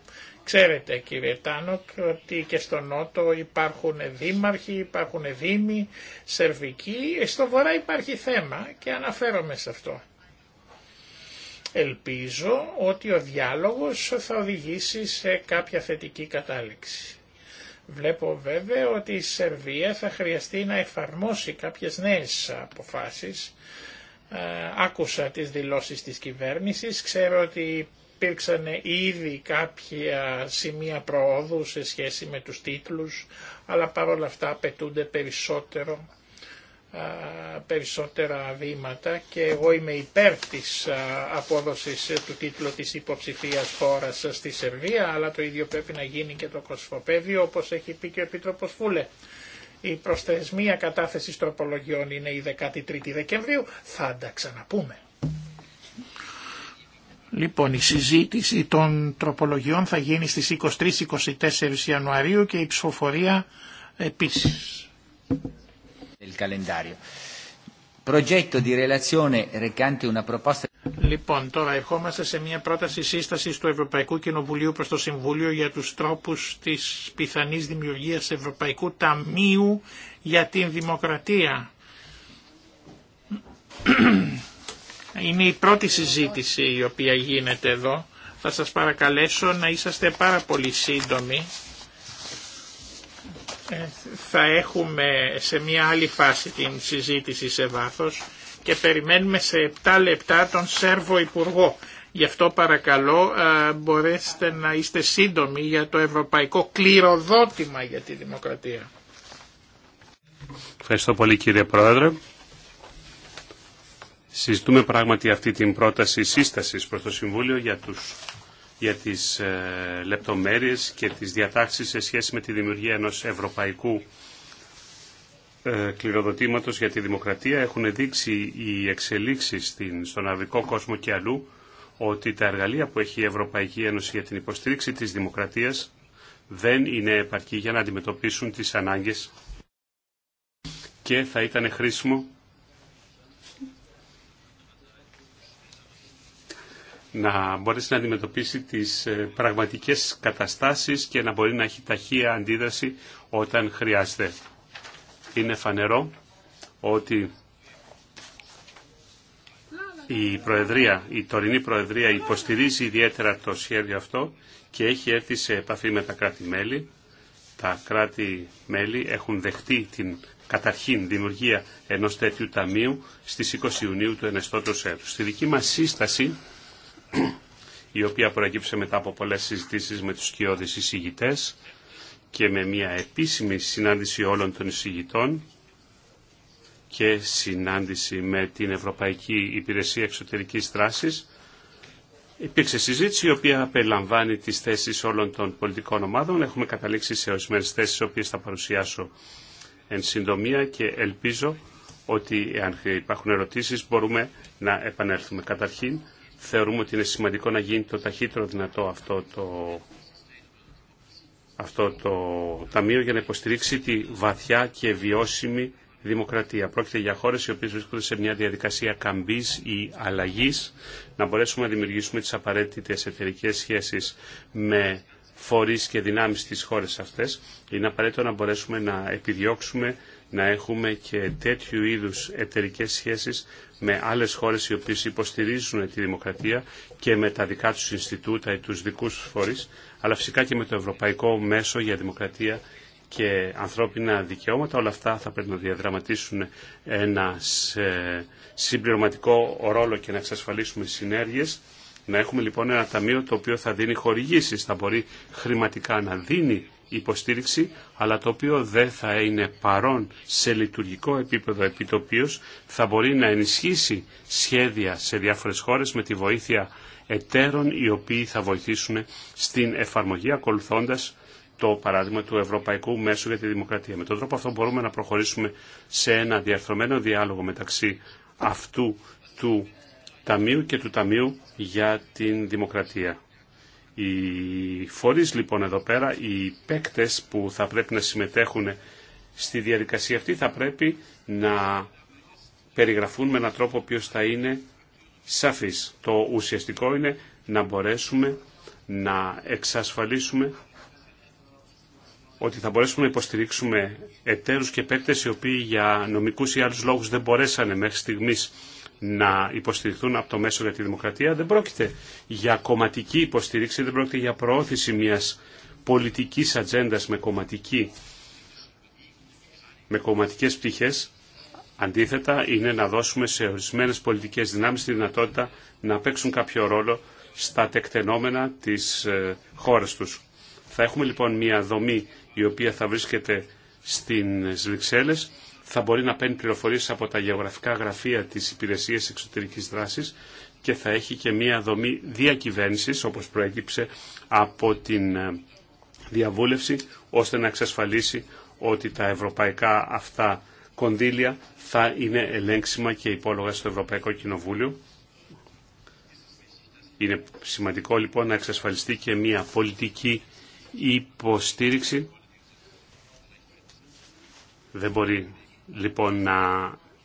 Ξέρετε κύριε Τάνοκ ότι και στον Νότο υπάρχουν δήμαρχοι, υπάρχουν δήμοι, σερβικοί, στο Βορρά υπάρχει θέμα και αναφέρομαι σε αυτό. Ελπίζω ότι ο διάλογος θα οδηγήσει σε κάποια θετική κατάληξη. Βλέπω βέβαια ότι η Σερβία θα χρειαστεί να εφαρμόσει κάποιες νέες αποφάσεις. Ε, άκουσα τις δηλώσεις της κυβέρνησης, ξέρω ότι υπήρξαν ήδη κάποια σημεία προόδου σε σχέση με τους τίτλους, αλλά παρόλα αυτά απαιτούνται περισσότερο, περισσότερα βήματα και εγώ είμαι υπέρ της απόδοσης του τίτλου της υποψηφίας χώρας στη Σερβία, αλλά το ίδιο πρέπει να γίνει και το κοσφοπέδιο, όπως έχει πει και ο Επίτροπος Φούλε. Η προσθεσμία κατάθεσης τροπολογιών είναι η 13η Δεκεμβρίου, θα τα Λοιπόν, η συζήτηση των τροπολογιών θα γίνει στις 23-24 Ιανουαρίου και η ψηφοφορία επίσης. Λοιπόν, τώρα ερχόμαστε σε μια πρόταση σύσταση του Ευρωπαϊκού Κοινοβουλίου προς το Συμβούλιο για τους τρόπους της πιθανής δημιουργίας Ευρωπαϊκού Ταμείου για την Δημοκρατία. Είναι η πρώτη συζήτηση η οποία γίνεται εδώ. Θα σας παρακαλέσω να είσαστε πάρα πολύ σύντομοι. Ε, θα έχουμε σε μια άλλη φάση την συζήτηση σε βάθος και περιμένουμε σε 7 λεπτά τον Σέρβο Υπουργό. Γι' αυτό παρακαλώ ε, μπορέστε να είστε σύντομοι για το ευρωπαϊκό κληροδότημα για τη δημοκρατία. Ευχαριστώ πολύ κύριε Πρόεδρε συζητούμε πράγματι αυτή την πρόταση σύστασης προς το Συμβούλιο για, τους, για τις ε, λεπτομέρειες και τις διατάξεις σε σχέση με τη δημιουργία ενός ευρωπαϊκού ε, κληροδοτήματος για τη δημοκρατία. Έχουν δείξει οι εξελίξεις στην, στον αυρικό κόσμο και αλλού ότι τα εργαλεία που έχει η Ευρωπαϊκή Ένωση για την υποστήριξη της δημοκρατίας δεν είναι επαρκή για να αντιμετωπίσουν τις ανάγκες και θα ήταν χρήσιμο να μπορέσει να αντιμετωπίσει τις ε, πραγματικές καταστάσεις και να μπορεί να έχει ταχεία αντίδραση όταν χρειάζεται. Είναι φανερό ότι η Προεδρία, η τωρινή Προεδρία υποστηρίζει ιδιαίτερα το σχέδιο αυτό και έχει έρθει σε επαφή με τα κράτη-μέλη. Τα κράτη-μέλη έχουν δεχτεί την καταρχήν δημιουργία ενός τέτοιου ταμείου στις 20 Ιουνίου του ενεστώτος έτους. Στη δική μας σύσταση η οποία προέκυψε μετά από πολλές συζητήσεις με τους σκιώδεις εισηγητές και με μια επίσημη συνάντηση όλων των εισηγητών και συνάντηση με την Ευρωπαϊκή Υπηρεσία Εξωτερικής Δράσης. Υπήρξε συζήτηση η οποία περιλαμβάνει τις θέσεις όλων των πολιτικών ομάδων. Έχουμε καταλήξει σε ορισμένε θέσεις, οποίες θα παρουσιάσω εν συντομία και ελπίζω ότι αν υπάρχουν ερωτήσεις μπορούμε να επανέλθουμε. Καταρχήν, θεωρούμε ότι είναι σημαντικό να γίνει το ταχύτερο δυνατό αυτό το, αυτό το ταμείο για να υποστηρίξει τη βαθιά και βιώσιμη δημοκρατία. Πρόκειται για χώρες οι οποίες βρίσκονται σε μια διαδικασία καμπής ή αλλαγής, να μπορέσουμε να δημιουργήσουμε τις απαραίτητες εταιρικέ σχέσεις με φορείς και δυνάμεις στις χώρες αυτές. Είναι απαραίτητο να μπορέσουμε να επιδιώξουμε να έχουμε και τέτοιου είδους εταιρικές σχέσεις με άλλες χώρες οι οποίες υποστηρίζουν τη δημοκρατία και με τα δικά τους Ινστιτούτα ή τους δικούς φορείς, αλλά φυσικά και με το Ευρωπαϊκό Μέσο για Δημοκρατία και ανθρώπινα δικαιώματα. Όλα αυτά θα πρέπει να διαδραματίσουν ένα συμπληρωματικό ρόλο και να εξασφαλίσουμε συνέργειες. Να έχουμε λοιπόν ένα ταμείο το οποίο θα δίνει χορηγήσεις, θα μπορεί χρηματικά να δίνει υποστήριξη, αλλά το οποίο δεν θα είναι παρόν σε λειτουργικό επίπεδο επί το θα μπορεί να ενισχύσει σχέδια σε διάφορες χώρες με τη βοήθεια εταίρων οι οποίοι θα βοηθήσουν στην εφαρμογή ακολουθώντας το παράδειγμα του Ευρωπαϊκού Μέσου για τη Δημοκρατία. Με τον τρόπο αυτό μπορούμε να προχωρήσουμε σε ένα διαρθρωμένο διάλογο μεταξύ αυτού του Ταμείου και του Ταμείου για την Δημοκρατία. Οι φορείς λοιπόν εδώ πέρα, οι πέκτες που θα πρέπει να συμμετέχουν στη διαδικασία αυτή θα πρέπει να περιγραφούν με έναν τρόπο ο θα είναι σαφής. Το ουσιαστικό είναι να μπορέσουμε να εξασφαλίσουμε ότι θα μπορέσουμε να υποστηρίξουμε εταίρους και παίκτες οι οποίοι για νομικούς ή άλλους λόγους δεν μπορέσανε μέχρι στιγμής να υποστηριχθούν από το μέσο για τη δημοκρατία. Δεν πρόκειται για κομματική υποστήριξη, δεν πρόκειται για προώθηση μιας πολιτικής ατζέντα με, κομματική, με κομματικές πτυχές. Αντίθετα, είναι να δώσουμε σε ορισμένε πολιτικές δυνάμεις τη δυνατότητα να παίξουν κάποιο ρόλο στα τεκτενόμενα της ε, χώρας τους. Θα έχουμε λοιπόν μια δομή η οποία θα βρίσκεται στην Βρυξέλλες θα μπορεί να παίρνει πληροφορίες από τα γεωγραφικά γραφεία της Υπηρεσίας Εξωτερικής Δράσης και θα έχει και μία δομή διακυβέρνησης, όπως προέκυψε από την ε, διαβούλευση, ώστε να εξασφαλίσει ότι τα ευρωπαϊκά αυτά κονδύλια θα είναι ελέγξιμα και υπόλογα στο Ευρωπαϊκό Κοινοβούλιο. Είναι σημαντικό λοιπόν να εξασφαλιστεί και μια πολιτική υποστήριξη. Δεν μπορεί λοιπόν να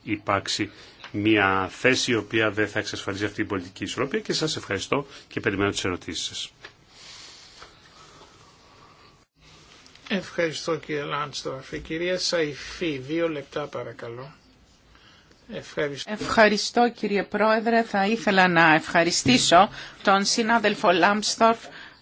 υπάρξει μια θέση η οποία δεν θα εξασφαλίζει αυτή η πολιτική ισορροπία και σας ευχαριστώ και περιμένω τις ερωτήσεις σας. Ευχαριστώ κύριε Λάντστορφ. Η κυρία Σαϊφή, δύο λεπτά παρακαλώ. Ευχαριστώ. Ευχαριστώ κύριε Πρόεδρε. Θα ήθελα να ευχαριστήσω τον συνάδελφο Λάμπστορφ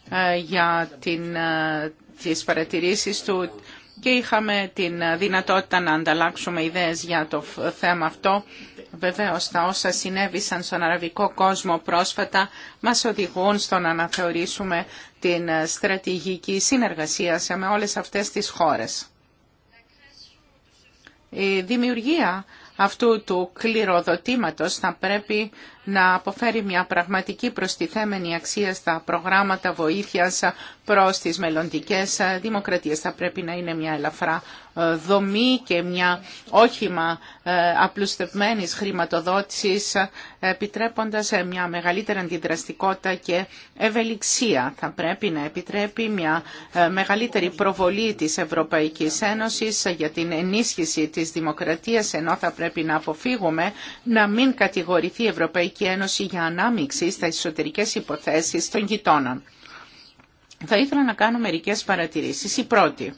ε, για την, ε, τις παρατηρήσεις του και είχαμε την δυνατότητα να ανταλλάξουμε ιδέες για το θέμα αυτό. Βεβαίως τα όσα συνέβησαν στον αραβικό κόσμο πρόσφατα μας οδηγούν στο να αναθεωρήσουμε την στρατηγική συνεργασία με όλες αυτές τις χώρες. Η δημιουργία αυτού του κληροδοτήματος θα πρέπει να αποφέρει μια πραγματική προστιθέμενη αξία στα προγράμματα βοήθειας προς τις μελλοντικές δημοκρατίες. Θα πρέπει να είναι μια ελαφρά ε, δομή και μια όχημα ε, απλουστευμένης χρηματοδότησης ε, επιτρέποντας μια μεγαλύτερη αντιδραστικότητα και ευελιξία. Θα πρέπει να επιτρέπει μια μεγαλύτερη προβολή της Ευρωπαϊκής Ένωσης για την ενίσχυση της δημοκρατίας ενώ θα πρέπει να αποφύγουμε να μην κατηγορηθεί η Ευρωπαϊκή Ευρωπαϊκή Ένωση για ανάμειξη στα εσωτερικές υποθέσεις των γειτόνων. Θα ήθελα να κάνω μερικές παρατηρήσεις. Η πρώτη,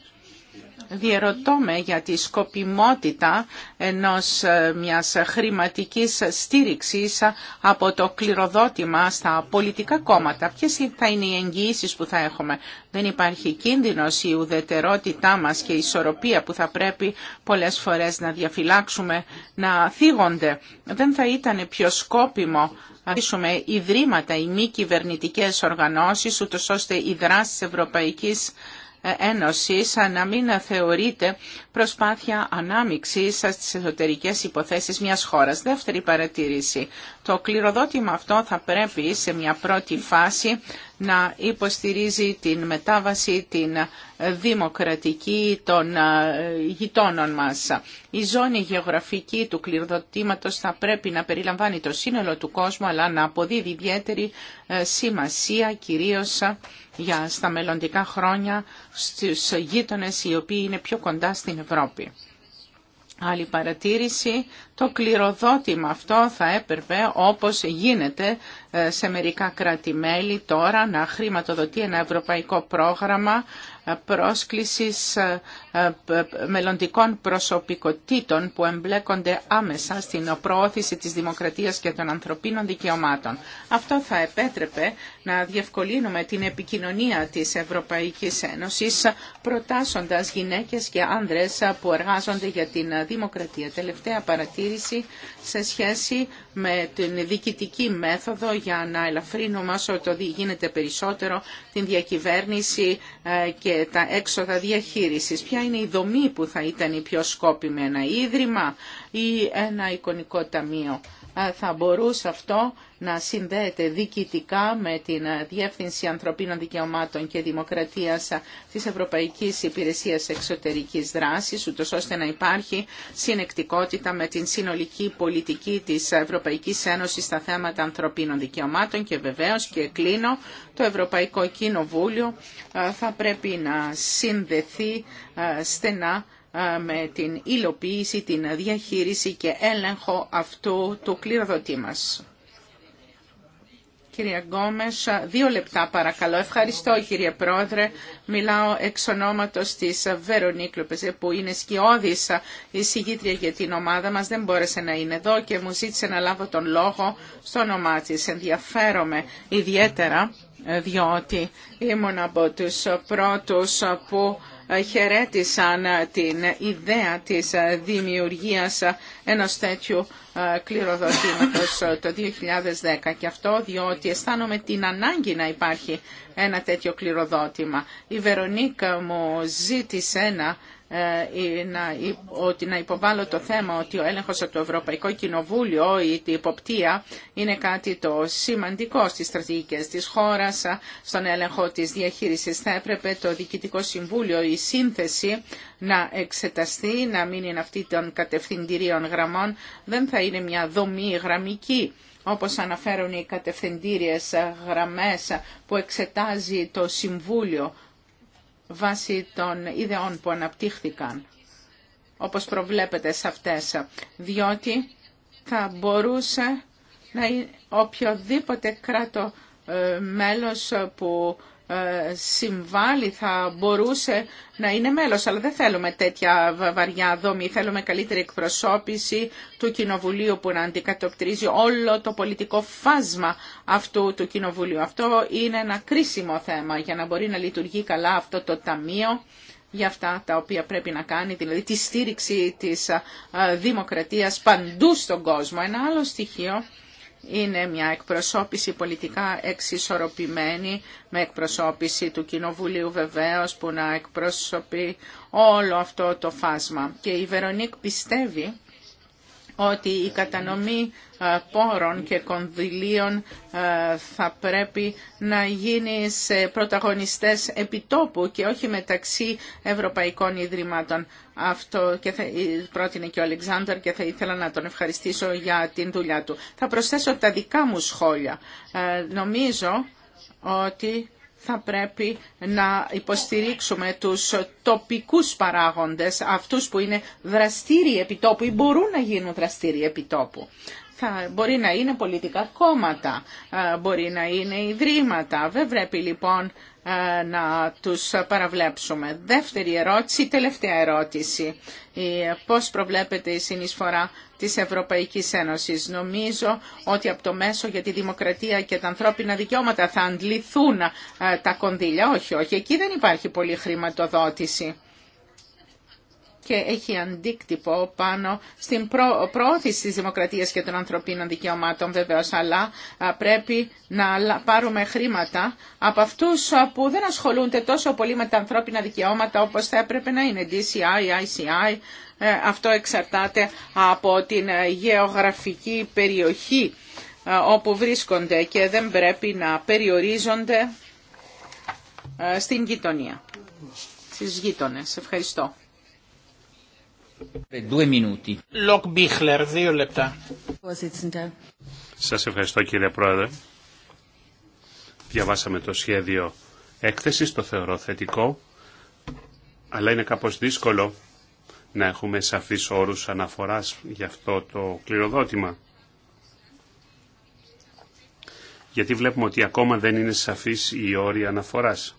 διερωτώ με για τη σκοπιμότητα ενός ε, μιας χρηματικής στήριξης από το κληροδότημα στα πολιτικά κόμματα. Ποιες θα είναι οι εγγυήσει που θα έχουμε. Δεν υπάρχει κίνδυνος η ουδετερότητά μας και η ισορροπία που θα πρέπει πολλές φορές να διαφυλάξουμε να θίγονται. Δεν θα ήταν πιο σκόπιμο να δείσουμε ιδρύματα ή μη κυβερνητικέ οργανώσεις ούτως ώστε οι δράσει Ευρωπαϊκής σαν να μην θεωρείται προσπάθεια ανάμειξης στις εσωτερικές υποθέσεις μιας χώρας. Δεύτερη παρατήρηση. Το κληροδότημα αυτό θα πρέπει σε μια πρώτη φάση να υποστηρίζει την μετάβαση, την δημοκρατική των ε, γειτόνων μας. Η ζώνη γεωγραφική του κληροδοτήματος θα πρέπει να περιλαμβάνει το σύνολο του κόσμου, αλλά να αποδίδει ιδιαίτερη ε, σημασία κυρίως για στα μελλοντικά χρόνια στους γείτονες οι οποίοι είναι πιο κοντά στην Ευρώπη. Άλλη παρατήρηση, το κληροδότημα αυτό θα έπρεπε όπως γίνεται ε, σε μερικά κράτη-μέλη τώρα να χρηματοδοτεί ένα ευρωπαϊκό πρόγραμμα ε, πρόσκλησης ε, μελλοντικών προσωπικότητων που εμπλέκονται άμεσα στην προώθηση της δημοκρατίας και των ανθρωπίνων δικαιωμάτων. Αυτό θα επέτρεπε να διευκολύνουμε την επικοινωνία της Ευρωπαϊκής Ένωσης προτάσσοντας γυναίκες και άνδρες που εργάζονται για την δημοκρατία. Τελευταία παρατήρηση σε σχέση με την διοικητική μέθοδο για να ελαφρύνουμε όσο το γίνεται περισσότερο την διακυβέρνηση ε, και τα έξοδα διαχείρισης. Ποια είναι η δομή που θα ήταν η πιο σκόπιμη, ένα ίδρυμα ή ένα εικονικό ταμείο. Ε, θα μπορούσε αυτό να συνδέεται διοικητικά με την ε, Διεύθυνση Ανθρωπίνων Δικαιωμάτων και Δημοκρατίας ε, της Ευρωπαϊκής Υπηρεσίας Εξωτερικής Δράσης, ούτως ώστε να υπάρχει συνεκτικότητα με την συνολική πολιτική της Ευρωπαϊκής Ένωσης στα θέματα ανθρωπίνων δικαιωμάτων και βεβαίως και κλείνω το Ευρωπαϊκό Κοινοβούλιο θα πρέπει να συνδεθεί στενά με την υλοποίηση, την διαχείριση και έλεγχο αυτού του κληροδοτή μας. Κυρία Γκόμες, δύο λεπτά παρακαλώ. Ευχαριστώ κύριε Πρόεδρε. Μιλάω εξ ονόματος της Βερονίκλουπες που είναι σκιώδης η για την ομάδα μας. Δεν μπόρεσε να είναι εδώ και μου ζήτησε να λάβω τον λόγο στο όνομά της. Ενδιαφέρομαι ιδιαίτερα διότι ήμουν από τους πρώτους που χαιρέτησαν την ιδέα της δημιουργίας ενός τέτοιου ε, κληροδοτήματος ε, το 2010 και αυτό διότι αισθάνομαι την ανάγκη να υπάρχει ένα τέτοιο κληροδότημα. Η Βερονίκα μου ζήτησε ένα. Ε, ότι να υποβάλω το θέμα ότι ο έλεγχος από το Ευρωπαϊκό Κοινοβούλιο ή η υποπτία είναι κάτι το σημαντικό στις στρατηγικές της χώρας, στον έλεγχο της διαχείρισης. Θα έπρεπε το Διοικητικό Συμβούλιο, την σύνθεση να εξεταστεί, να μην είναι αυτή των κατευθυντηρίων γραμμών, δεν θα είναι μια δομή γραμμική όπως αναφέρουν οι κατευθυντήριες γραμμές που εξετάζει το Συμβούλιο βάσει των ιδεών που αναπτύχθηκαν, όπως προβλέπετε σε αυτές, διότι θα μπορούσε να είναι οποιοδήποτε κράτο ε, μέλος που ε, συμβάλλει, θα μπορούσε να είναι μέλος. Αλλά δεν θέλουμε τέτοια βαριά δόμη. Θέλουμε καλύτερη εκπροσώπηση του Κοινοβουλίου που να αντικατοπτρίζει όλο το πολιτικό φάσμα αυτού του Κοινοβουλίου. Αυτό είναι ένα κρίσιμο θέμα για να μπορεί να λειτουργεί καλά αυτό το Ταμείο για αυτά τα οποία πρέπει να κάνει, δηλαδή τη στήριξη της ε, δημοκρατίας παντού στον κόσμο. Ένα άλλο στοιχείο είναι μια εκπροσώπηση πολιτικά εξισορροπημένη με εκπροσώπηση του Κοινοβουλίου βεβαίως που να εκπροσωπεί όλο αυτό το φάσμα. Και η Βερονίκ πιστεύει ότι η κατανομή ε, πόρων και κονδυλίων ε, θα πρέπει να γίνει σε πρωταγωνιστές επιτόπου και όχι μεταξύ Ευρωπαϊκών Ιδρυμάτων. Αυτό και θα, ε, πρότεινε και ο Αλεξάνδρ και θα ήθελα να τον ευχαριστήσω για την δουλειά του. Θα προσθέσω τα δικά μου σχόλια. νομίζω ότι θα πρέπει να υποστηρίξουμε τους τοπικούς παράγοντες, αυτούς που είναι δραστήριοι επιτόπου ή μπορούν να γίνουν δραστήριοι επιτόπου θα, μπορεί να είναι πολιτικά κόμματα, μπορεί να είναι ιδρύματα. Δεν πρέπει λοιπόν να τους παραβλέψουμε. Δεύτερη ερώτηση, τελευταία ερώτηση. Ε, πώς προβλέπεται η συνεισφορά της Ευρωπαϊκής Ένωσης. Νομίζω ότι από το μέσο για τη δημοκρατία και τα ανθρώπινα δικαιώματα θα αντληθούν τα κονδύλια. Όχι, όχι, εκεί δεν υπάρχει πολλή χρηματοδότηση και έχει αντίκτυπο πάνω στην προώθηση της δημοκρατίας και των ανθρωπίνων δικαιωμάτων βεβαίως, αλλά πρέπει να πάρουμε χρήματα από αυτούς που δεν ασχολούνται τόσο πολύ με τα ανθρώπινα δικαιώματα όπως θα έπρεπε να είναι DCI, ICI. Ε, αυτό εξαρτάται από την ε, γεωγραφική περιοχή ε, όπου βρίσκονται και δεν πρέπει να περιορίζονται στην γειτονία, στις γείτονες. Ευχαριστώ. Λοκ Σας ευχαριστώ κύριε Πρόεδρε. Διαβάσαμε το σχέδιο έκθεσης, το θεωρώ θετικό, αλλά είναι κάπως δύσκολο να έχουμε σαφείς όρους αναφοράς για αυτό το κληροδότημα. Γιατί βλέπουμε ότι ακόμα δεν είναι σαφείς οι όροι αναφοράς.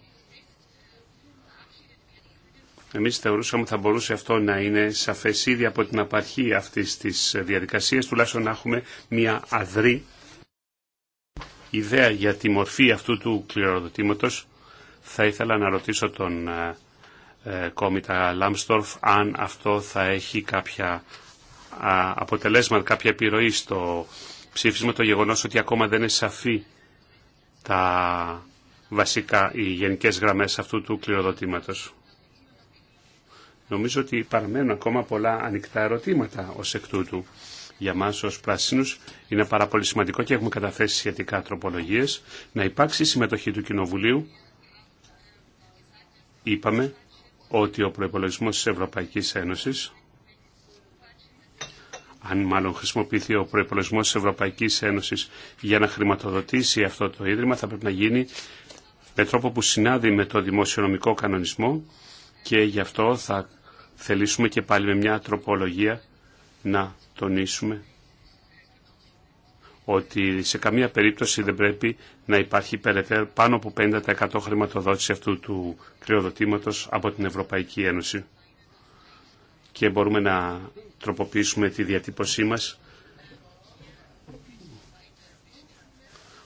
Εμείς θεωρούσαμε ότι θα μπορούσε αυτό να είναι σαφές ήδη από την απαρχή αυτής της διαδικασίας, τουλάχιστον να έχουμε μια αδρή ιδέα για τη μορφή αυτού του κληροδοτήματος. Θα ήθελα να ρωτήσω τον ε, ε κόμιτα Λάμστορφ αν αυτό θα έχει κάποια αποτελέσματα, κάποια επιρροή στο ψήφισμα, το γεγονός ότι ακόμα δεν είναι σαφή τα βασικά, οι γενικές γραμμές αυτού του κληροδοτήματος. Νομίζω ότι παραμένουν ακόμα πολλά ανοιχτά ερωτήματα ως εκ τούτου. Για μας ως πράσινους είναι πάρα πολύ σημαντικό και έχουμε καταθέσει σχετικά τροπολογίες να υπάρξει συμμετοχή του Κοινοβουλίου. Είπαμε ότι ο προϋπολογισμός της Ευρωπαϊκής Ένωσης αν μάλλον χρησιμοποιηθεί ο προπολογισμό τη Ευρωπαϊκή Ένωση για να χρηματοδοτήσει αυτό το ίδρυμα, θα πρέπει να γίνει με τρόπο που συνάδει με το δημοσιονομικό κανονισμό και γι' αυτό θα θελήσουμε και πάλι με μια τροπολογία να τονίσουμε ότι σε καμία περίπτωση δεν πρέπει να υπάρχει περαιτέρω πάνω από 50% χρηματοδότηση αυτού του κρυοδοτήματος από την Ευρωπαϊκή Ένωση. Και μπορούμε να τροποποιήσουμε τη διατύπωσή μας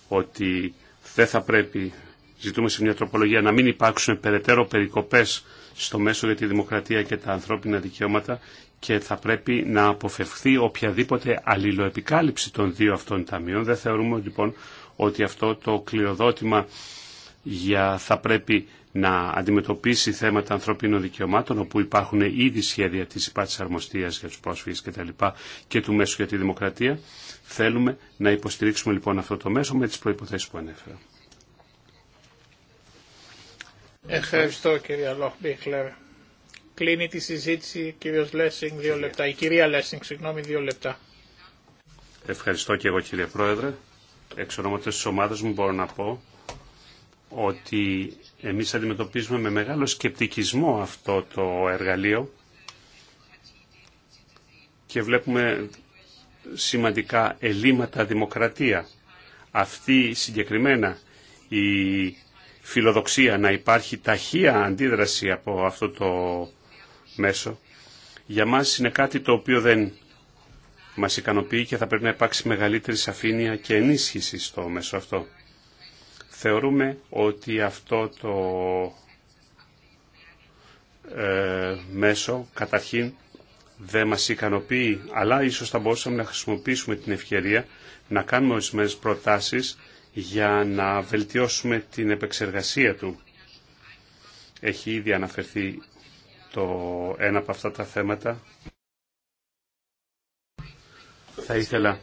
ότι δεν θα πρέπει, ζητούμε σε μια τροπολογία, να μην υπάρξουν περαιτέρω περικοπές στο μέσο για τη δημοκρατία και τα ανθρώπινα δικαιώματα και θα πρέπει να αποφευχθεί οποιαδήποτε αλληλοεπικάλυψη των δύο αυτών ταμείων. Δεν θεωρούμε λοιπόν ότι αυτό το κλειοδότημα για θα πρέπει να αντιμετωπίσει θέματα ανθρωπίνων δικαιωμάτων, όπου υπάρχουν ήδη σχέδια της υπάρξης αρμοστίας για τους πρόσφυγες και τα λοιπά και του μέσου για τη δημοκρατία. Θέλουμε να υποστηρίξουμε λοιπόν αυτό το μέσο με τις προϋποθέσεις που ανέφερα. Ευχαριστώ κυρία Λόχμπιχλερ. Κλείνει τη συζήτηση κύριος Λέσσινγκ δύο λεπτά. Η κυρία Λέσσινγκ, συγγνώμη, δύο λεπτά. Ευχαριστώ και εγώ κύριε Πρόεδρε. Εξ ονόματος της ομάδας μου μπορώ να πω ότι εμείς αντιμετωπίζουμε με μεγάλο σκεπτικισμό αυτό το εργαλείο και βλέπουμε σημαντικά ελλείμματα δημοκρατία. Αυτή συγκεκριμένα η φιλοδοξία να υπάρχει ταχεία αντίδραση από αυτό το μέσο, για μας είναι κάτι το οποίο δεν μας ικανοποιεί και θα πρέπει να υπάρξει μεγαλύτερη σαφήνεια και ενίσχυση στο μέσο αυτό. Θεωρούμε ότι αυτό το ε, μέσο καταρχήν δεν μας ικανοποιεί, αλλά ίσως θα μπορούσαμε να χρησιμοποιήσουμε την ευκαιρία να κάνουμε ορισμένε προτάσεις για να βελτιώσουμε την επεξεργασία του. Έχει ήδη αναφερθεί το ένα από αυτά τα θέματα. Θα ήθελα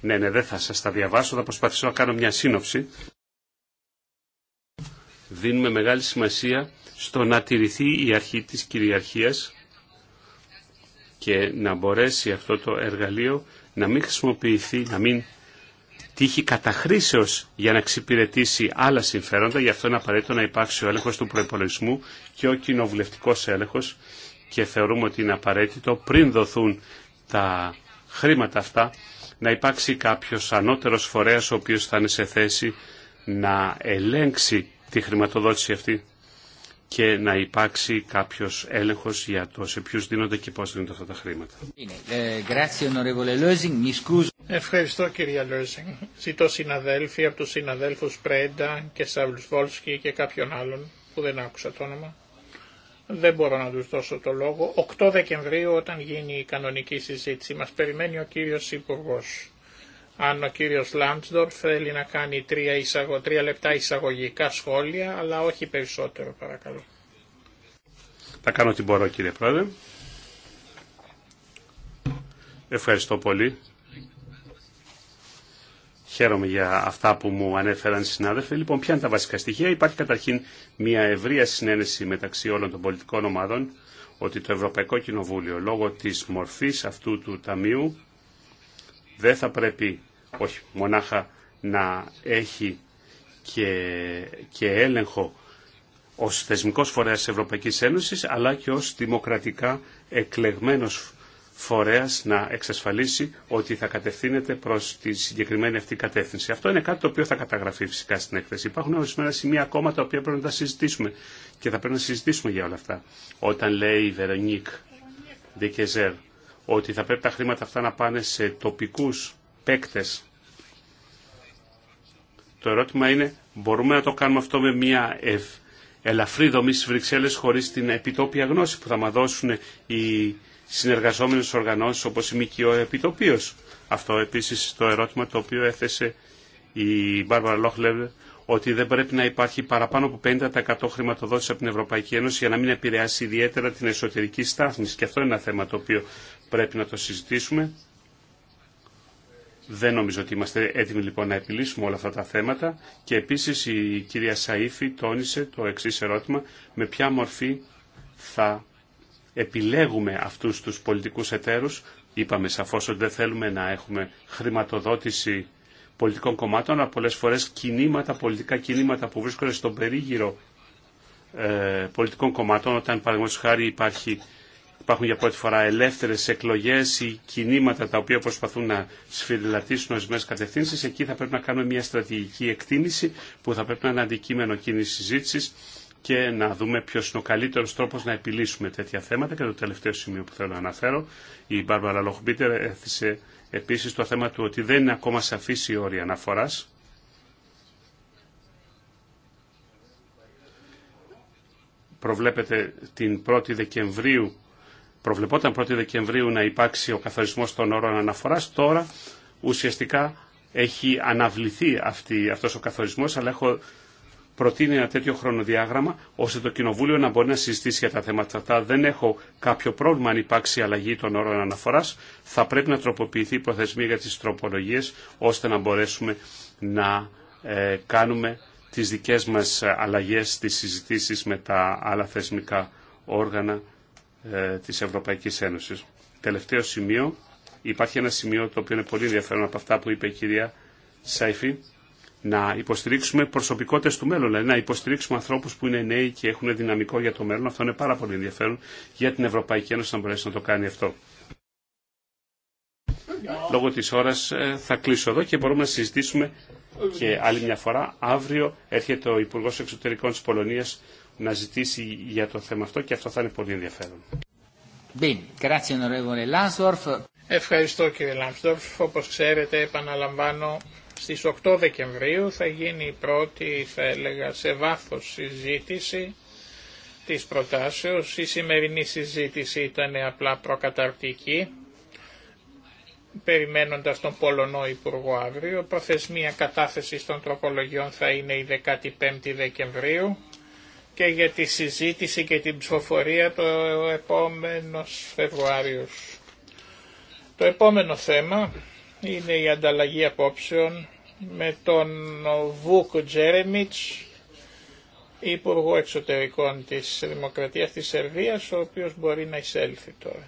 Ναι, ναι, δεν θα σας τα διαβάσω, θα προσπαθήσω να κάνω μια σύνοψη. Δίνουμε μεγάλη σημασία στο να τηρηθεί η αρχή της κυριαρχίας και να μπορέσει αυτό το εργαλείο να μην χρησιμοποιηθεί, να μην τύχει καταχρήσεως για να εξυπηρετήσει άλλα συμφέροντα. Γι' αυτό είναι απαραίτητο να υπάρξει ο έλεγχος του προπολογισμού και ο κοινοβουλευτικό έλεγχος και θεωρούμε ότι είναι απαραίτητο πριν δοθούν τα χρήματα αυτά να υπάρξει κάποιος ανώτερος φορέας ο οποίος θα είναι σε θέση να ελέγξει τη χρηματοδότηση αυτή και να υπάρξει κάποιο έλεγχο για το σε ποιου δίνονται και πώ δίνονται αυτά τα χρήματα. Eh, Ευχαριστώ κύριε Λόζινγκ. Ζητώ συναδέλφοι από του συναδέλφου Πρέντα και Σαβλουσβόλσκι και κάποιον άλλον που δεν άκουσα το όνομα. Δεν μπορώ να του δώσω το λόγο. 8 Δεκεμβρίου όταν γίνει η κανονική συζήτηση μα περιμένει ο κύριο Υπουργό αν ο κύριος Λάμπσδορφ θέλει να κάνει τρία, εισαγω, λεπτά εισαγωγικά σχόλια, αλλά όχι περισσότερο παρακαλώ. Θα κάνω ό,τι μπορώ κύριε Πρόεδρε. Ευχαριστώ πολύ. Χαίρομαι για αυτά που μου ανέφεραν οι συνάδελφοι. Λοιπόν, ποια είναι τα βασικά στοιχεία. Υπάρχει καταρχήν μια ευρεία συνένεση μεταξύ όλων των πολιτικών ομάδων ότι το Ευρωπαϊκό Κοινοβούλιο λόγω της μορφής αυτού του Ταμείου δεν θα πρέπει όχι μονάχα να έχει και, και έλεγχο ως θεσμικός φορέας της Ευρωπαϊκής Ένωσης, αλλά και ως δημοκρατικά εκλεγμένος φορέας να εξασφαλίσει ότι θα κατευθύνεται προς τη συγκεκριμένη αυτή κατεύθυνση. Αυτό είναι κάτι το οποίο θα καταγραφεί φυσικά στην έκθεση. Υπάρχουν ορισμένα σημεία ακόμα τα οποία πρέπει να τα συζητήσουμε και θα πρέπει να συζητήσουμε για όλα αυτά. Όταν λέει η Βερονίκ Δικεζέρ ότι θα πρέπει τα χρήματα αυτά να πάνε σε τοπικούς παίκτες. Το ερώτημα είναι, μπορούμε να το κάνουμε αυτό με μια ευ ελαφρύ δομή στις Βρυξέλλες χωρίς την επιτόπια γνώση που θα μας δώσουν οι συνεργαζόμενες οργανώσεις όπως η ΜΚΟ επιτοπίως. Αυτό επίσης το ερώτημα το οποίο έθεσε η Μπάρβαρα Λόχλερ ότι δεν πρέπει να υπάρχει παραπάνω από 50% χρηματοδότηση από την Ευρωπαϊκή Ένωση για να μην επηρεάσει ιδιαίτερα την εσωτερική στάθμιση. Και αυτό είναι ένα θέμα το οποίο πρέπει να το συζητήσουμε. Δεν νομίζω ότι είμαστε έτοιμοι λοιπόν να επιλύσουμε όλα αυτά τα θέματα και επίσης η κυρία Σαΐφη τόνισε το εξής ερώτημα με ποια μορφή θα επιλέγουμε αυτούς τους πολιτικούς εταίρους. Είπαμε σαφώς ότι δεν θέλουμε να έχουμε χρηματοδότηση πολιτικών κομμάτων, αλλά πολλές φορές κινήματα, πολιτικά κινήματα που βρίσκονται στον περίγυρο ε, πολιτικών κομμάτων, όταν παραδείγματος χάρη υπάρχει Υπάρχουν για πρώτη φορά ελεύθερε εκλογέ ή κινήματα τα οποία προσπαθούν να σφυριλατήσουν ορισμένε κατευθύνσει. Εκεί θα πρέπει να κάνουμε μια στρατηγική εκτίμηση που θα πρέπει να είναι αντικείμενο κοινή συζήτηση και να δούμε ποιο είναι ο καλύτερο τρόπο να επιλύσουμε τέτοια θέματα. Και το τελευταίο σημείο που θέλω να αναφέρω, η Μπάρμπαρα Λοχμπίτερ έθεσε επίση το θέμα του ότι δεν είναι ακόμα σαφή η όρια αναφορά. Προβλέπετε την 1η Δεκεμβρίου προβλεπόταν 1η Δεκεμβρίου να υπάρξει ο καθορισμός των όρων αναφοράς, τώρα ουσιαστικά έχει αναβληθεί αυτή, αυτός ο καθορισμός, αλλά έχω προτείνει ένα τέτοιο χρονοδιάγραμμα, ώστε το Κοινοβούλιο να μπορεί να συζητήσει για τα θέματα αυτά. Δεν έχω κάποιο πρόβλημα αν υπάρξει αλλαγή των όρων αναφοράς. Θα πρέπει να τροποποιηθεί η προθεσμία για τις τροπολογίες, ώστε να μπορέσουμε να ε, κάνουμε τις δικές μας ε, αλλαγές στις συζητήσεις με τα άλλα θεσμικά όργανα ε, της Ευρωπαϊκής Ένωσης. Τελευταίο σημείο, υπάρχει ένα σημείο το οποίο είναι πολύ ενδιαφέρον από αυτά που είπε η κυρία Σάιφη, να υποστηρίξουμε προσωπικότητες του μέλλον, δηλαδή να υποστηρίξουμε ανθρώπους που είναι νέοι και έχουν δυναμικό για το μέλλον. Αυτό είναι πάρα πολύ ενδιαφέρον για την Ευρωπαϊκή Ένωση να μπορέσει να το κάνει αυτό. Λόγω της ώρας ε, θα κλείσω εδώ και μπορούμε να συζητήσουμε και άλλη μια φορά. Αύριο έρχεται ο Υπουργός Εξωτερικών της Πολωνίας να ζητήσει για το θέμα αυτό και αυτό θα είναι πολύ ενδιαφέρον. Ευχαριστώ κύριε Λάνσδορφ. Όπως ξέρετε επαναλαμβάνω στις 8 Δεκεμβρίου θα γίνει η πρώτη θα έλεγα σε βάθος συζήτηση της προτάσεως. Η σημερινή συζήτηση ήταν απλά προκαταρτική περιμένοντας τον Πολωνό Υπουργό αύριο. Προθεσμία κατάθεση των τροπολογιών θα είναι η 15η Δεκεμβρίου και για τη συζήτηση και την ψηφοφορία το επόμενο Φεβρουάριο. Το επόμενο θέμα είναι η ανταλλαγή απόψεων με τον Βούκ Τζέρεμιτς, Υπουργό Εξωτερικών της Δημοκρατίας της Σερβίας, ο οποίος μπορεί να εισέλθει τώρα.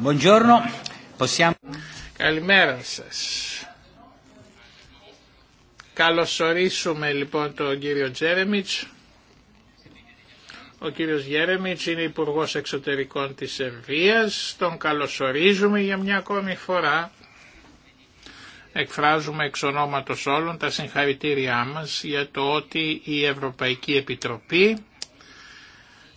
Buongiorno. Possiamo... Καλημέρα σας. Καλωσορίσουμε λοιπόν τον κύριο Τζέρεμιτς. Ο κύριος Γέρεμιτς είναι υπουργό Εξωτερικών της Σερβίας. Τον καλωσορίζουμε για μια ακόμη φορά. Εκφράζουμε εξ ονόματος όλων τα συγχαρητήριά μας για το ότι η Ευρωπαϊκή Επιτροπή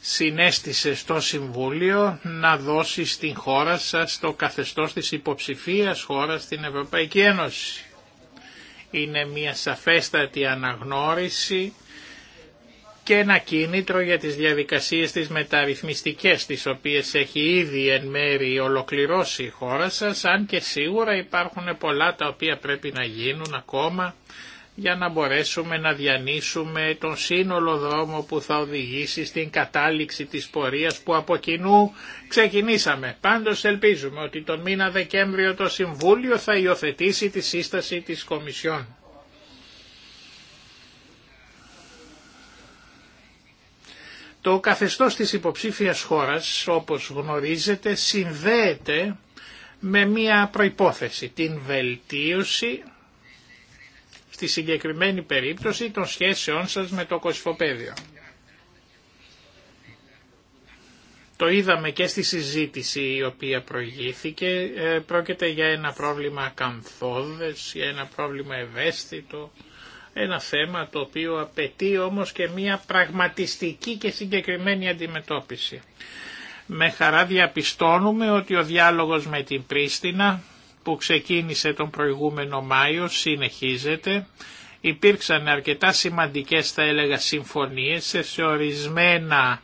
συνέστησε στο Συμβούλιο να δώσει στην χώρα σας το καθεστώς της υποψηφίας χώρας στην Ευρωπαϊκή Ένωση. Είναι μια σαφέστατη αναγνώριση και ένα κίνητρο για τις διαδικασίες της μεταρρυθμιστικές τις οποίες έχει ήδη εν μέρη ολοκληρώσει η χώρα σας αν και σίγουρα υπάρχουν πολλά τα οποία πρέπει να γίνουν ακόμα για να μπορέσουμε να διανύσουμε τον σύνολο δρόμο που θα οδηγήσει στην κατάληξη της πορείας που από κοινού ξεκινήσαμε. Πάντως ελπίζουμε ότι τον μήνα Δεκέμβριο το Συμβούλιο θα υιοθετήσει τη σύσταση της Κομισιόν. Το καθεστώς της υποψήφιας χώρας, όπως γνωρίζετε, συνδέεται με μία προϋπόθεση, την βελτίωση στη συγκεκριμένη περίπτωση των σχέσεών σας με το κοσφοπέδιο. Το είδαμε και στη συζήτηση η οποία προηγήθηκε. Ε, πρόκειται για ένα πρόβλημα καμφόδες, για ένα πρόβλημα ευαίσθητο, ένα θέμα το οποίο απαιτεί όμως και μια πραγματιστική και συγκεκριμένη αντιμετώπιση. Με χαρά διαπιστώνουμε ότι ο διάλογος με την Πρίστινα που ξεκίνησε τον προηγούμενο Μάιο συνεχίζεται. Υπήρξαν αρκετά σημαντικές θα έλεγα συμφωνίες σε ορισμένα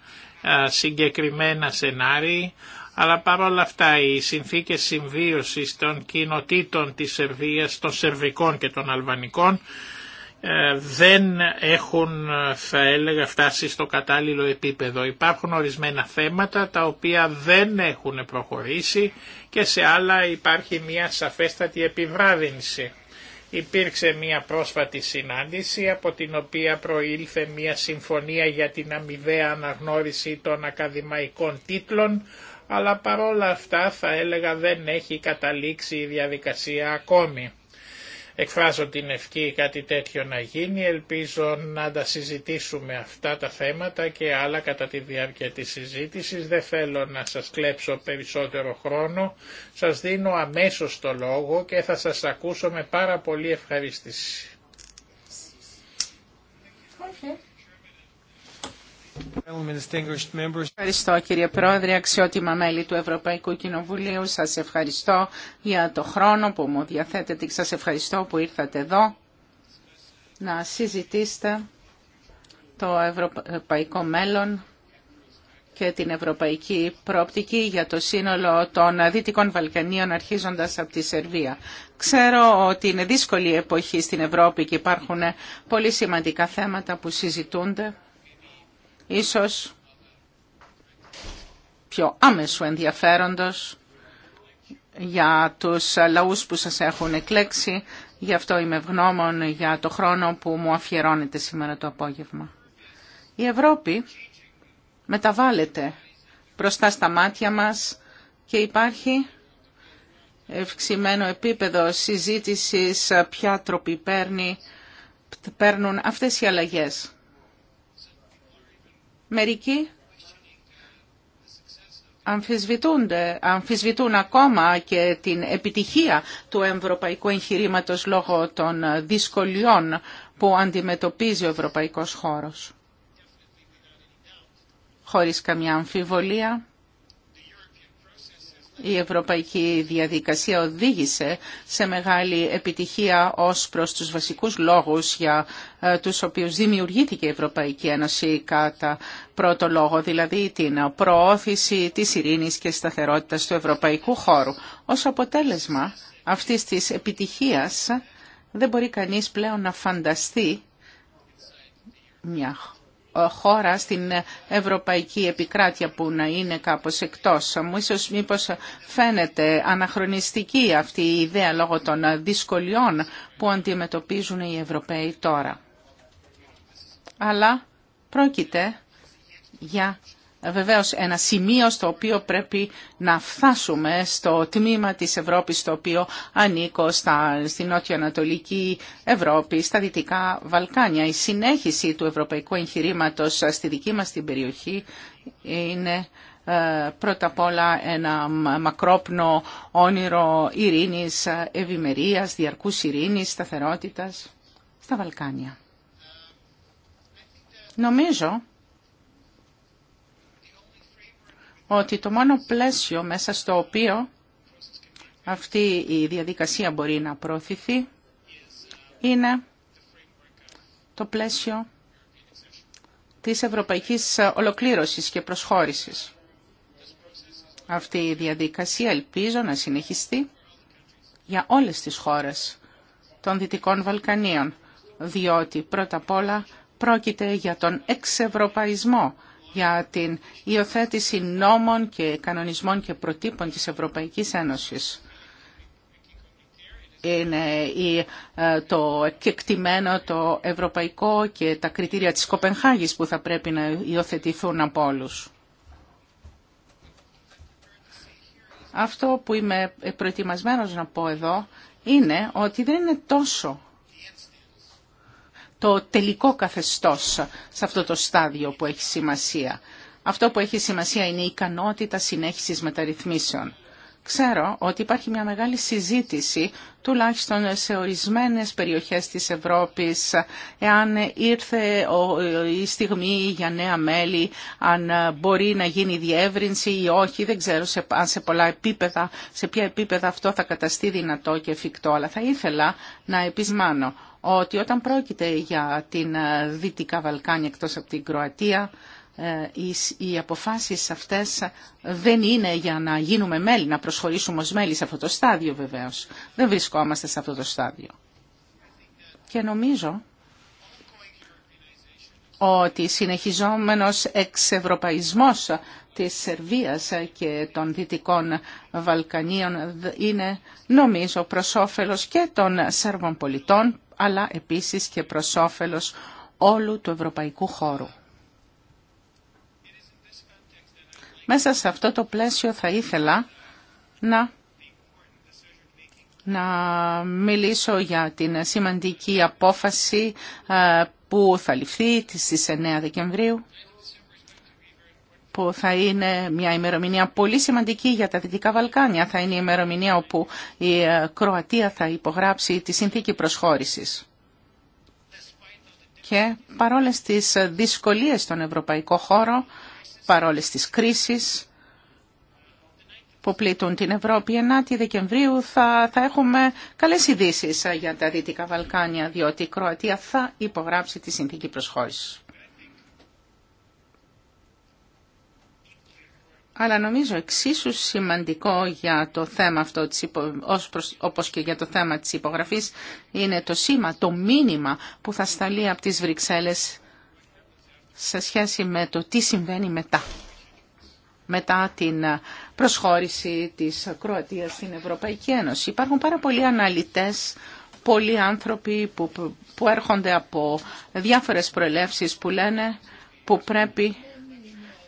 συγκεκριμένα σενάρια, αλλά παρόλα αυτά οι συνθήκες συμβίωσης των κοινοτήτων της Σερβίας, των Σερβικών και των Αλβανικών δεν έχουν θα έλεγα φτάσει στο κατάλληλο επίπεδο. Υπάρχουν ορισμένα θέματα τα οποία δεν έχουν προχωρήσει και σε άλλα υπάρχει μια σαφέστατη επιβράδυνση. Υπήρξε μια πρόσφατη συνάντηση από την οποία προήλθε μια συμφωνία για την αμοιβαία αναγνώριση των ακαδημαϊκών τίτλων, αλλά παρόλα αυτά θα έλεγα δεν έχει καταλήξει η διαδικασία ακόμη εκφράζω την ευχή κάτι τέτοιο να γίνει. Ελπίζω να τα συζητήσουμε αυτά τα θέματα και άλλα κατά τη διάρκεια της συζήτησης. Δεν θέλω να σας κλέψω περισσότερο χρόνο. Σας δίνω αμέσως το λόγο και θα σας ακούσω με πάρα πολύ ευχαρίστηση. Ευχαριστώ κύριε Πρόεδρε, αξιότιμα μέλη του Ευρωπαϊκού Κοινοβουλίου. Σας ευχαριστώ για το χρόνο που μου διαθέτετε και σας ευχαριστώ που ήρθατε εδώ να συζητήσετε το ευρωπαϊκό μέλλον και την ευρωπαϊκή προοπτική για το σύνολο των Δυτικών Βαλκανίων αρχίζοντας από τη Σερβία. Ξέρω ότι είναι δύσκολη εποχή στην Ευρώπη και υπάρχουν πολύ σημαντικά θέματα που συζητούνται ίσως πιο άμεσου ενδιαφέροντος για τους λαούς που σας έχουν εκλέξει. Γι' αυτό είμαι ευγνώμων για το χρόνο που μου αφιερώνετε σήμερα το απόγευμα. Η Ευρώπη μεταβάλλεται μπροστά στα μάτια μας και υπάρχει ευξημένο επίπεδο συζήτησης ποια τροπή παίρνει, παίρνουν αυτές οι αλλαγές. Μερικοί αμφισβητούν ακόμα και την επιτυχία του ευρωπαϊκού εγχειρήματος λόγω των δυσκολιών που αντιμετωπίζει ο ευρωπαϊκός χώρος. Χωρίς καμιά αμφιβολία, η ευρωπαϊκή διαδικασία οδήγησε σε μεγάλη επιτυχία ως προς τους βασικούς λόγους για ε, τους οποίους δημιουργήθηκε η Ευρωπαϊκή Ένωση κατά πρώτο λόγο, δηλαδή την προώθηση της ειρήνης και σταθερότητας του ευρωπαϊκού χώρου. Ως αποτέλεσμα αυτής της επιτυχίας δεν μπορεί κανείς πλέον να φανταστεί μια χώρα στην ευρωπαϊκή επικράτεια που να είναι κάπως εκτός. Μου ίσως μήπως φαίνεται αναχρονιστική αυτή η ιδέα λόγω των δυσκολιών που αντιμετωπίζουν οι Ευρωπαίοι τώρα. Αλλά πρόκειται για ε, βεβαίως ένα σημείο στο οποίο πρέπει να φτάσουμε στο τμήμα της Ευρώπης στο οποίο ανήκω στα, στη νότιο-ανατολική Ευρώπη, στα δυτικά Βαλκάνια. Η συνέχιση του ευρωπαϊκού εγχειρήματος στη δική μας την περιοχή είναι ε, πρώτα απ' όλα ένα μακρόπνο όνειρο ειρήνης, ευημερίας, διαρκούς ειρήνης, σταθερότητας στα Βαλκάνια. Νομίζω ότι το μόνο πλαίσιο μέσα στο οποίο αυτή η διαδικασία μπορεί να προωθηθεί είναι το πλαίσιο της ευρωπαϊκής ολοκλήρωσης και προσχώρησης. Αυτή η διαδικασία ελπίζω να συνεχιστεί για όλες τις χώρες των Δυτικών Βαλκανίων, διότι πρώτα απ' όλα πρόκειται για τον εξευρωπαϊσμό για την υιοθέτηση νόμων και κανονισμών και προτύπων της Ευρωπαϊκής Ένωσης. Είναι ε, το κεκτημένο, το ευρωπαϊκό και τα κριτήρια της Κοπενχάγης που θα πρέπει να υιοθετηθούν από όλους. Αυτό που είμαι προετοιμασμένος να πω εδώ είναι ότι δεν είναι τόσο το τελικό καθεστώς σε αυτό το στάδιο που έχει σημασία. Αυτό που έχει σημασία είναι η ικανότητα συνέχισης μεταρρυθμίσεων. Ξέρω ότι υπάρχει μια μεγάλη συζήτηση, τουλάχιστον σε ορισμένες περιοχές της Ευρώπης, εάν ήρθε η στιγμή για νέα μέλη, αν μπορεί να γίνει διεύρυνση ή όχι, δεν ξέρω σε, αν σε πολλά επίπεδα, σε ποια επίπεδα αυτό θα καταστεί δυνατό και εφικτό, αλλά θα ήθελα να επισμάνω ότι όταν πρόκειται για την ε, Δυτικά Βαλκάνια εκτός από την Κροατία, ε, οι αποφάσεις αυτές δεν είναι για να γίνουμε μέλη, να προσχωρήσουμε ως μέλη σε αυτό το στάδιο βεβαίως. Δεν βρισκόμαστε σε αυτό το στάδιο. Και νομίζω ότι συνεχιζόμενος εξευρωπαϊσμός της Σερβίας και των Δυτικών Βαλκανίων είναι νομίζω προς όφελος και των Σέρβων πολιτών αλλά επίσης και προς όφελος όλου του ευρωπαϊκού χώρου. Μέσα σε αυτό το πλαίσιο θα ήθελα να, να μιλήσω για την σημαντική απόφαση ε, που θα ληφθεί στις 9 Δεκεμβρίου που θα είναι μια ημερομηνία πολύ σημαντική για τα Δυτικά Βαλκάνια. Θα είναι η ημερομηνία όπου η ε, Κροατία θα υπογράψει τη συνθήκη προσχώρησης. Και παρόλες τις ε, δυσκολίες στον ευρωπαϊκό χώρο, παρόλες τις κρίσεις που πλήττουν την Ευρώπη, Δεκεμβρίου θα, θα έχουμε καλές ειδήσει ε, για τα Δυτικά Βαλκάνια, διότι η Κροατία θα υπογράψει τη συνθήκη προσχώρησης. αλλά νομίζω εξίσου σημαντικό για το θέμα αυτό, όπως και για το θέμα της υπογραφής, είναι το σήμα, το μήνυμα που θα σταλεί από τις Βρυξέλλες σε σχέση με το τι συμβαίνει μετά. Μετά την προσχώρηση της Κροατίας στην Ευρωπαϊκή Ένωση. Υπάρχουν πάρα πολλοί αναλυτές πολλοί άνθρωποι που, που έρχονται από διάφορες προελεύσεις που λένε που πρέπει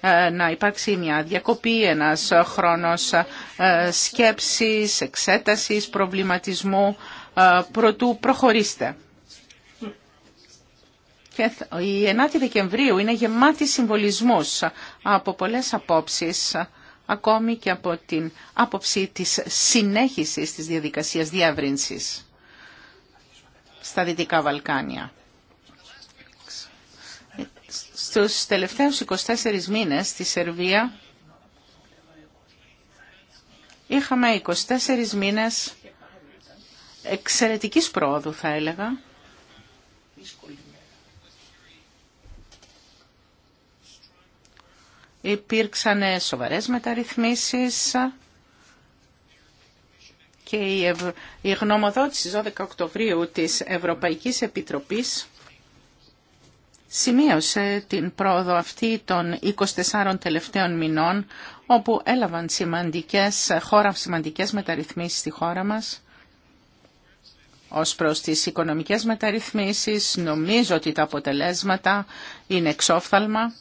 ε, να υπάρξει μια διακοπή, ένας χρόνος ε, σκέψης, εξέτασης, προβληματισμού, ε, προτού προχωρήστε. η 9η Δεκεμβρίου είναι γεμάτη συμβολισμούς από πολλές απόψεις, ακόμη και από την άποψη της συνέχισης της διαδικασίας διεύρυνσης στα Δυτικά Βαλκάνια. Στους τελευταίους 24 μήνες στη Σερβία είχαμε 24 μήνες εξαιρετικής πρόοδου θα έλεγα. Υπήρξαν σοβαρές μεταρρυθμίσεις και η, Ευ... η γνωμοδότηση 12 Οκτωβρίου της Ευρωπαϊκής Επιτροπής σημείωσε την πρόοδο αυτή των 24 τελευταίων μηνών, όπου έλαβαν σημαντικές, χώρα, σημαντικές μεταρρυθμίσεις στη χώρα μας. Ως προς τις οικονομικές μεταρρυθμίσεις, νομίζω ότι τα αποτελέσματα είναι εξόφθαλμα,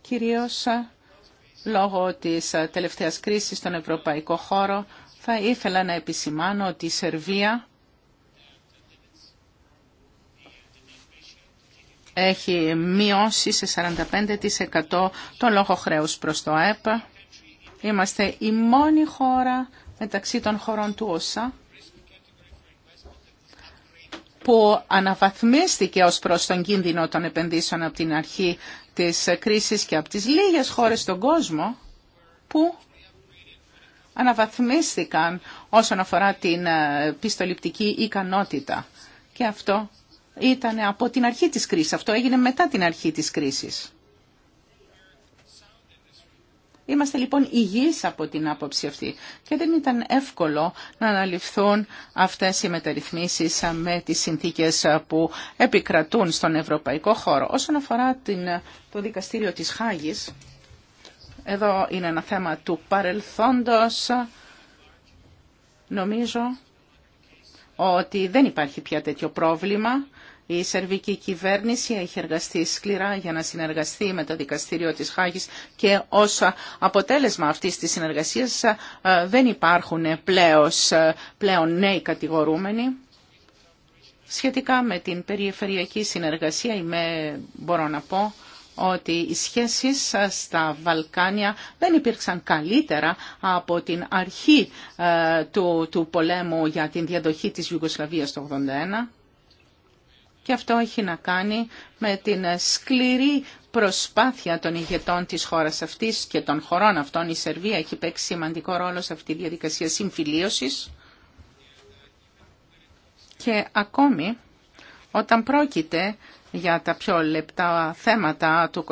κυρίως ε, λόγω της ε, τελευταίας κρίσης στον ευρωπαϊκό χώρο, θα ήθελα να επισημάνω ότι η Σερβία έχει μειώσει σε 45% τον λόγο χρέους προς το ΑΕΠ. Είμαστε η μόνη χώρα μεταξύ των χωρών του ΩΣΑ που αναβαθμίστηκε ως προς τον κίνδυνο των επενδύσεων από την αρχή της κρίσης και από τις λίγες χώρες στον κόσμο που αναβαθμίστηκαν όσον αφορά την ε, πιστοληπτική ικανότητα. Και αυτό ήταν από την αρχή της κρίσης. Αυτό έγινε μετά την αρχή της κρίσης. Είμαστε λοιπόν υγιείς από την άποψη αυτή και δεν ήταν εύκολο να αναλυφθούν αυτές οι μεταρρυθμίσεις με τις συνθήκες που επικρατούν στον ευρωπαϊκό χώρο. Όσον αφορά την, το δικαστήριο της Χάγης, εδώ είναι ένα θέμα του παρελθόντος. Νομίζω ότι δεν υπάρχει πια τέτοιο πρόβλημα η σερβική κυβέρνηση έχει εργαστεί σκληρά για να συνεργαστεί με το δικαστήριο της Χάγης και ως αποτέλεσμα αυτής της συνεργασίας ε, δεν υπάρχουν πλέον, ε, πλέον νέοι κατηγορούμενοι. Σχετικά με την περιφερειακή συνεργασία είμαι, μπορώ να πω ότι οι σχέσεις ε, στα Βαλκάνια δεν υπήρξαν καλύτερα από την αρχή του, του πολέμου για την διαδοχή της Ιουγκοσλαβίας το 1981 και αυτό έχει να κάνει με την σκληρή προσπάθεια των ηγετών της χώρας αυτής και των χωρών αυτών. Η Σερβία έχει παίξει σημαντικό ρόλο σε αυτή τη διαδικασία συμφιλίωσης. Και ακόμη, όταν πρόκειται για τα πιο λεπτά θέματα του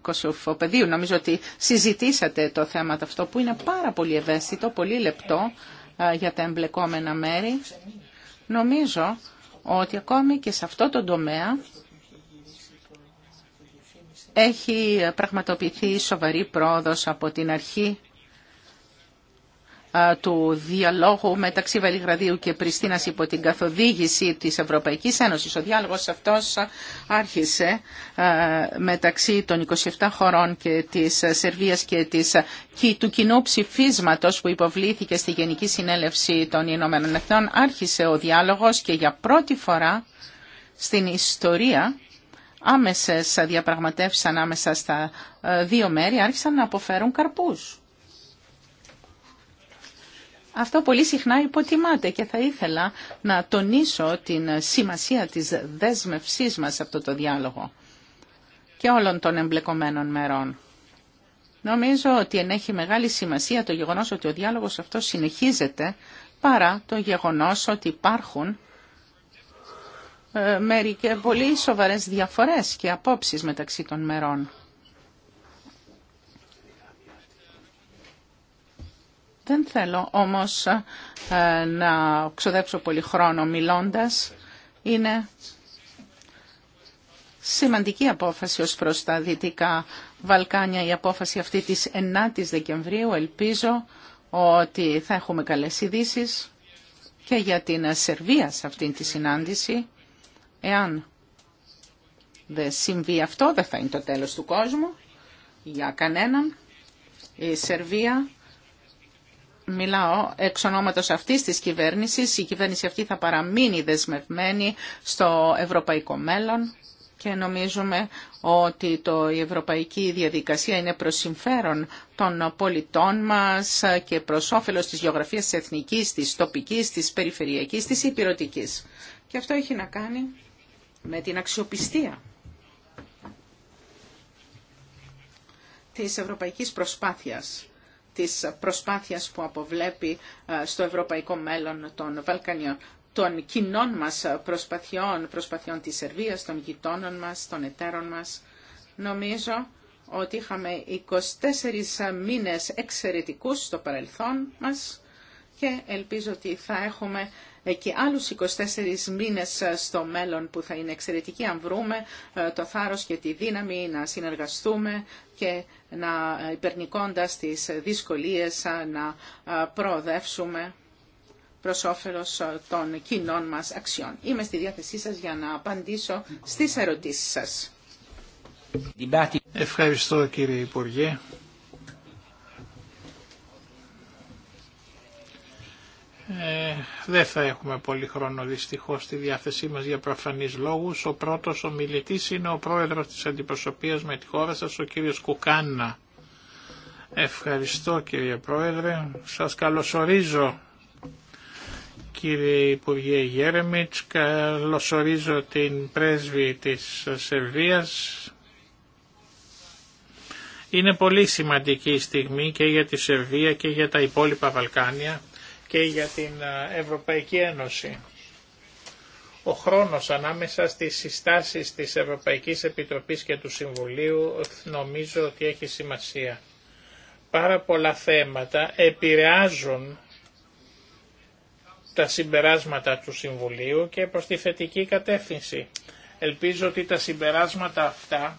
Κωσοφοπεδίου. Νομίζω ότι συζητήσατε το θέμα αυτό που είναι πάρα πολύ ευαίσθητο, πολύ λεπτό ε, για τα εμπλεκόμενα μέρη. Νομίζω ότι ακόμη και σε αυτό το τομέα έχει πραγματοποιηθεί σοβαρή πρόοδος από την αρχή ε, του διαλόγου μεταξύ Βελιγραδίου και Πριστίνας υπό την καθοδήγηση της Ευρωπαϊκής Ένωσης. Ο διάλογος αυτός άρχισε ε, μεταξύ των 27 χωρών και της Σερβίας και της, ε, του κοινού ψηφίσματος που υποβλήθηκε στη Γενική Συνέλευση των Ηνωμένων Εθνών. Άρχισε ο διάλογος και για πρώτη φορά στην ιστορία άμεσες διαπραγματεύσεις ανάμεσα στα δύο μέρη άρχισαν να αποφέρουν καρπούς. Αυτό πολύ συχνά υποτιμάται και θα ήθελα να τονίσω την σημασία της δέσμευσής μας σε αυτό το διάλογο και όλων των εμπλεκομένων μερών. Νομίζω ότι ενέχει μεγάλη σημασία το γεγονός ότι ο διάλογος αυτό συνεχίζεται παρά το γεγονός ότι υπάρχουν ε, μερικές πολύ σοβαρές διαφορές και απόψεις μεταξύ των μερών. Δεν θέλω όμως ε, να ξοδέψω πολύ χρόνο μιλώντας. Είναι σημαντική απόφαση ως προς τα Δυτικά Βαλκάνια η απόφαση αυτή της 9ης Δεκεμβρίου. Ελπίζω ότι θα έχουμε καλές ειδήσει και για την Σερβία σε αυτή τη συνάντηση. Εάν δεν συμβεί αυτό, δεν θα είναι το τέλος του κόσμου για κανέναν. Η Σερβία μιλάω εξ ονόματος αυτής της κυβέρνησης. Η κυβέρνηση αυτή θα παραμείνει δεσμευμένη στο ευρωπαϊκό μέλλον και νομίζουμε ότι το, η ευρωπαϊκή διαδικασία είναι προς συμφέρον των πολιτών μας και προς όφελος της γεωγραφίας της εθνικής, της τοπικής, της περιφερειακής, της υπηρετικής. Και αυτό έχει να κάνει με την αξιοπιστία της ευρωπαϊκής προσπάθειας της προσπάθειας που αποβλέπει ε, στο ευρωπαϊκό μέλλον των Βαλκανιών των κοινών μας προσπαθειών, προσπαθειών της Σερβίας, των γειτόνων μας, των εταίρων μας. Νομίζω ότι είχαμε 24 μήνες εξαιρετικούς στο παρελθόν μας και ελπίζω ότι θα έχουμε και άλλους 24 μήνες ε, στο μέλλον που θα είναι εξαιρετικοί αν βρούμε ε, το θάρρος και τη δύναμη να συνεργαστούμε και να ε, υπερνικώντας τις δυσκολίες να προοδεύσουμε προς όφελος των κοινών μας αξιών. Είμαι στη διάθεσή σας για να απαντήσω στις ερωτήσεις σας. Ευχαριστώ κύριε Υπουργέ. Ε, δεν θα έχουμε πολύ χρόνο δυστυχώς στη διάθεσή μας για προφανείς λόγους. Ο πρώτος ομιλητής είναι ο πρόεδρος της αντιπροσωπείας με τη χώρα σας, ο κύριος Κουκάνα. Ευχαριστώ κύριε πρόεδρε. Σας καλωσορίζω κύριε Υπουργέ Γέρεμιτς. Καλωσορίζω την πρέσβη της Σερβίας. Είναι πολύ σημαντική η στιγμή και για τη Σερβία και για τα υπόλοιπα Βαλκάνια και για την Ευρωπαϊκή Ένωση. Ο χρόνος ανάμεσα στις συστάσεις της Ευρωπαϊκής Επιτροπής και του Συμβουλίου νομίζω ότι έχει σημασία. Πάρα πολλά θέματα επηρεάζουν τα συμπεράσματα του Συμβουλίου και προς τη θετική κατεύθυνση. Ελπίζω ότι τα συμπεράσματα αυτά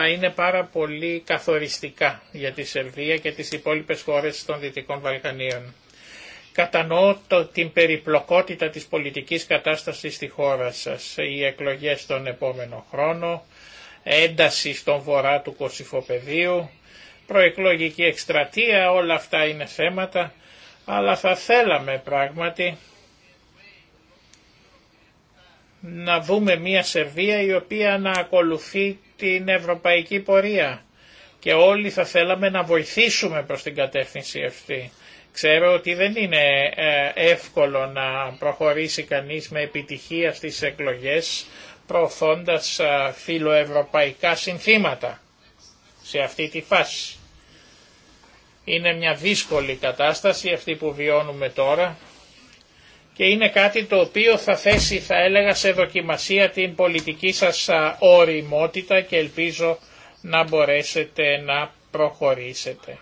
θα είναι πάρα πολύ καθοριστικά για τη Σερβία και τις υπόλοιπες χώρες των Δυτικών Βαλκανίων. Κατανοώ την περιπλοκότητα της πολιτικής κατάστασης στη χώρα σας, οι εκλογές τον επόμενο χρόνο, ένταση στον βορρά του Κωσυφοπεδίου, προεκλογική εκστρατεία, όλα αυτά είναι θέματα, αλλά θα θέλαμε πράγματι να δούμε μια Σερβία η οποία να ακολουθεί την ευρωπαϊκή πορεία και όλοι θα θέλαμε να βοηθήσουμε προς την κατεύθυνση αυτή. Ξέρω ότι δεν είναι ε, εύκολο να προχωρήσει κανείς με επιτυχία στις εκλογές προωθώντας ε, φιλοευρωπαϊκά συνθήματα σε αυτή τη φάση. Είναι μια δύσκολη κατάσταση αυτή που βιώνουμε τώρα και είναι κάτι το οποίο θα θέσει θα έλεγα σε δοκιμασία την πολιτική σας οριμότητα και ελπίζω να μπορέσετε να προχωρήσετε.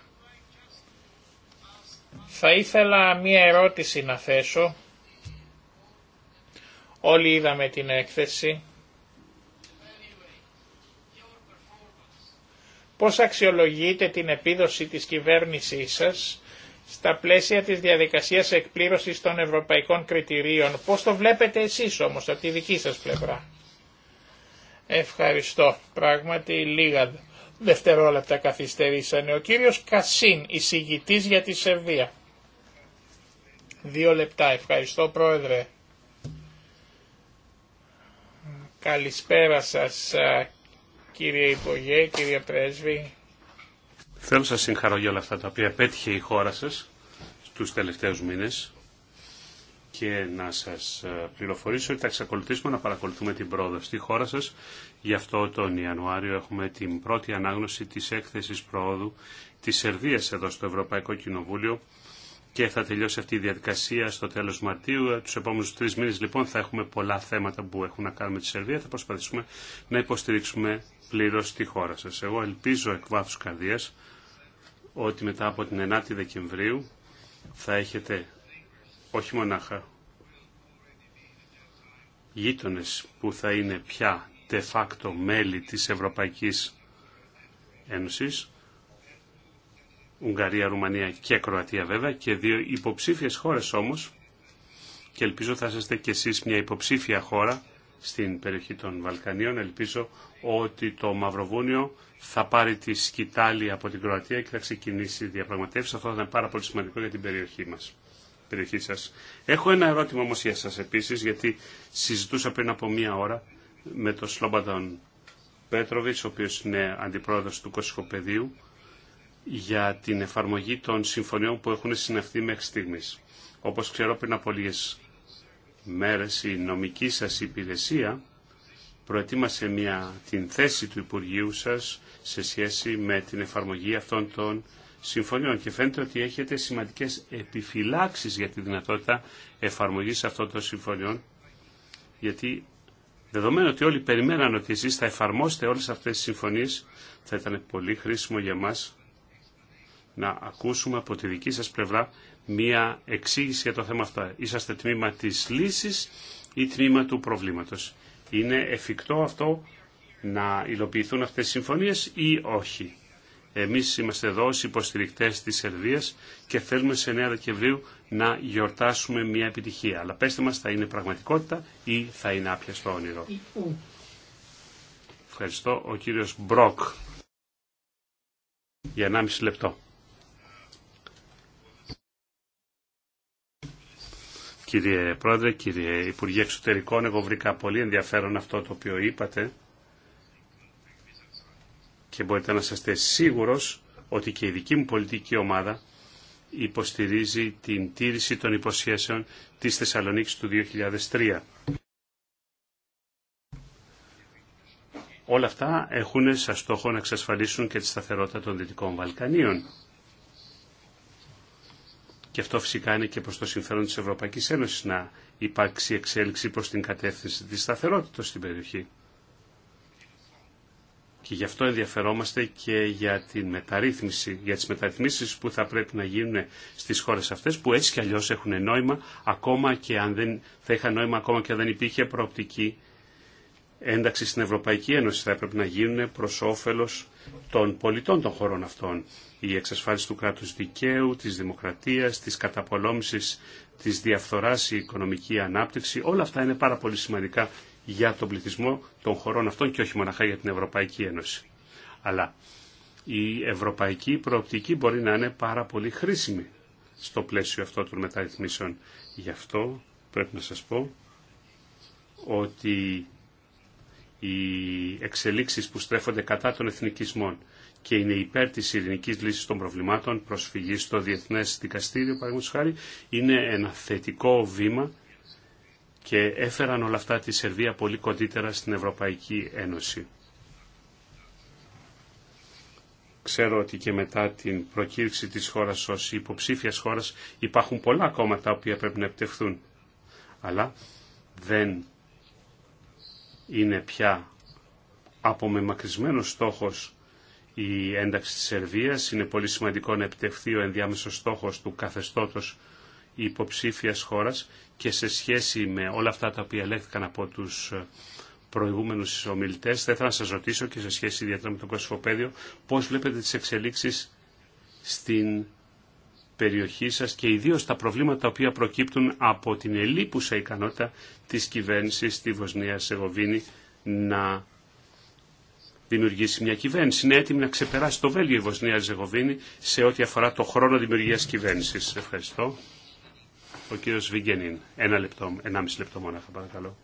Θα ήθελα μία ερώτηση να θέσω. Όλοι είδαμε την έκθεση. Πώς αξιολογείτε την επίδοση της κυβέρνησής σας στα πλαίσια της διαδικασίας εκπλήρωσης των ευρωπαϊκών κριτηρίων. Πώς το βλέπετε εσείς όμως από τη δική σας πλευρά. Ευχαριστώ. Πράγματι λίγα δευτερόλεπτα καθυστερήσανε. Ο κύριος Κασίν, εισηγητής για τη Σερβία. Δύο λεπτά. Ευχαριστώ πρόεδρε. Καλησπέρα σας κύριε Υπουργέ, κύριε Πρέσβη. Θέλω να σας συγχαρώ για όλα αυτά τα οποία πέτυχε η χώρα σας στους τελευταίους μήνες και να σας ε, πληροφορήσω ότι θα εξακολουθήσουμε να παρακολουθούμε την πρόοδο στη χώρα σας. Γι' αυτό τον Ιανουάριο έχουμε την πρώτη ανάγνωση της έκθεσης πρόοδου της Σερβίας εδώ στο Ευρωπαϊκό Κοινοβούλιο και θα τελειώσει αυτή η διαδικασία στο τέλος Μαρτίου. Ε, τους επόμενους τρεις μήνες λοιπόν θα έχουμε πολλά θέματα που έχουν να κάνουν με τη Σερβία. Θα προσπαθήσουμε να υποστηρίξουμε πλήρωστη στη χώρα σας. Εγώ ελπίζω εκ καρδίας ότι μετά από την 9η Δεκεμβρίου θα έχετε όχι μονάχα γείτονε που θα είναι πια de facto μέλη της Ευρωπαϊκής Ένωσης, Ουγγαρία, Ρουμανία και Κροατία βέβαια, και δύο υποψήφιες χώρες όμως, και ελπίζω θα είστε κι εσείς μια υποψήφια χώρα, στην περιοχή των Βαλκανίων. Ελπίζω ότι το Μαυροβούνιο θα πάρει τη σκητάλη από την Κροατία και θα ξεκινήσει διαπραγματεύσει. Αυτό θα είναι πάρα πολύ σημαντικό για την περιοχή μας. Περιοχή σας. Έχω ένα ερώτημα όμως για σας επίσης, γιατί συζητούσα πριν από μία ώρα με τον Σλόμπαντον Πέτροβιτς, ο οποίος είναι αντιπρόεδρος του Κωσικοπεδίου, για την εφαρμογή των συμφωνιών που έχουν συναυθεί μέχρι στιγμής. Όπως ξέρω πριν από λίγες μέρες η νομική σας υπηρεσία προετοίμασε μια, την θέση του Υπουργείου σας σε σχέση με την εφαρμογή αυτών των συμφωνιών και φαίνεται ότι έχετε σημαντικές επιφυλάξεις για τη δυνατότητα εφαρμογής αυτών των συμφωνιών γιατί δεδομένου ότι όλοι περιμέναν ότι εσείς θα εφαρμόσετε όλες αυτές τις συμφωνίες θα ήταν πολύ χρήσιμο για μας να ακούσουμε από τη δική σας πλευρά μία εξήγηση για το θέμα αυτό. Είσαστε τμήμα της λύσης ή τμήμα του προβλήματος. Είναι εφικτό αυτό να υλοποιηθούν αυτές οι συμφωνίες ή όχι. Εμείς είμαστε εδώ ως υποστηρικτές της Σερβίας και θέλουμε σε 9 Δεκεμβρίου να γιορτάσουμε μια επιτυχία. Αλλά πέστε μας, θα είναι πραγματικότητα ή θα είναι άπια στο όνειρο. Ευχαριστώ. Ο κύριος Μπροκ για 1,5 λεπτό. Κύριε Πρόεδρε, κύριε Υπουργέ Εξωτερικών, εγώ βρήκα πολύ ενδιαφέρον αυτό το οποίο είπατε και μπορείτε να είστε σίγουρος ότι και η δική μου πολιτική ομάδα υποστηρίζει την τήρηση των υποσχέσεων της Θεσσαλονίκης του 2003. Όλα αυτά έχουν σαν στόχο να εξασφαλίσουν και τη σταθερότητα των Δυτικών Βαλκανίων. Και αυτό φυσικά είναι και προ το συμφέρον της Ευρωπαϊκή Ένωσης να υπάρξει εξέλιξη προς την κατεύθυνση της σταθερότητα στην περιοχή. Και γι' αυτό ενδιαφερόμαστε και για, τι μεταρρύθμιση, τις μεταρρυθμίσεις που θα πρέπει να γίνουν στις χώρες αυτές, που έτσι κι αλλιώς έχουν νόημα, ακόμα και αν δεν, θα είχαν νόημα ακόμα και αν δεν υπήρχε προοπτική ένταξη στην Ευρωπαϊκή Ένωση θα έπρεπε να γίνουν προς όφελος των πολιτών των χωρών αυτών. Η εξασφάλιση του κράτους δικαίου, της δημοκρατίας, της καταπολόμησης, της διαφθοράς, η οικονομική ανάπτυξη, όλα αυτά είναι πάρα πολύ σημαντικά για τον πληθυσμό των χωρών αυτών και όχι μοναχά για την Ευρωπαϊκή Ένωση. Αλλά η ευρωπαϊκή προοπτική μπορεί να είναι πάρα πολύ χρήσιμη στο πλαίσιο αυτό των μεταρρυθμίσεων. Γι' αυτό πρέπει να σας πω ότι οι εξελίξεις που στρέφονται κατά των εθνικισμών και είναι υπέρ της ειρηνικής λύσης των προβλημάτων, προσφυγή στο Διεθνές Δικαστήριο, παραδείγματος χάρη, είναι ένα θετικό βήμα και έφεραν όλα αυτά τη Σερβία πολύ κοντύτερα στην Ευρωπαϊκή Ένωση. Ξέρω ότι και μετά την προκήρυξη της χώρας ως υποψήφιας χώρας υπάρχουν πολλά κόμματα τα πρέπει να επιτευχθούν. Αλλά δεν είναι πια απομεμακρυσμένος στόχος η ένταξη της Σερβίας. Είναι πολύ σημαντικό να επιτευχθεί ο ενδιάμεσος στόχος του καθεστώτος υποψήφιας χώρας και σε σχέση με όλα αυτά τα οποία ελέγχθηκαν από τους προηγούμενους ομιλητές, θα ήθελα να σας ρωτήσω και σε σχέση ιδιαίτερα με το κοσφοπέδιο, πώς βλέπετε τις εξελίξεις στην περιοχή σας και ιδίως τα προβλήματα τα οποία προκύπτουν από την ελίπουσα ικανότητα της κυβέρνησης στη Βοσνία Σεγοβίνη να δημιουργήσει μια κυβέρνηση. Είναι έτοιμη να ξεπεράσει το Βέλγιο η Βοσνία Ζεγοβίνη σε ό,τι αφορά το χρόνο δημιουργίας κυβέρνησης. Ευχαριστώ. Ο κύριος Βιγγενίν. Ένα λεπτό, μισή λεπτό μόνο. παρακαλώ.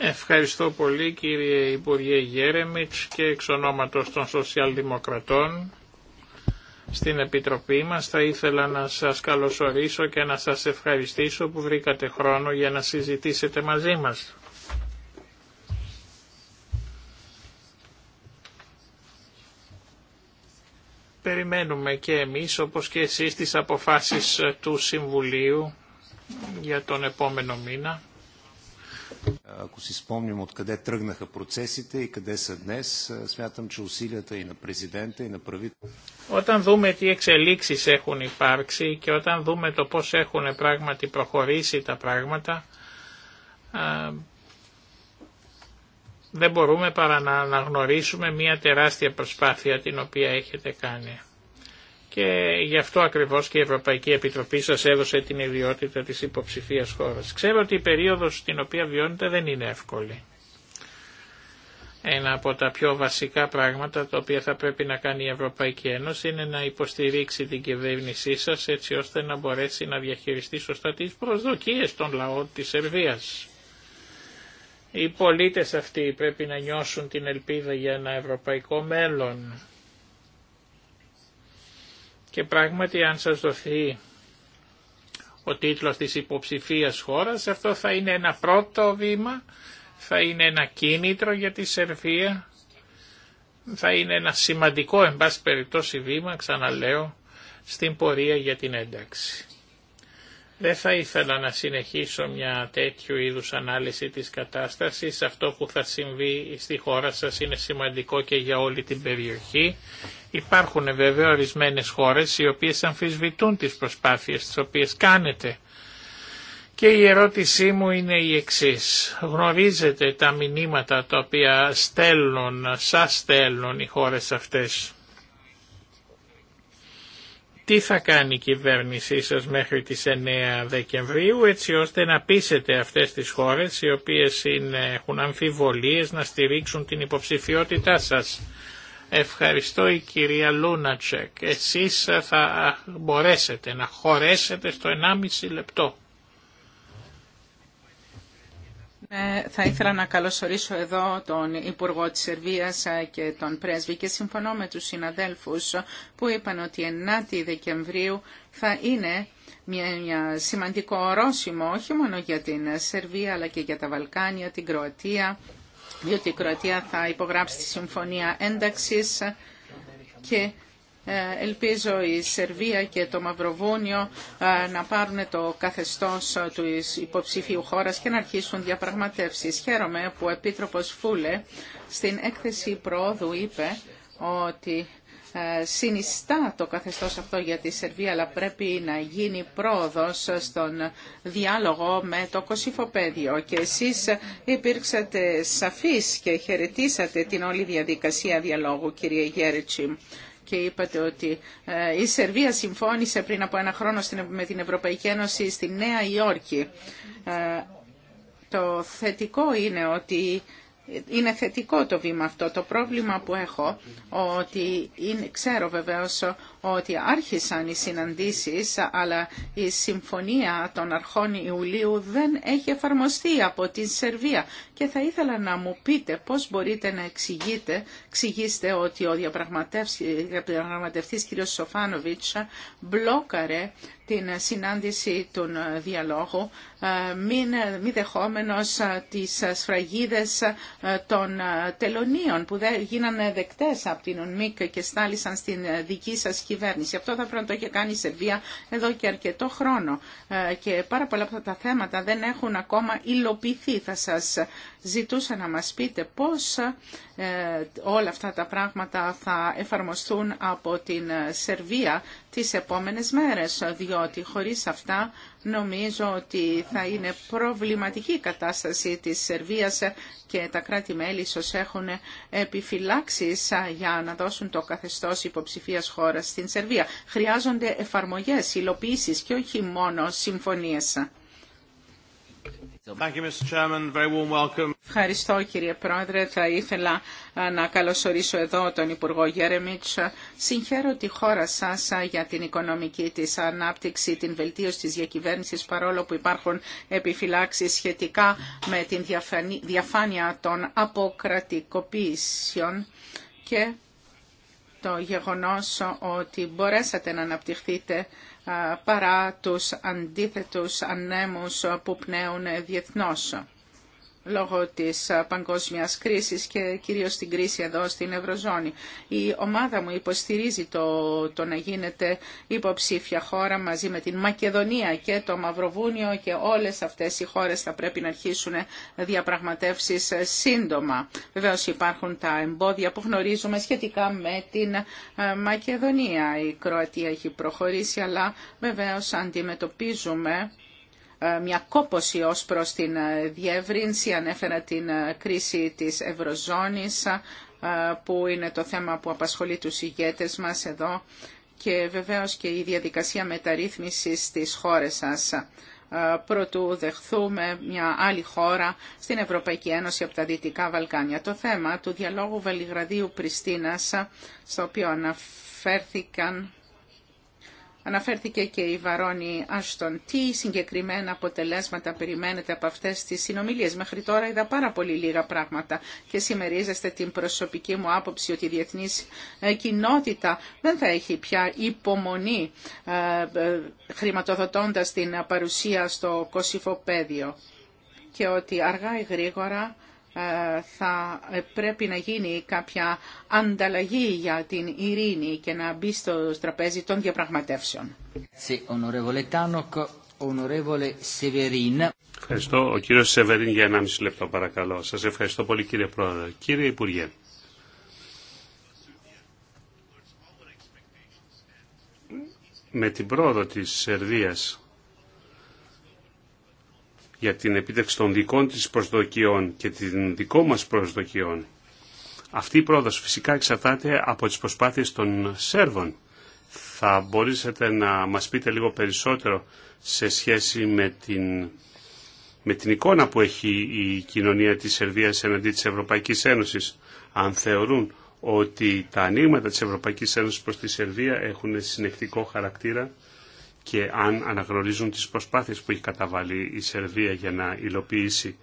Ευχαριστώ πολύ κύριε Υπουργέ Γέρεμιτς και εξ ονόματος των Σοσιαλδημοκρατών στην Επιτροπή μας. Θα ήθελα να σας καλωσορίσω και να σας ευχαριστήσω που βρήκατε χρόνο για να συζητήσετε μαζί μας. Περιμένουμε και εμείς όπως και εσείς τις αποφάσεις του Συμβουλίου για τον επόμενο μήνα. Ако си спомним откъде тръгнаха процесите и къде са днес, смятам, че усилията и на Όταν δούμε τι εξελίξεις έχουν υπάρξει και όταν δούμε το πώς έχουν πράγματι προχωρήσει τα πράγματα, δεν μπορούμε παρά να αναγνωρίσουμε μια τεράστια προσπάθεια την οποία έχετε κάνει και γι' αυτό ακριβώς και η Ευρωπαϊκή Επιτροπή σας έδωσε την ιδιότητα της υποψηφίας χώρας. Ξέρω ότι η περίοδος στην οποία βιώνετε δεν είναι εύκολη. Ένα από τα πιο βασικά πράγματα τα οποία θα πρέπει να κάνει η Ευρωπαϊκή Ένωση είναι να υποστηρίξει την κυβέρνησή σας έτσι ώστε να μπορέσει να διαχειριστεί σωστά τις προσδοκίες των λαών της Σερβίας. Οι πολίτες αυτοί πρέπει να νιώσουν την ελπίδα για ένα ευρωπαϊκό μέλλον και πράγματι αν σας δοθεί ο τίτλος της υποψηφίας χώρας, αυτό θα είναι ένα πρώτο βήμα, θα είναι ένα κίνητρο για τη Σερβία, θα είναι ένα σημαντικό εν πάση περιπτώσει βήμα, ξαναλέω, στην πορεία για την ένταξη. Δεν θα ήθελα να συνεχίσω μια τέτοιου είδους ανάλυση της κατάστασης. Αυτό που θα συμβεί στη χώρα σας είναι σημαντικό και για όλη την περιοχή. Υπάρχουν βέβαια ορισμένε χώρες οι οποίες αμφισβητούν τις προσπάθειες τις οποίες κάνετε. Και η ερώτησή μου είναι η εξής. Γνωρίζετε τα μηνύματα τα οποία στέλνουν, σας στέλνουν οι χώρες αυτές τι θα κάνει η κυβέρνησή σας μέχρι τις 9 Δεκεμβρίου έτσι ώστε να πείσετε αυτές τις χώρες οι οποίες είναι, έχουν αμφιβολίες να στηρίξουν την υποψηφιότητά σας. Ευχαριστώ η κυρία Λούνατσεκ. Εσείς θα μπορέσετε να χωρέσετε στο 1,5 λεπτό. Ε, θα ήθελα να καλωσορίσω εδώ τον Υπουργό της Σερβίας ε, και τον Πρέσβη και συμφωνώ με τους συναδέλφους που είπαν ότι 9η Δεκεμβρίου θα είναι μια, σημαντικό ορόσημο όχι μόνο για την Σερβία αλλά και για τα Βαλκάνια, την Κροατία διότι η Κροατία θα υπογράψει τη Συμφωνία Ένταξης και ε, ελπίζω η Σερβία και το Μαυροβούνιο ε, να πάρουν το καθεστώς ε, του υποψηφίου χώρας και να αρχίσουν διαπραγματεύσεις. Χαίρομαι που ο Επίτροπος Φούλε στην έκθεση προόδου είπε ότι συνιστά το καθεστώς αυτό για τη Σερβία, αλλά πρέπει να γίνει πρόοδος στον διάλογο με το κοσυφοπέδιο. Και εσείς υπήρξατε σαφείς και χαιρετήσατε την όλη διαδικασία διαλόγου, κύριε και είπατε ότι ε, η Σερβία συμφώνησε πριν από ένα χρόνο με την Ευρωπαϊκή Ένωση στη Νέα Υόρκη. Ε, το θετικό είναι ότι είναι θετικό το βήμα αυτό. Το πρόβλημα που έχω, ότι είναι, ξέρω βεβαίως ότι άρχισαν οι συναντήσεις, αλλά η Συμφωνία των Αρχών Ιουλίου δεν έχει εφαρμοστεί από την Σερβία. Και θα ήθελα να μου πείτε πώς μπορείτε να εξηγείτε, εξηγήσετε ότι ο διαπραγματευτής κ. Σοφάνοβιτς μπλόκαρε την συνάντηση των διαλόγου, ε, μην, μη δεχόμενος τις σφραγίδες ε, των ε, τελωνίων που δεν γίνανε δεκτές από την ΟΝΜΙΚ και στάλησαν στην δική σας κυβέρνηση. Αυτό θα πρέπει να το έχει κάνει η Σερβία εδώ και αρκετό χρόνο. Ε, και πάρα πολλά από αυτά τα θέματα δεν έχουν ακόμα υλοποιηθεί. Θα σας ζητούσα να μα πείτε πώ ε, όλα αυτά τα πράγματα θα εφαρμοστούν από την Σερβία τις επόμενες μέρες, διότι χωρίς αυτά Νομίζω ότι θα είναι προβληματική η κατάσταση της Σερβίας και τα κράτη-μέλη ίσως έχουν επιφυλάξεις για να δώσουν το καθεστώς υποψηφίας χώρας στην Σερβία. Χρειάζονται εφαρμογές, υλοποίησει και όχι μόνο συμφωνίες. Ευχαριστώ κύριε Πρόεδρε. Θα ήθελα ε, να καλωσορίσω εδώ τον Υπουργό Γέρεμιτς. Συγχαίρω τη χώρα σας ε, για την οικονομική της ανάπτυξη, την βελτίωση της διακυβέρνησης, παρόλο που υπάρχουν επιφυλάξεις σχετικά με την διαφάνεια των αποκρατικοποίησεων και το γεγονός ότι μπορέσατε να αναπτυχθείτε ε, παρά τους αντίθετους ανέμους που πνέουν διεθνώς λόγω της παγκόσμιας κρίσης και κυρίως την κρίση εδώ στην Ευρωζώνη. Η ομάδα μου υποστηρίζει το, το να γίνεται υποψήφια χώρα μαζί με την Μακεδονία και το Μαυροβούνιο και όλες αυτές οι χώρες θα πρέπει να αρχίσουν διαπραγματεύσεις σύντομα. Βεβαίως υπάρχουν τα εμπόδια που γνωρίζουμε σχετικά με την Μακεδονία. Η Κροατία έχει προχωρήσει αλλά βεβαίως αντιμετωπίζουμε ε, μια κόπωση ως προς την ε, διεύρυνση. Ανέφερα την ε, κρίση της Ευρωζώνης που είναι το θέμα που απασχολεί τους ηγέτες μας εδώ και βεβαίως και η διαδικασία μεταρρύθμισης στις χώρες σας προτού δεχθούμε μια άλλη χώρα στην Ευρωπαϊκή Ένωση από τα Δυτικά Βαλκάνια. Το θέμα του διαλόγου Βελιγραδίου Πριστίνας, στο οποίο αναφέρθηκαν Αναφέρθηκε και η Βαρόνη Άστον. Τι συγκεκριμένα αποτελέσματα περιμένετε από αυτές τι συνομιλίε. Μέχρι τώρα είδα πάρα πολύ λίγα πράγματα και συμμερίζεστε την προσωπική μου άποψη ότι η διεθνή ε, κοινότητα δεν θα έχει πια υπομονή ε, ε, χρηματοδοτώντας την παρουσία στο κοσυφοπέδιο και ότι αργά ή γρήγορα ε, θα ε, πρέπει να γίνει κάποια ανταλλαγή για την ειρήνη και να μπει στο τραπέζι των διαπραγματεύσεων. Ευχαριστώ. Ο κύριος Σεβερίν για 1,5 λεπτό παρακαλώ. Σας ευχαριστώ πολύ κύριε Πρόεδρε. Κύριε Υπουργέ. Με την πρόοδο της Σερβίας για την επίτευξη των δικών της προσδοκιών και των δικών μας προσδοκιών. Αυτή η πρόοδος φυσικά εξαρτάται από τις προσπάθειες των Σέρβων. Θα μπορούσατε να μας πείτε λίγο περισσότερο σε σχέση με την, με εικόνα που έχει η κοινωνία της Σερβίας εναντί της Ευρωπαϊκής Ένωσης. Αν θεωρούν ότι τα ανοίγματα της Ευρωπαϊκής Ένωσης προς τη Σερβία έχουν συνεχτικό χαρακτήρα και αν αναγνωρίζουν τις προσπάθειες που έχει καταβάλει η Σερβία για να υλοποιήσει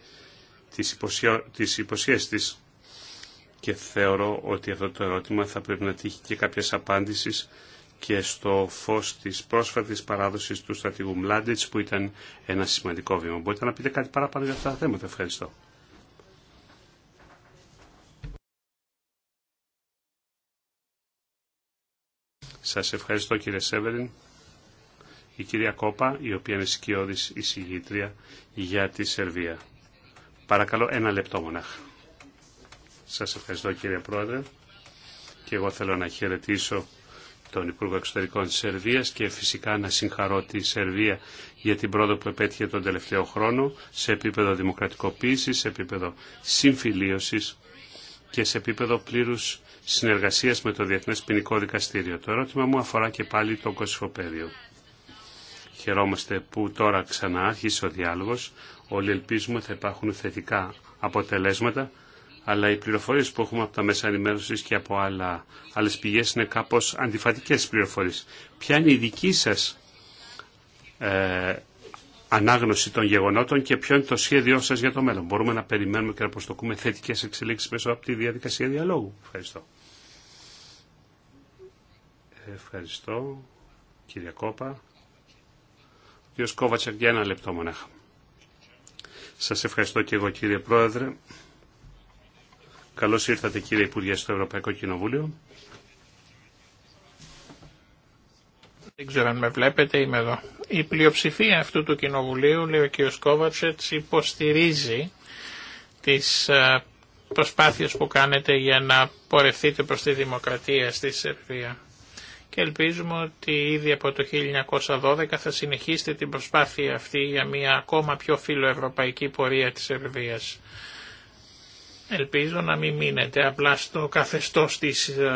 τις, υποσιο... τις υποσχέσεις της. Και θεωρώ ότι αυτό το ερώτημα θα πρέπει να τύχει και κάποιες απάντησεις και στο φως της πρόσφατης παράδοσης του στρατηγού Μλάντιτς που ήταν ένα σημαντικό βήμα. Μπορείτε να πείτε κάτι παραπάνω για αυτά τα θέματα. Ευχαριστώ. Σας ευχαριστώ κύριε Σέβεριν η κυρία Κόπα, η οποία είναι σκιώδης εισηγήτρια για τη Σερβία. Παρακαλώ ένα λεπτό μονάχα. Σας ευχαριστώ κύριε Πρόεδρε και εγώ θέλω να χαιρετήσω τον Υπουργό Εξωτερικών της Σερβίας και φυσικά να συγχαρώ τη Σερβία για την πρόοδο που επέτυχε τον τελευταίο χρόνο σε επίπεδο δημοκρατικοποίησης, σε επίπεδο συμφιλίωσης και σε επίπεδο πλήρους συνεργασίας με το Διεθνές Ποινικό Δικαστήριο. Το ερώτημα μου αφορά και πάλι το κοσφοπέδιο. Χαιρόμαστε που τώρα ξανά άρχισε ο διάλογος. Όλοι ελπίζουμε θα υπάρχουν θετικά αποτελέσματα, αλλά οι πληροφορίες που έχουμε από τα μέσα ενημέρωσης και από άλλα, άλλες πηγές είναι κάπως αντιφατικές πληροφορίες. Ποια είναι η δική σας ε, ανάγνωση των γεγονότων και ποιο είναι το σχέδιό σας για το μέλλον. Μπορούμε να περιμένουμε και να προστοκούμε θετικές εξελίξεις μέσω από τη διαδικασία διαλόγου. Ευχαριστώ. Ευχαριστώ. Κύριε Κόπα. Κύριος Κόβατσακ, για ένα λεπτό μονάχα. Σας ευχαριστώ και εγώ κύριε Πρόεδρε. Καλώς ήρθατε κύριε Υπουργέ στο Ευρωπαϊκό Κοινοβούλιο. Δεν ξέρω αν με βλέπετε, είμαι εδώ. Η πλειοψηφία αυτού του κοινοβουλίου, λέει ο κ. υποστηρίζει τις ε, προσπάθειες που κάνετε για να πορευτείτε προς τη δημοκρατία στη Σερβία και ελπίζουμε ότι ήδη από το 1912 θα συνεχίσετε την προσπάθεια αυτή για μια ακόμα πιο φιλοευρωπαϊκή πορεία της Σερβίας. Ελπίζω να μην μείνετε απλά στο καθεστώς της, ε,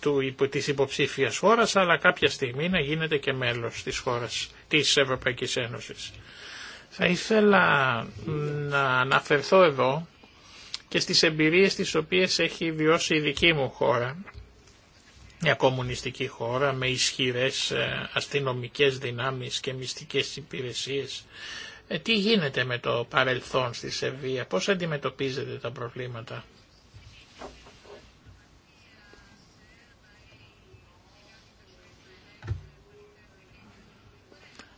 του, της υποψήφιας χώρας, αλλά κάποια στιγμή να γίνετε και μέλος της χώρας, της Ευρωπαϊκής Ένωσης. Θα ήθελα να αναφερθώ εδώ και στις εμπειρίες τις οποίες έχει βιώσει η δική μου χώρα μια κομμουνιστική χώρα με ισχυρές ε, αστυνομικές δυνάμεις και μυστικές υπηρεσίες. Ε, τι γίνεται με το παρελθόν στη Σεβία. πώς αντιμετωπίζετε τα προβλήματα.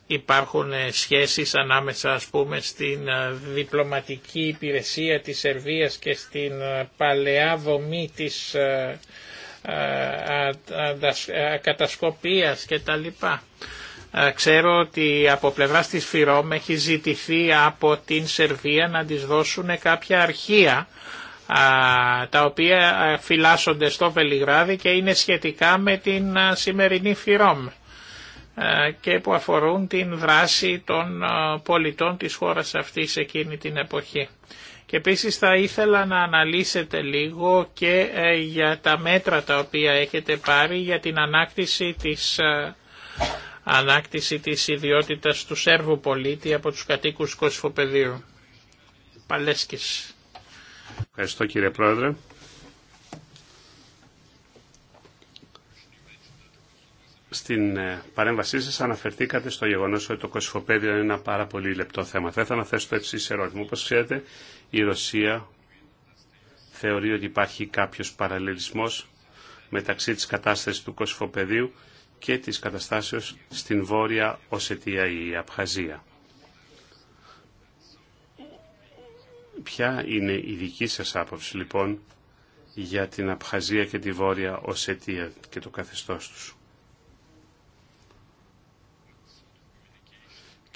υπάρχουν ε, σχέσεις ανάμεσα ας πούμε στην διπλωματική υπηρεσία της Σερβίας και στην παλαιά δομή της ε, ε, ε, κατασκοπίας και τα λοιπά. Ξέρω ότι από πλευράς της ΦΥΡΟΜ έχει ζητηθεί από την Σερβία να της δώσουν κάποια αρχεία τα οποία φυλάσσονται στο Βελιγράδι και είναι σχετικά με την σημερινή ΦΥΡΟΜ και που αφορούν την δράση των πολιτών της χώρας αυτής εκείνη την εποχή. Και επίσης θα ήθελα να αναλύσετε λίγο και ε, για τα μέτρα τα οποία έχετε πάρει για την ανάκτηση της, ε, ανάκτηση της ιδιότητας του Σέρβου πολίτη από τους κατοίκους Κοσφοπεδίου. Παλέσκης. Ευχαριστώ κύριε Πρόεδρε. στην ε, παρέμβασή σας αναφερθήκατε στο γεγονός ότι το κοσφοπέδιο είναι ένα πάρα πολύ λεπτό θέμα. Θα ήθελα να θέσω το εξής ερώτημα. Όπως ξέρετε, η Ρωσία θεωρεί ότι υπάρχει κάποιος παραλληλισμός μεταξύ της κατάστασης του κοσφοπεδίου και της καταστάσεως στην Βόρεια Οσετία ή Απχαζία. Ποια είναι η δική σας άποψη λοιπόν για την Απχαζία και τη Βόρεια Οσετία και το καθεστώς τους.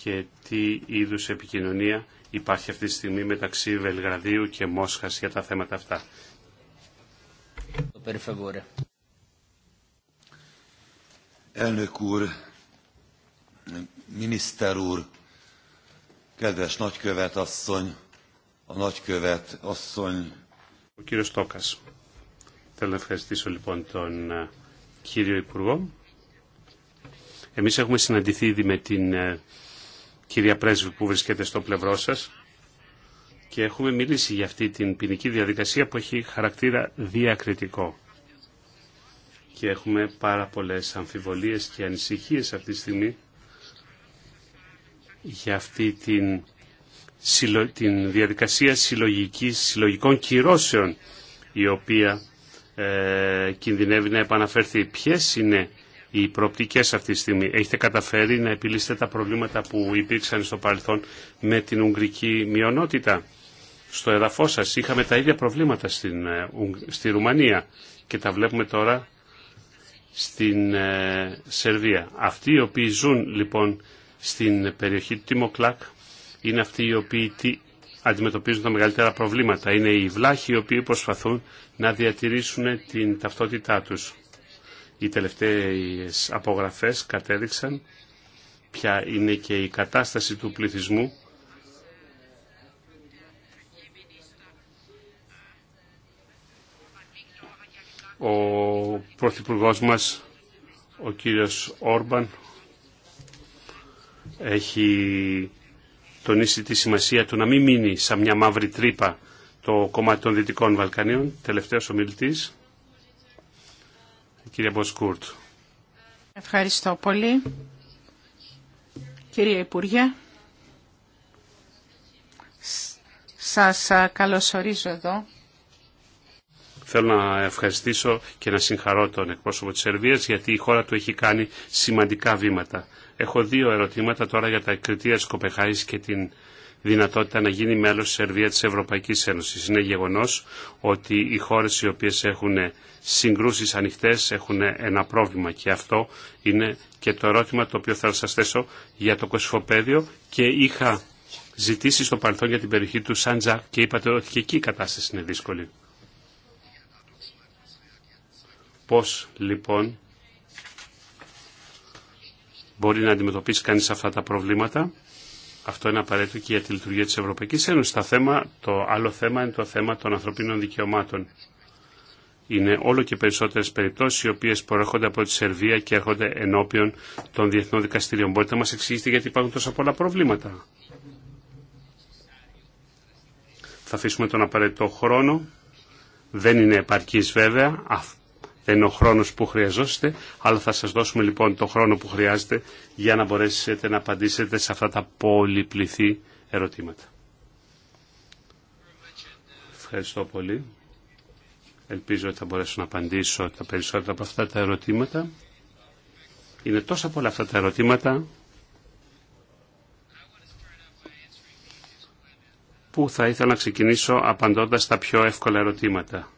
και τι είδους επικοινωνία υπάρχει αυτή τη στιγμή μεταξύ Βελγραδίου και Μόσχας για τα θέματα αυτά. Ο κύριος Στόκας. Θέλω να ευχαριστήσω λοιπόν τον ε, κύριο Υπουργό. Εμείς έχουμε συναντηθεί ήδη με την ε, κυρία Πρέσβη που βρίσκεται στο πλευρό σας και έχουμε μιλήσει για αυτή την ποινική διαδικασία που έχει χαρακτήρα διακριτικό. Και έχουμε πάρα πολλές αμφιβολίες και ανησυχίες αυτή τη στιγμή για αυτή την, την διαδικασία συλλογικής, συλλογικών κυρώσεων η οποία ε, κινδυνεύει να επαναφέρθει. Ποιες είναι οι προοπτικές αυτή τη στιγμή. Έχετε καταφέρει να επιλύσετε τα προβλήματα που υπήρξαν στο παρελθόν με την Ουγγρική μειονότητα. Στο εδαφό σα. είχαμε τα ίδια προβλήματα στην, ε, στη Ρουμανία και τα βλέπουμε τώρα στην ε, Σερβία. Αυτοί οι οποίοι ζουν λοιπόν στην περιοχή του Τιμοκλάκ είναι αυτοί οι οποίοι αντιμετωπίζουν τα μεγαλύτερα προβλήματα. Είναι οι βλάχοι οι οποίοι προσπαθούν να διατηρήσουν την ταυτότητά τους. Οι τελευταίες απογραφές κατέδειξαν ποια είναι και η κατάσταση του πληθυσμού ο πρωθυπουργός μας, ο κύριος Όρμπαν, έχει τονίσει τη σημασία του να μην μείνει σαν μια μαύρη τρύπα το κομμάτι των Δυτικών Βαλκανίων, τελευταίος ομιλητής κυρία Μποσκούρτ. Ευχαριστώ πολύ. Κύριε Υπουργέ, σας καλωσορίζω εδώ. Θέλω να ευχαριστήσω και να συγχαρώ τον εκπρόσωπο της Σερβίας γιατί η χώρα του έχει κάνει σημαντικά βήματα. Έχω δύο ερωτήματα τώρα για τα κριτήρια της Κοπεχάης και την δυνατότητα να γίνει μέλος της Σερβία της Ευρωπαϊκής Ένωσης. Είναι γεγονός ότι οι χώρες οι οποίες έχουν συγκρούσεις ανοιχτές έχουν ένα πρόβλημα και αυτό είναι και το ερώτημα το οποίο θα σας θέσω για το κοσφοπέδιο και είχα ζητήσει στο παρελθόν για την περιοχή του Σάντζα και είπατε ότι και εκεί η κατάσταση είναι δύσκολη. Πώς λοιπόν μπορεί να αντιμετωπίσει κανείς αυτά τα προβλήματα αυτό είναι απαραίτητο και για τη λειτουργία της Ευρωπαϊκής Ένωσης. Το, θέμα, το άλλο θέμα είναι το θέμα των ανθρωπίνων δικαιωμάτων. Είναι όλο και περισσότερε περιπτώσει οι οποίε προέρχονται από τη Σερβία και έρχονται ενώπιον των διεθνών δικαστηρίων. Μπορείτε να μα εξηγήσετε γιατί υπάρχουν τόσα πολλά προβλήματα. Θα αφήσουμε τον απαραίτητο χρόνο. Δεν είναι επαρκής βέβαια δεν είναι ο χρόνος που χρειαζόστε, αλλά θα σας δώσουμε λοιπόν το χρόνο που χρειάζεται για να μπορέσετε να απαντήσετε σε αυτά τα πολυπληθή ερωτήματα. Ευχαριστώ πολύ. Ελπίζω ότι θα μπορέσω να απαντήσω τα περισσότερα από αυτά τα ερωτήματα. Είναι τόσα πολλά αυτά τα ερωτήματα που θα ήθελα να ξεκινήσω απαντώντας τα πιο εύκολα ερωτήματα.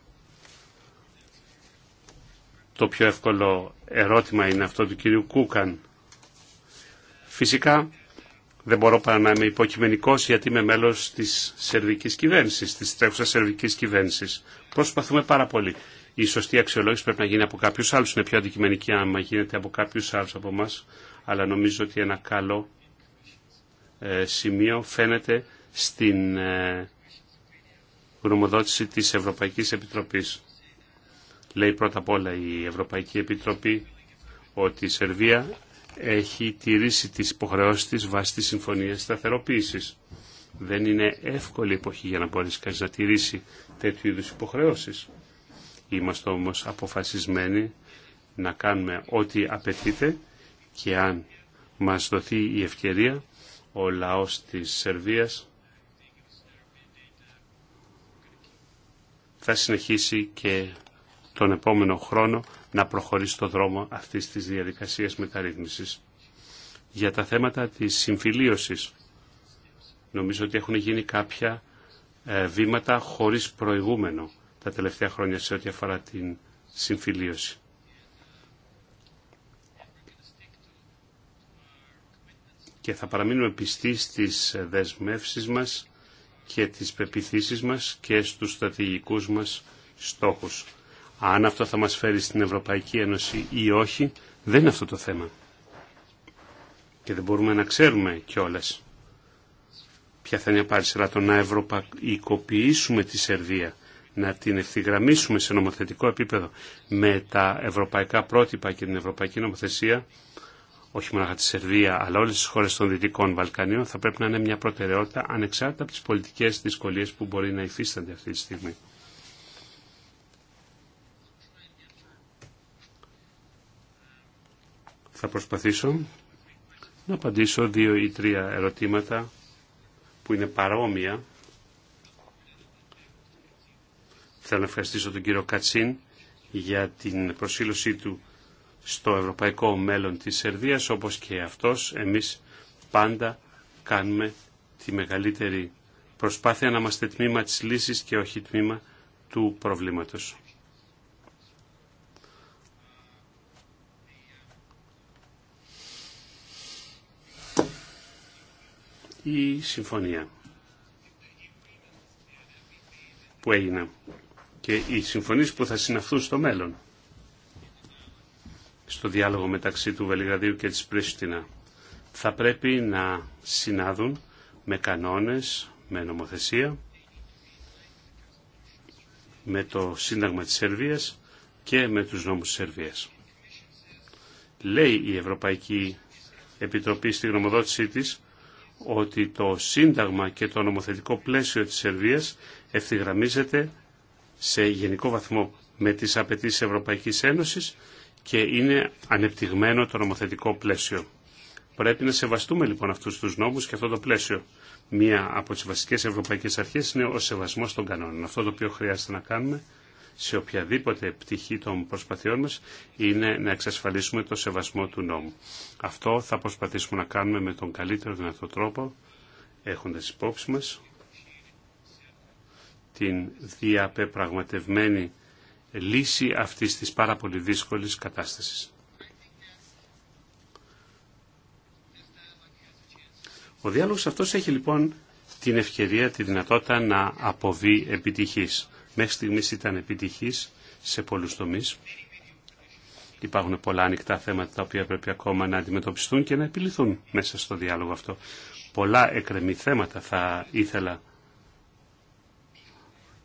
Το πιο εύκολο ερώτημα είναι αυτό του κυρίου Κούκαν. Φυσικά δεν μπορώ παρά να είμαι υποκειμενικός γιατί είμαι μέλος της σερβικής κυβέρνησης, της τρέχουσας σερβικής κυβέρνησης. Προσπαθούμε πάρα πολύ. Η σωστή αξιολόγηση πρέπει να γίνει από κάποιους άλλους. Είναι πιο αντικειμενική άμα γίνεται από κάποιους άλλους από εμά, αλλά νομίζω ότι ένα καλό ε, σημείο φαίνεται στην ε, γνωμοδότηση της Ευρωπαϊκής Επιτροπής. Λέει πρώτα απ' όλα η Ευρωπαϊκή Επιτροπή ότι η Σερβία έχει τηρήσει τις υποχρεώσεις της βάσει της Συμφωνίας Σταθεροποίησης. Δεν είναι εύκολη εποχή για να μπορείς κανείς να τηρήσει τέτοιου είδους υποχρεώσεις. Είμαστε όμως αποφασισμένοι να κάνουμε ό,τι απαιτείται και αν μας δοθεί η ευκαιρία ο λαός της Σερβίας θα συνεχίσει και τον επόμενο χρόνο να προχωρήσει το δρόμο αυτής της διαδικασίας μεταρρύθμισης. Για τα θέματα της συμφιλίωσης, νομίζω ότι έχουν γίνει κάποια ε, βήματα χωρίς προηγούμενο τα τελευταία χρόνια σε ό,τι αφορά την συμφιλίωση. Και θα παραμείνουμε πιστοί στις δεσμεύσεις μας και τις πεπιθήσεις μας και στους στρατηγικούς μας στόχους. Αν αυτό θα μας φέρει στην Ευρωπαϊκή Ένωση ή όχι, δεν είναι αυτό το θέμα. Και δεν μπορούμε να ξέρουμε κιόλα. Ποια θα είναι η σειρά αλλά το να ευρωπαϊκοποιήσουμε τη Σερβία, να την ευθυγραμμίσουμε σε νομοθετικό επίπεδο με τα ευρωπαϊκά πρότυπα και την ευρωπαϊκή νομοθεσία, όχι μόνο για τη Σερβία, αλλά όλες τις χώρες των Δυτικών Βαλκανίων, θα πρέπει να είναι μια προτεραιότητα ανεξάρτητα από τις πολιτικές δυσκολίες που μπορεί να υφίστανται αυτή τη στιγμή. Θα προσπαθήσω να απαντήσω δύο ή τρία ερωτήματα που είναι παρόμοια. Θέλω να ευχαριστήσω τον κύριο Κατσίν για την προσήλωσή του στο ευρωπαϊκό μέλλον της Σερβίας, όπως και αυτός εμείς πάντα κάνουμε τη μεγαλύτερη προσπάθεια να είμαστε τμήμα της λύσης και όχι τμήμα του προβλήματος. η συμφωνία που έγινε και οι συμφωνίες που θα συναυθούν στο μέλλον στο διάλογο μεταξύ του Βελιγραδίου και της Πρίστινα θα πρέπει να συνάδουν με κανόνες, με νομοθεσία, με το Σύνταγμα της Σερβίας και με τους νόμους της Σερβίας. Λέει η Ευρωπαϊκή Επιτροπή στη γνωμοδότησή της ότι το Σύνταγμα και το νομοθετικό πλαίσιο της Σερβίας ευθυγραμμίζεται σε γενικό βαθμό με τις απαιτήσει Ευρωπαϊκής Ένωσης και είναι ανεπτυγμένο το νομοθετικό πλαίσιο. Πρέπει να σεβαστούμε λοιπόν αυτούς τους νόμους και αυτό το πλαίσιο. Μία από τις βασικές ευρωπαϊκές αρχές είναι ο σεβασμός των κανόνων. Αυτό το οποίο χρειάζεται να κάνουμε σε οποιαδήποτε πτυχή των προσπαθειών μας είναι να εξασφαλίσουμε το σεβασμό του νόμου. Αυτό θα προσπαθήσουμε να κάνουμε με τον καλύτερο δυνατό τρόπο, έχοντας υπόψη μας την διαπεπραγματευμένη λύση αυτής της πάρα πολύ δύσκολης κατάστασης. Ο διάλογος αυτός έχει λοιπόν την ευκαιρία, τη δυνατότητα να αποβεί επιτυχής. Μέχρι στιγμής ήταν επιτυχής σε πολλούς τομείς. Υπάρχουν πολλά ανοιχτά θέματα τα οποία πρέπει ακόμα να αντιμετωπιστούν και να επιληθούν μέσα στο διάλογο αυτό. Πολλά εκρεμή θέματα θα ήθελα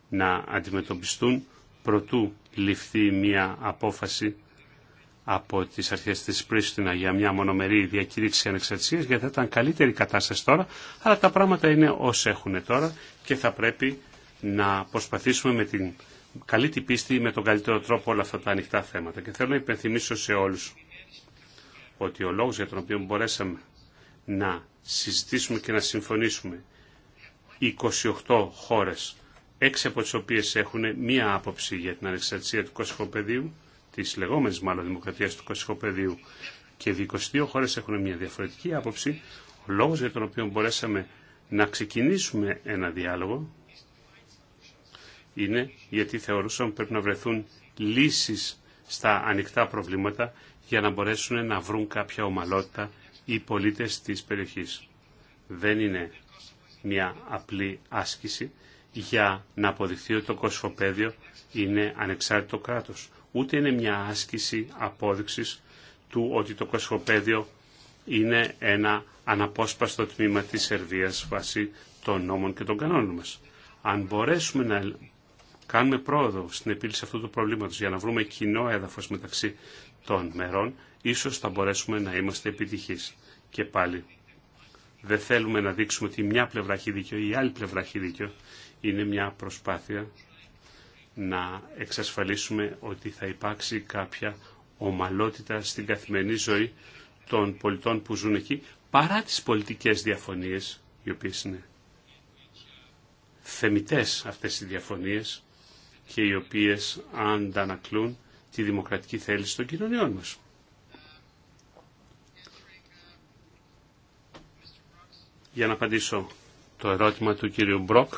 να αντιμετωπιστούν προτού ληφθεί μια απόφαση από τις αρχές της Πρίστινα για μια μονομερή διακήρυξη ανεξαρτησίας γιατί θα ήταν καλύτερη κατάσταση τώρα αλλά τα πράγματα είναι όσοι έχουν τώρα και θα πρέπει να προσπαθήσουμε με την καλή την πίστη με τον καλύτερο τρόπο όλα αυτά τα ανοιχτά θέματα. Και θέλω να υπενθυμίσω σε όλους ότι ο λόγος για τον οποίο μπορέσαμε να συζητήσουμε και να συμφωνήσουμε 28 χώρες, έξι από τις οποίες έχουν μία άποψη για την ανεξαρτησία του πεδίου, της λεγόμενης μάλλον δημοκρατίας του πεδίου, και 22 χώρες έχουν μία διαφορετική άποψη, ο λόγος για τον οποίο μπορέσαμε να ξεκινήσουμε ένα διάλογο είναι γιατί θεωρούσαμε πρέπει να βρεθούν λύσεις στα ανοιχτά προβλήματα για να μπορέσουν να βρουν κάποια ομαλότητα οι πολίτες της περιοχής. Δεν είναι μια απλή άσκηση για να αποδειχθεί ότι το κοσφοπέδιο είναι ανεξάρτητο κράτος. Ούτε είναι μια άσκηση απόδειξης του ότι το κοσφοπέδιο είναι ένα αναπόσπαστο τμήμα της Σερβίας βάσει των νόμων και των κανόνων μας. Αν μπορέσουμε να κάνουμε πρόοδο στην επίλυση αυτού του προβλήματο για να βρούμε κοινό έδαφο μεταξύ των μερών, ίσως θα μπορέσουμε να είμαστε επιτυχείς. Και πάλι, δεν θέλουμε να δείξουμε ότι μια πλευρά έχει δίκιο ή η άλλη πλευρά έχει δίκιο. Είναι μια προσπάθεια να εξασφαλίσουμε ότι θα υπάρξει κάποια ομαλότητα στην καθημερινή ζωή των πολιτών που ζουν εκεί, παρά τις πολιτικές διαφωνίες, οι οποίες είναι θεμητές αυτές οι διαφωνίες, και οι οποίες αντανακλούν τη δημοκρατική θέληση των κοινωνιών μας. Για να απαντήσω το ερώτημα του κύριου Μπροκ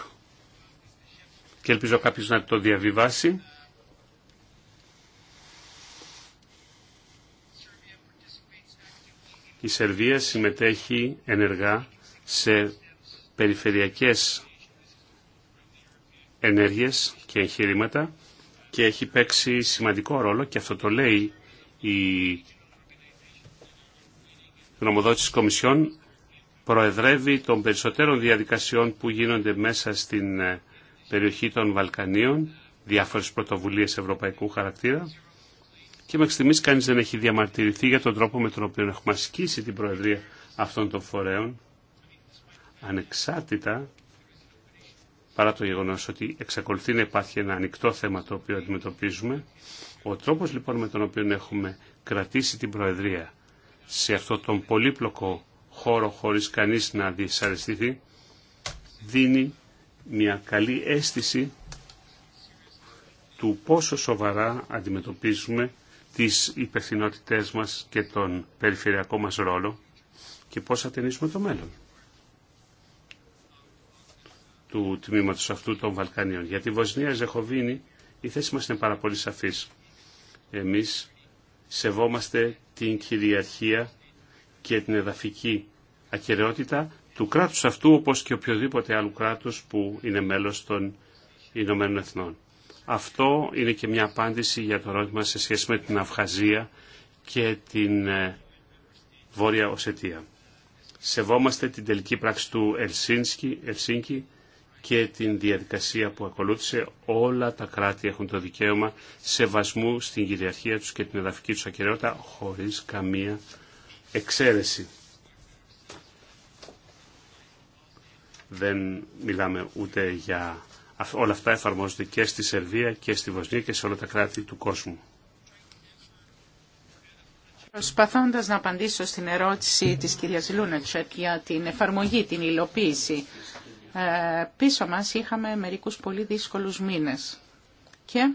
και ελπίζω κάποιος να το διαβιβάσει. Η Σερβία συμμετέχει ενεργά σε περιφερειακές ενέργειες και εγχειρήματα και έχει παίξει σημαντικό ρόλο και αυτό το λέει η γνωμοδότηση Κομισιόν προεδρεύει των περισσότερων διαδικασιών που γίνονται μέσα στην ε, περιοχή των Βαλκανίων, διάφορες πρωτοβουλίες ευρωπαϊκού χαρακτήρα και μέχρι στιγμής κανείς δεν έχει διαμαρτυρηθεί για τον τρόπο με τον οποίο έχουμε ασκήσει την προεδρία αυτών των φορέων ανεξάρτητα παρά το γεγονός ότι εξακολουθεί να υπάρχει ένα ανοιχτό θέμα το οποίο αντιμετωπίζουμε. Ο τρόπος λοιπόν με τον οποίο έχουμε κρατήσει την Προεδρία σε αυτό τον πολύπλοκο χώρο χωρίς κανείς να δυσαρεστηθεί δίνει μια καλή αίσθηση του πόσο σοβαρά αντιμετωπίζουμε τις υπευθυνότητές μας και τον περιφερειακό μας ρόλο και πώς θα ταινίσουμε το μέλλον του τμήματος αυτού των Βαλκανίων. Για τη Βοσνία Ζεχοβίνη η θέση μας είναι πάρα πολύ σαφής. Εμείς σεβόμαστε την κυριαρχία και την εδαφική ακαιρεότητα του κράτους αυτού όπως και οποιοδήποτε άλλου κράτους που είναι μέλος των Ηνωμένων Εθνών. Αυτό είναι και μια απάντηση για το ερώτημα σε σχέση με την Αυχαζία και την ε, Βόρεια Οσετία. Σεβόμαστε την τελική πράξη του Ελσίνσκι, και την διαδικασία που ακολούθησε, όλα τα κράτη έχουν το δικαίωμα σεβασμού στην κυριαρχία τους και την εδαφική τους ακεραιότητα χωρίς καμία εξαίρεση. Δεν μιλάμε ούτε για... Όλα αυτά εφαρμόζονται και στη Σερβία και στη Βοσνία και σε όλα τα κράτη του κόσμου. Προσπαθώντας να απαντήσω στην ερώτηση της κυρίας Λούνετσεκ για την εφαρμογή, την υλοποίηση ε, πίσω μας είχαμε μερικούς πολύ δύσκολους μήνες. Και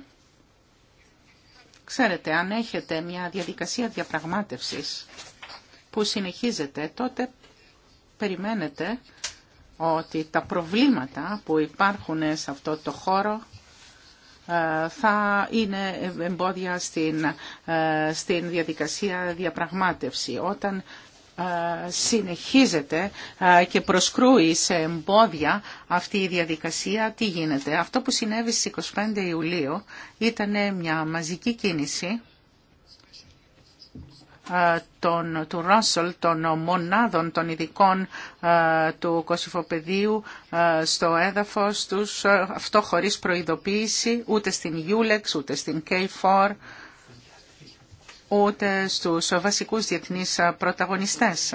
ξέρετε, αν έχετε μια διαδικασία διαπραγμάτευσης που συνεχίζεται, τότε περιμένετε ότι τα προβλήματα που υπάρχουν σε αυτό το χώρο ε, θα είναι εμπόδια στην, ε, στην διαδικασία διαπραγμάτευση. Όταν συνεχίζεται και προσκρούει σε εμπόδια αυτή η διαδικασία, τι γίνεται. Αυτό που συνέβη στις 25 Ιουλίου ήταν μια μαζική κίνηση των, του Ρόσολ, των μονάδων των ειδικών του κοσυφοπεδίου στο έδαφος τους, αυτό χωρίς προειδοποίηση ούτε στην Ιούλεξ, ούτε στην ΚΕΙΦΟΡ, 4 ούτε στους βασικούς διεθνείς πρωταγωνιστές.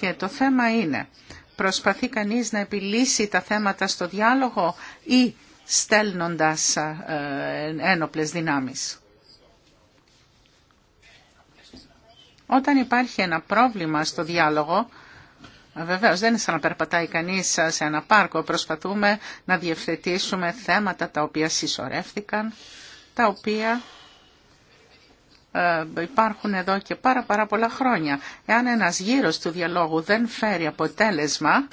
Και το θέμα είναι, προσπαθεί κανείς να επιλύσει τα θέματα στο διάλογο ή στέλνοντας ε, ένοπλες δυνάμεις. Όταν υπάρχει ένα πρόβλημα στο διάλογο, Βεβαίω, δεν είναι σαν να περπατάει κανεί σε ένα πάρκο. Προσπαθούμε να διευθετήσουμε θέματα τα οποία συσσωρεύτηκαν, τα οποία ε, υπάρχουν εδώ και πάρα, πάρα πολλά χρόνια. Εάν ένας γύρος του διαλόγου δεν φέρει αποτέλεσμα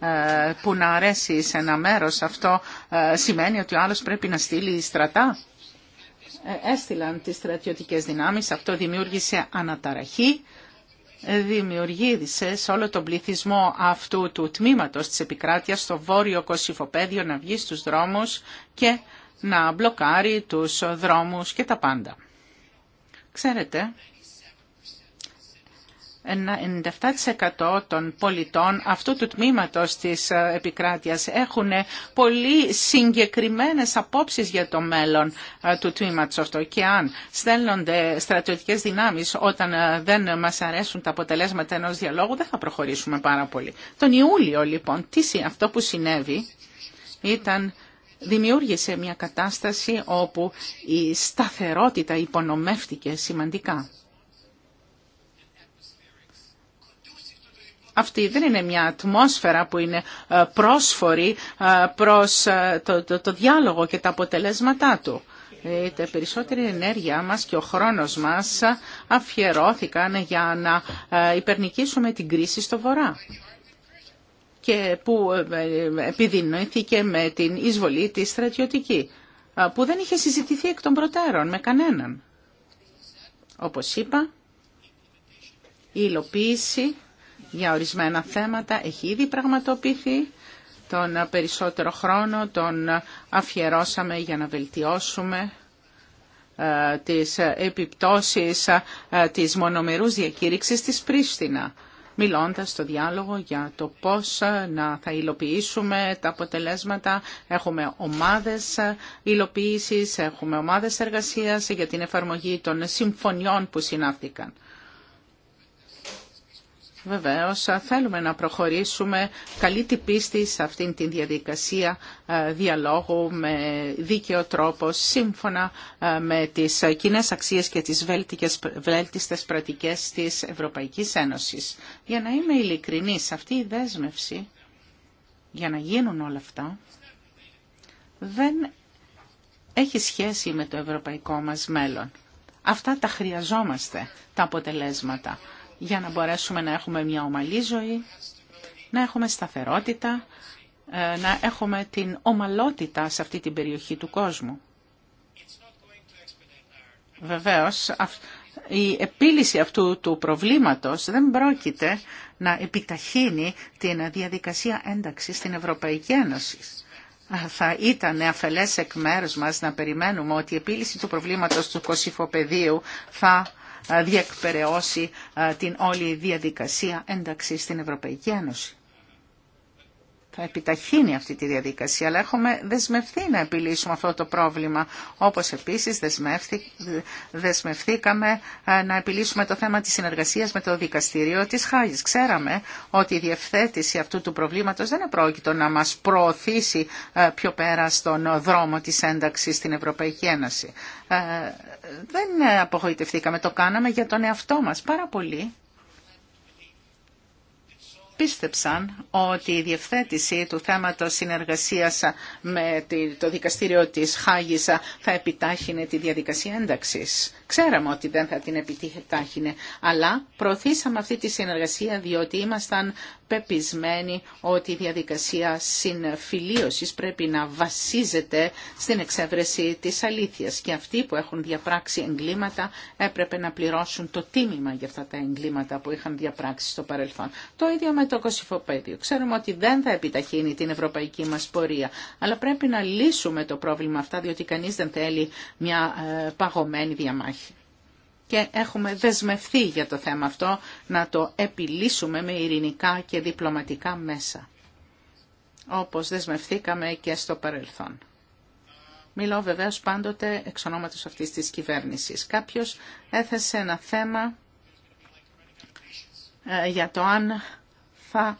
ε, που να αρέσει σε ένα μέρος, αυτό ε, σημαίνει ότι ο άλλος πρέπει να στείλει στρατά. Έστειλαν τις στρατιωτικές δυνάμεις, αυτό δημιούργησε αναταραχή, δημιουργήθησε σε όλο τον πληθυσμό αυτού του τμήματος της επικράτειας στο βόρειο Κωσυφοπαίδιο να βγει στους δρόμους και να μπλοκάρει τους δρόμους και τα πάντα. Ξέρετε, 97% των πολιτών αυτού του τμήματος της ε, επικράτειας έχουν ε, πολύ συγκεκριμένες απόψεις για το μέλλον ε, του τμήματος αυτό και αν στέλνονται στρατιωτικές δυνάμεις όταν δεν μας αρέσουν τα αποτελέσματα ενός διαλόγου δεν θα προχωρήσουμε πάρα πολύ. Τον Ιούλιο λοιπόν, τι αυτό που συνέβη ήταν δημιούργησε μια κατάσταση όπου η σταθερότητα υπονομεύτηκε σημαντικά. Αυτή δεν είναι μια ατμόσφαιρα που είναι ε, πρόσφορη ε, προς ε, το, διάλογο και τα αποτελέσματά του. Τα περισσότερη ενέργεια μας και ο χρόνος μας αφιερώθηκαν για να υπερνικήσουμε την κρίση στο Βορρά και που ε, ε, επιδεινώθηκε με την εισβολή της στρατιωτική, που δεν είχε συζητηθεί εκ των προτέρων με κανέναν. Όπως είπα, η υλοποίηση για ορισμένα θέματα έχει ήδη πραγματοποιηθεί. Τον περισσότερο χρόνο τον αφιερώσαμε για να βελτιώσουμε τις επιπτώσεις της μονομερούς διακήρυξης της Πρίστινα μιλώντας στο διάλογο για το πώς ε, να θα υλοποιήσουμε τα αποτελέσματα. Έχουμε ομάδες ε, υλοποίησης, έχουμε ομάδες εργασίας για την εφαρμογή των συμφωνιών που συνάφθηκαν. Βεβαίως θέλουμε να προχωρήσουμε καλή την πίστη σε αυτήν την διαδικασία διαλόγου με δίκαιο τρόπο σύμφωνα με τις κοινέ αξίες και τις βέλτιστες πρακτικές της Ευρωπαϊκής Ένωσης. Για να είμαι ειλικρινής, αυτή η δέσμευση για να γίνουν όλα αυτά δεν έχει σχέση με το ευρωπαϊκό μας μέλλον. Αυτά τα χρειαζόμαστε, τα αποτελέσματα για να μπορέσουμε να έχουμε μια ομαλή ζωή, να έχουμε σταθερότητα, ε, να έχουμε την ομαλότητα σε αυτή την περιοχή του κόσμου. Βεβαίως, η επίλυση αυτού του προβλήματος δεν πρόκειται να επιταχύνει την διαδικασία ένταξης στην Ευρωπαϊκή Ένωση. Θα ήταν αφελές εκ μέρους μας να περιμένουμε ότι η επίλυση του προβλήματος του κοσυφοπεδίου θα διεκπαιρεώσει την όλη διαδικασία ένταξη στην Ευρωπαϊκή Ένωση θα επιταχύνει αυτή τη διαδικασία, αλλά έχουμε δεσμευθεί να επιλύσουμε αυτό το πρόβλημα, όπως επίσης δεσμευθήκαμε ε, να επιλύσουμε το θέμα της συνεργασίας με το δικαστήριο της Χάγης. Ξέραμε ότι η διευθέτηση αυτού του προβλήματος δεν επρόκειτο να μας προωθήσει ε, πιο πέρα στον δρόμο της ένταξης στην Ευρωπαϊκή Ένωση. Ε, δεν απογοητευθήκαμε, το κάναμε για τον εαυτό μας πάρα πολύ πίστεψαν ότι η διευθέτηση του θέματος συνεργασίας με το δικαστήριο της Χάγης θα επιτάχυνε τη διαδικασία ένταξης. Ξέραμε ότι δεν θα την επιτάχυνε, αλλά προωθήσαμε αυτή τη συνεργασία διότι ήμασταν πεπισμένοι ότι η διαδικασία συμφιλίωσης πρέπει να βασίζεται στην εξέβρεση της αλήθειας και αυτοί που έχουν διαπράξει εγκλήματα έπρεπε να πληρώσουν το τίμημα για αυτά τα εγκλήματα που είχαν διαπράξει στο παρελθόν. Το ίδιο με το κοσυφοπαίδιο. Ξέρουμε ότι δεν θα επιταχύνει την ευρωπαϊκή μας πορεία, αλλά πρέπει να λύσουμε το πρόβλημα αυτά, διότι κανείς δεν θέλει μια ε, παγωμένη διαμάχη. Και έχουμε δεσμευθεί για το θέμα αυτό να το επιλύσουμε με ειρηνικά και διπλωματικά μέσα, όπως δεσμευθήκαμε και στο παρελθόν. Μιλώ βεβαίως πάντοτε εξ ονόματος αυτής της κυβέρνησης. Κάποιος έθεσε ένα θέμα ε, για το αν θα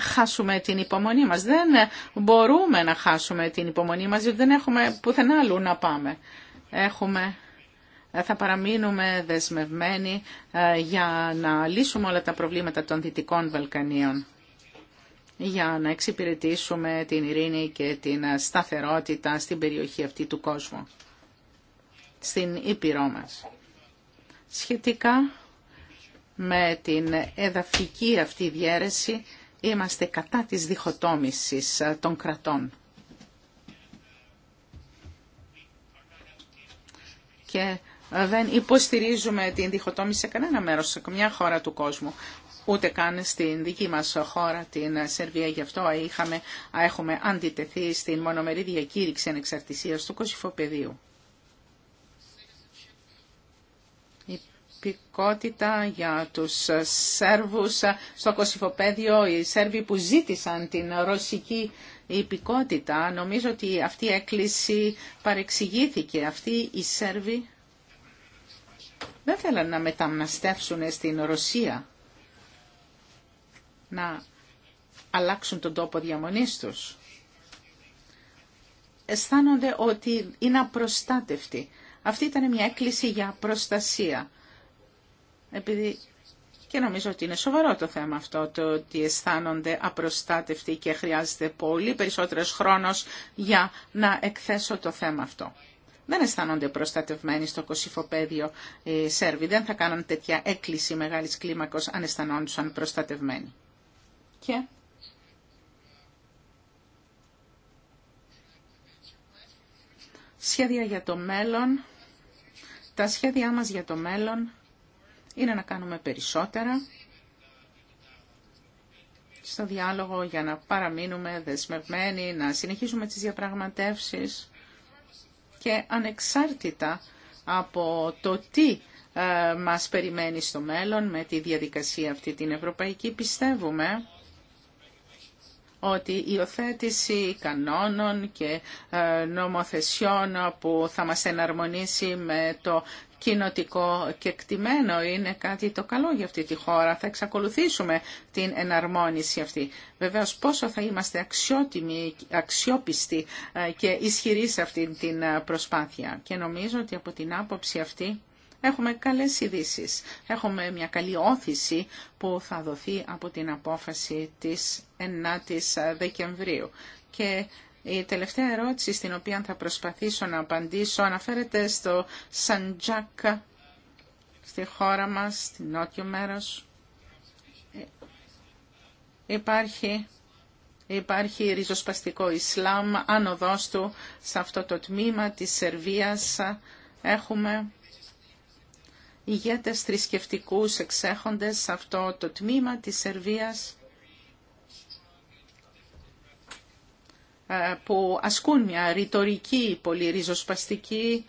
χάσουμε την υπομονή μας. Δεν μπορούμε να χάσουμε την υπομονή μας, γιατί δεν έχουμε πουθενά αλλού να πάμε. Έχουμε, θα παραμείνουμε δεσμευμένοι ε, για να λύσουμε όλα τα προβλήματα των Δυτικών Βαλκανίων για να εξυπηρετήσουμε την ειρήνη και την σταθερότητα στην περιοχή αυτή του κόσμου, στην Ήπειρό μας. Σχετικά με την εδαφική αυτή διαίρεση είμαστε κατά της διχοτόμησης ε, των κρατών. Και ε, δεν υποστηρίζουμε την διχοτόμηση σε κανένα μέρος, σε καμιά χώρα του κόσμου. Ούτε καν στην δική μας χώρα, την Σερβία. Γι' αυτό είχαμε, έχουμε αντιτεθεί στην μονομερή διακήρυξη ανεξαρτησίας του Κωσυφοπεδίου. προσωπικότητα για τους Σέρβους στο Κωσυφοπέδιο, οι Σέρβοι που ζήτησαν την ρωσική υπηκότητα. Νομίζω ότι αυτή η έκκληση παρεξηγήθηκε. αυτή οι Σέρβοι δεν θέλαν να μεταμναστεύσουν στην Ρωσία, να αλλάξουν τον τόπο διαμονής τους. Αισθάνονται ότι είναι απροστάτευτοι. Αυτή ήταν μια έκκληση για προστασία επειδή και νομίζω ότι είναι σοβαρό το θέμα αυτό, το ότι αισθάνονται απροστάτευτοι και χρειάζεται πολύ περισσότερος χρόνος για να εκθέσω το θέμα αυτό. Δεν αισθάνονται προστατευμένοι στο κοσυφοπέδιο ε, Σέρβοι. Δεν θα κάναν τέτοια έκκληση μεγάλης κλίμακος αν αισθανόντουσαν προστατευμένοι. Και... Σχέδια για το μέλλον. Τα σχέδιά μας για το μέλλον είναι να κάνουμε περισσότερα στο διάλογο για να παραμείνουμε δεσμευμένοι, να συνεχίσουμε τις διαπραγματεύσεις και ανεξάρτητα από το τι ε, μας περιμένει στο μέλλον με τη διαδικασία αυτή την ευρωπαϊκή. Πιστεύουμε ότι η οθέτηση κανόνων και ε, νομοθεσιών που θα μας εναρμονίσει με το κοινοτικό εκτιμένο Είναι κάτι το καλό για αυτή τη χώρα. Θα εξακολουθήσουμε την εναρμόνιση αυτή. Βεβαίως πόσο θα είμαστε αξιότιμοι, αξιόπιστοι ε, και ισχυροί σε αυτή την ε, προσπάθεια. Και νομίζω ότι από την άποψη αυτή έχουμε καλές ειδήσει. Έχουμε μια καλή όθηση που θα δοθεί από την απόφαση της 9ης Δεκεμβρίου. Και η τελευταία ερώτηση στην οποία θα προσπαθήσω να απαντήσω αναφέρεται στο Σαντζάκα, στη χώρα μας, στην νότιο μέρος. Υπάρχει, υπάρχει ριζοσπαστικό Ισλάμ άνοδός του σε αυτό το τμήμα της Σερβίας. Έχουμε ηγέτες θρησκευτικού εξέχοντες σε αυτό το τμήμα της Σερβίας Ε, που ασκούν μια ρητορική πολύ ριζοσπαστική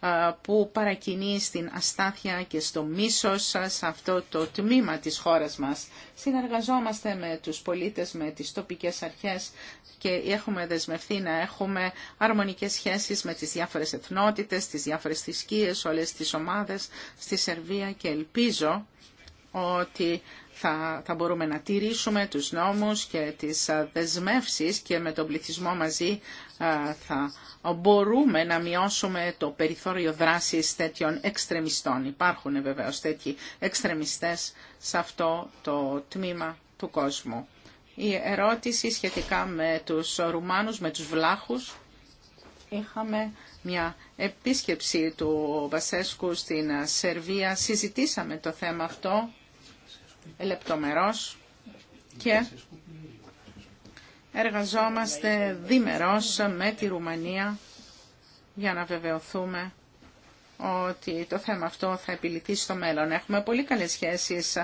ε, που παρακινεί στην αστάθεια και στο μίσος σε αυτό το τμήμα της χώρας μας. Συνεργαζόμαστε με τους πολίτες, με τις τοπικές αρχές και έχουμε δεσμευθεί να έχουμε αρμονικές σχέσεις με τις διάφορες εθνότητες, τις διάφορες θρησκείες, όλες τις ομάδες στη Σερβία και ελπίζω ότι θα, θα μπορούμε να τηρήσουμε τους νόμους και τις δεσμεύσεις και με τον πληθυσμό μαζί θα μπορούμε να μειώσουμε το περιθώριο δράσης τέτοιων εξτρεμιστών. Υπάρχουν ε, βεβαίως τέτοιοι εξτρεμιστές σε αυτό το τμήμα του κόσμου. Η ερώτηση σχετικά με τους Ρουμάνους, με τους Βλάχους, είχαμε μια επίσκεψη του Βασέσκου στην Σερβία. Συζητήσαμε το θέμα αυτό λεπτομερός και εργαζόμαστε διμερός με τη Ρουμανία για να βεβαιωθούμε ότι το θέμα αυτό θα επιληθεί στο μέλλον. Έχουμε πολύ καλές σχέσεις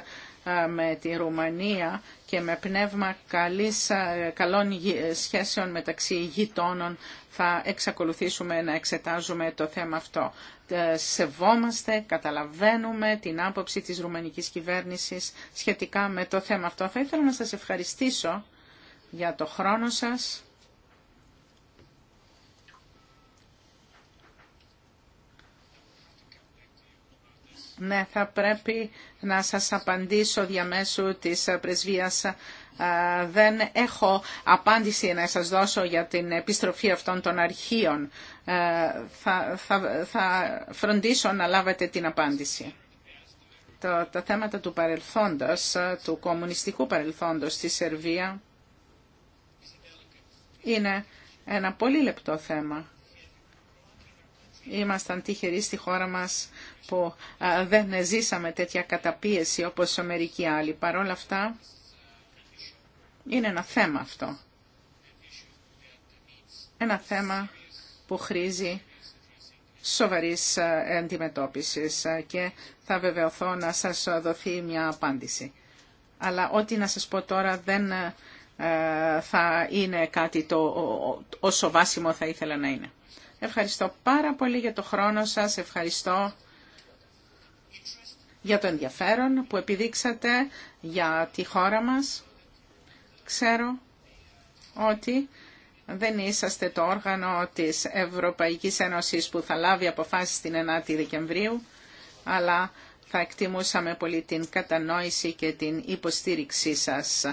με τη Ρουμανία και με πνεύμα καλής, καλών σχέσεων μεταξύ γειτόνων θα εξακολουθήσουμε να εξετάζουμε το θέμα αυτό. Ε, σεβόμαστε, καταλαβαίνουμε την άποψη της ρουμανικής κυβέρνησης σχετικά με το θέμα αυτό. Θα ήθελα να σας ευχαριστήσω για το χρόνο σας. Ναι, θα πρέπει να σας απαντήσω διαμέσου της πρεσβείας ε, δεν έχω απάντηση να σας δώσω για την επιστροφή αυτών των αρχείων. Ε, θα, φροντίσω να λάβετε την απάντηση. τα θέματα του παρελθόντος, ε, του κομμουνιστικού παρελθόντος στη Σερβία είναι ένα πολύ λεπτό θέμα. Ήμασταν τυχεροί στη χώρα μας που δεν ζήσαμε τέτοια καταπίεση όπως μερικοί άλλοι. Παρ' όλα αυτά είναι ένα θέμα αυτό. Ένα θέμα που χρήζει σοβαρής ε, αντιμετώπισης ε, και θα βεβαιωθώ να σας δοθεί μια απάντηση. Αλλά ό,τι να σας πω τώρα δεν ε, θα είναι κάτι το όσο βάσιμο θα ήθελα να είναι. Ευχαριστώ πάρα πολύ για το χρόνο σας, ευχαριστώ για το ενδιαφέρον που επιδείξατε για τη χώρα μας. Ξέρω ότι δεν είσαστε το όργανο της Ευρωπαϊκής Ένωσης που θα λάβει αποφάσεις την 9η Δεκεμβρίου, αλλά θα εκτιμούσαμε πολύ την κατανόηση και την υποστήριξή σας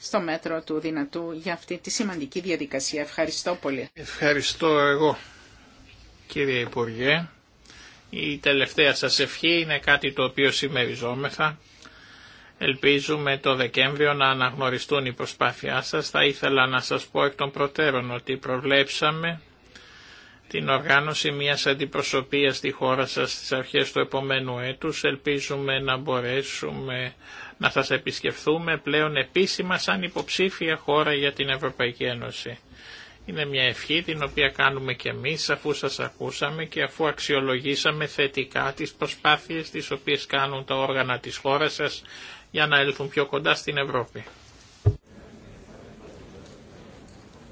στο μέτρο του δυνατού για αυτή τη σημαντική διαδικασία. Ευχαριστώ πολύ. Ευχαριστώ εγώ κύριε Υπουργέ. Η τελευταία σας ευχή είναι κάτι το οποίο σημεριζόμεθα. Ελπίζουμε το Δεκέμβριο να αναγνωριστούν οι προσπάθειά σας. Θα ήθελα να σας πω εκ των προτέρων ότι προβλέψαμε την οργάνωση μιας αντιπροσωπείας στη χώρα σας στις αρχές του επόμενου έτους. Ελπίζουμε να μπορέσουμε να σας επισκεφθούμε πλέον επίσημα σαν υποψήφια χώρα για την Ευρωπαϊκή Ένωση. Είναι μια ευχή την οποία κάνουμε και εμείς αφού σας ακούσαμε και αφού αξιολογήσαμε θετικά τις προσπάθειες τις οποίες κάνουν τα όργανα της χώρας σας για να έλθουν πιο κοντά στην Ευρώπη.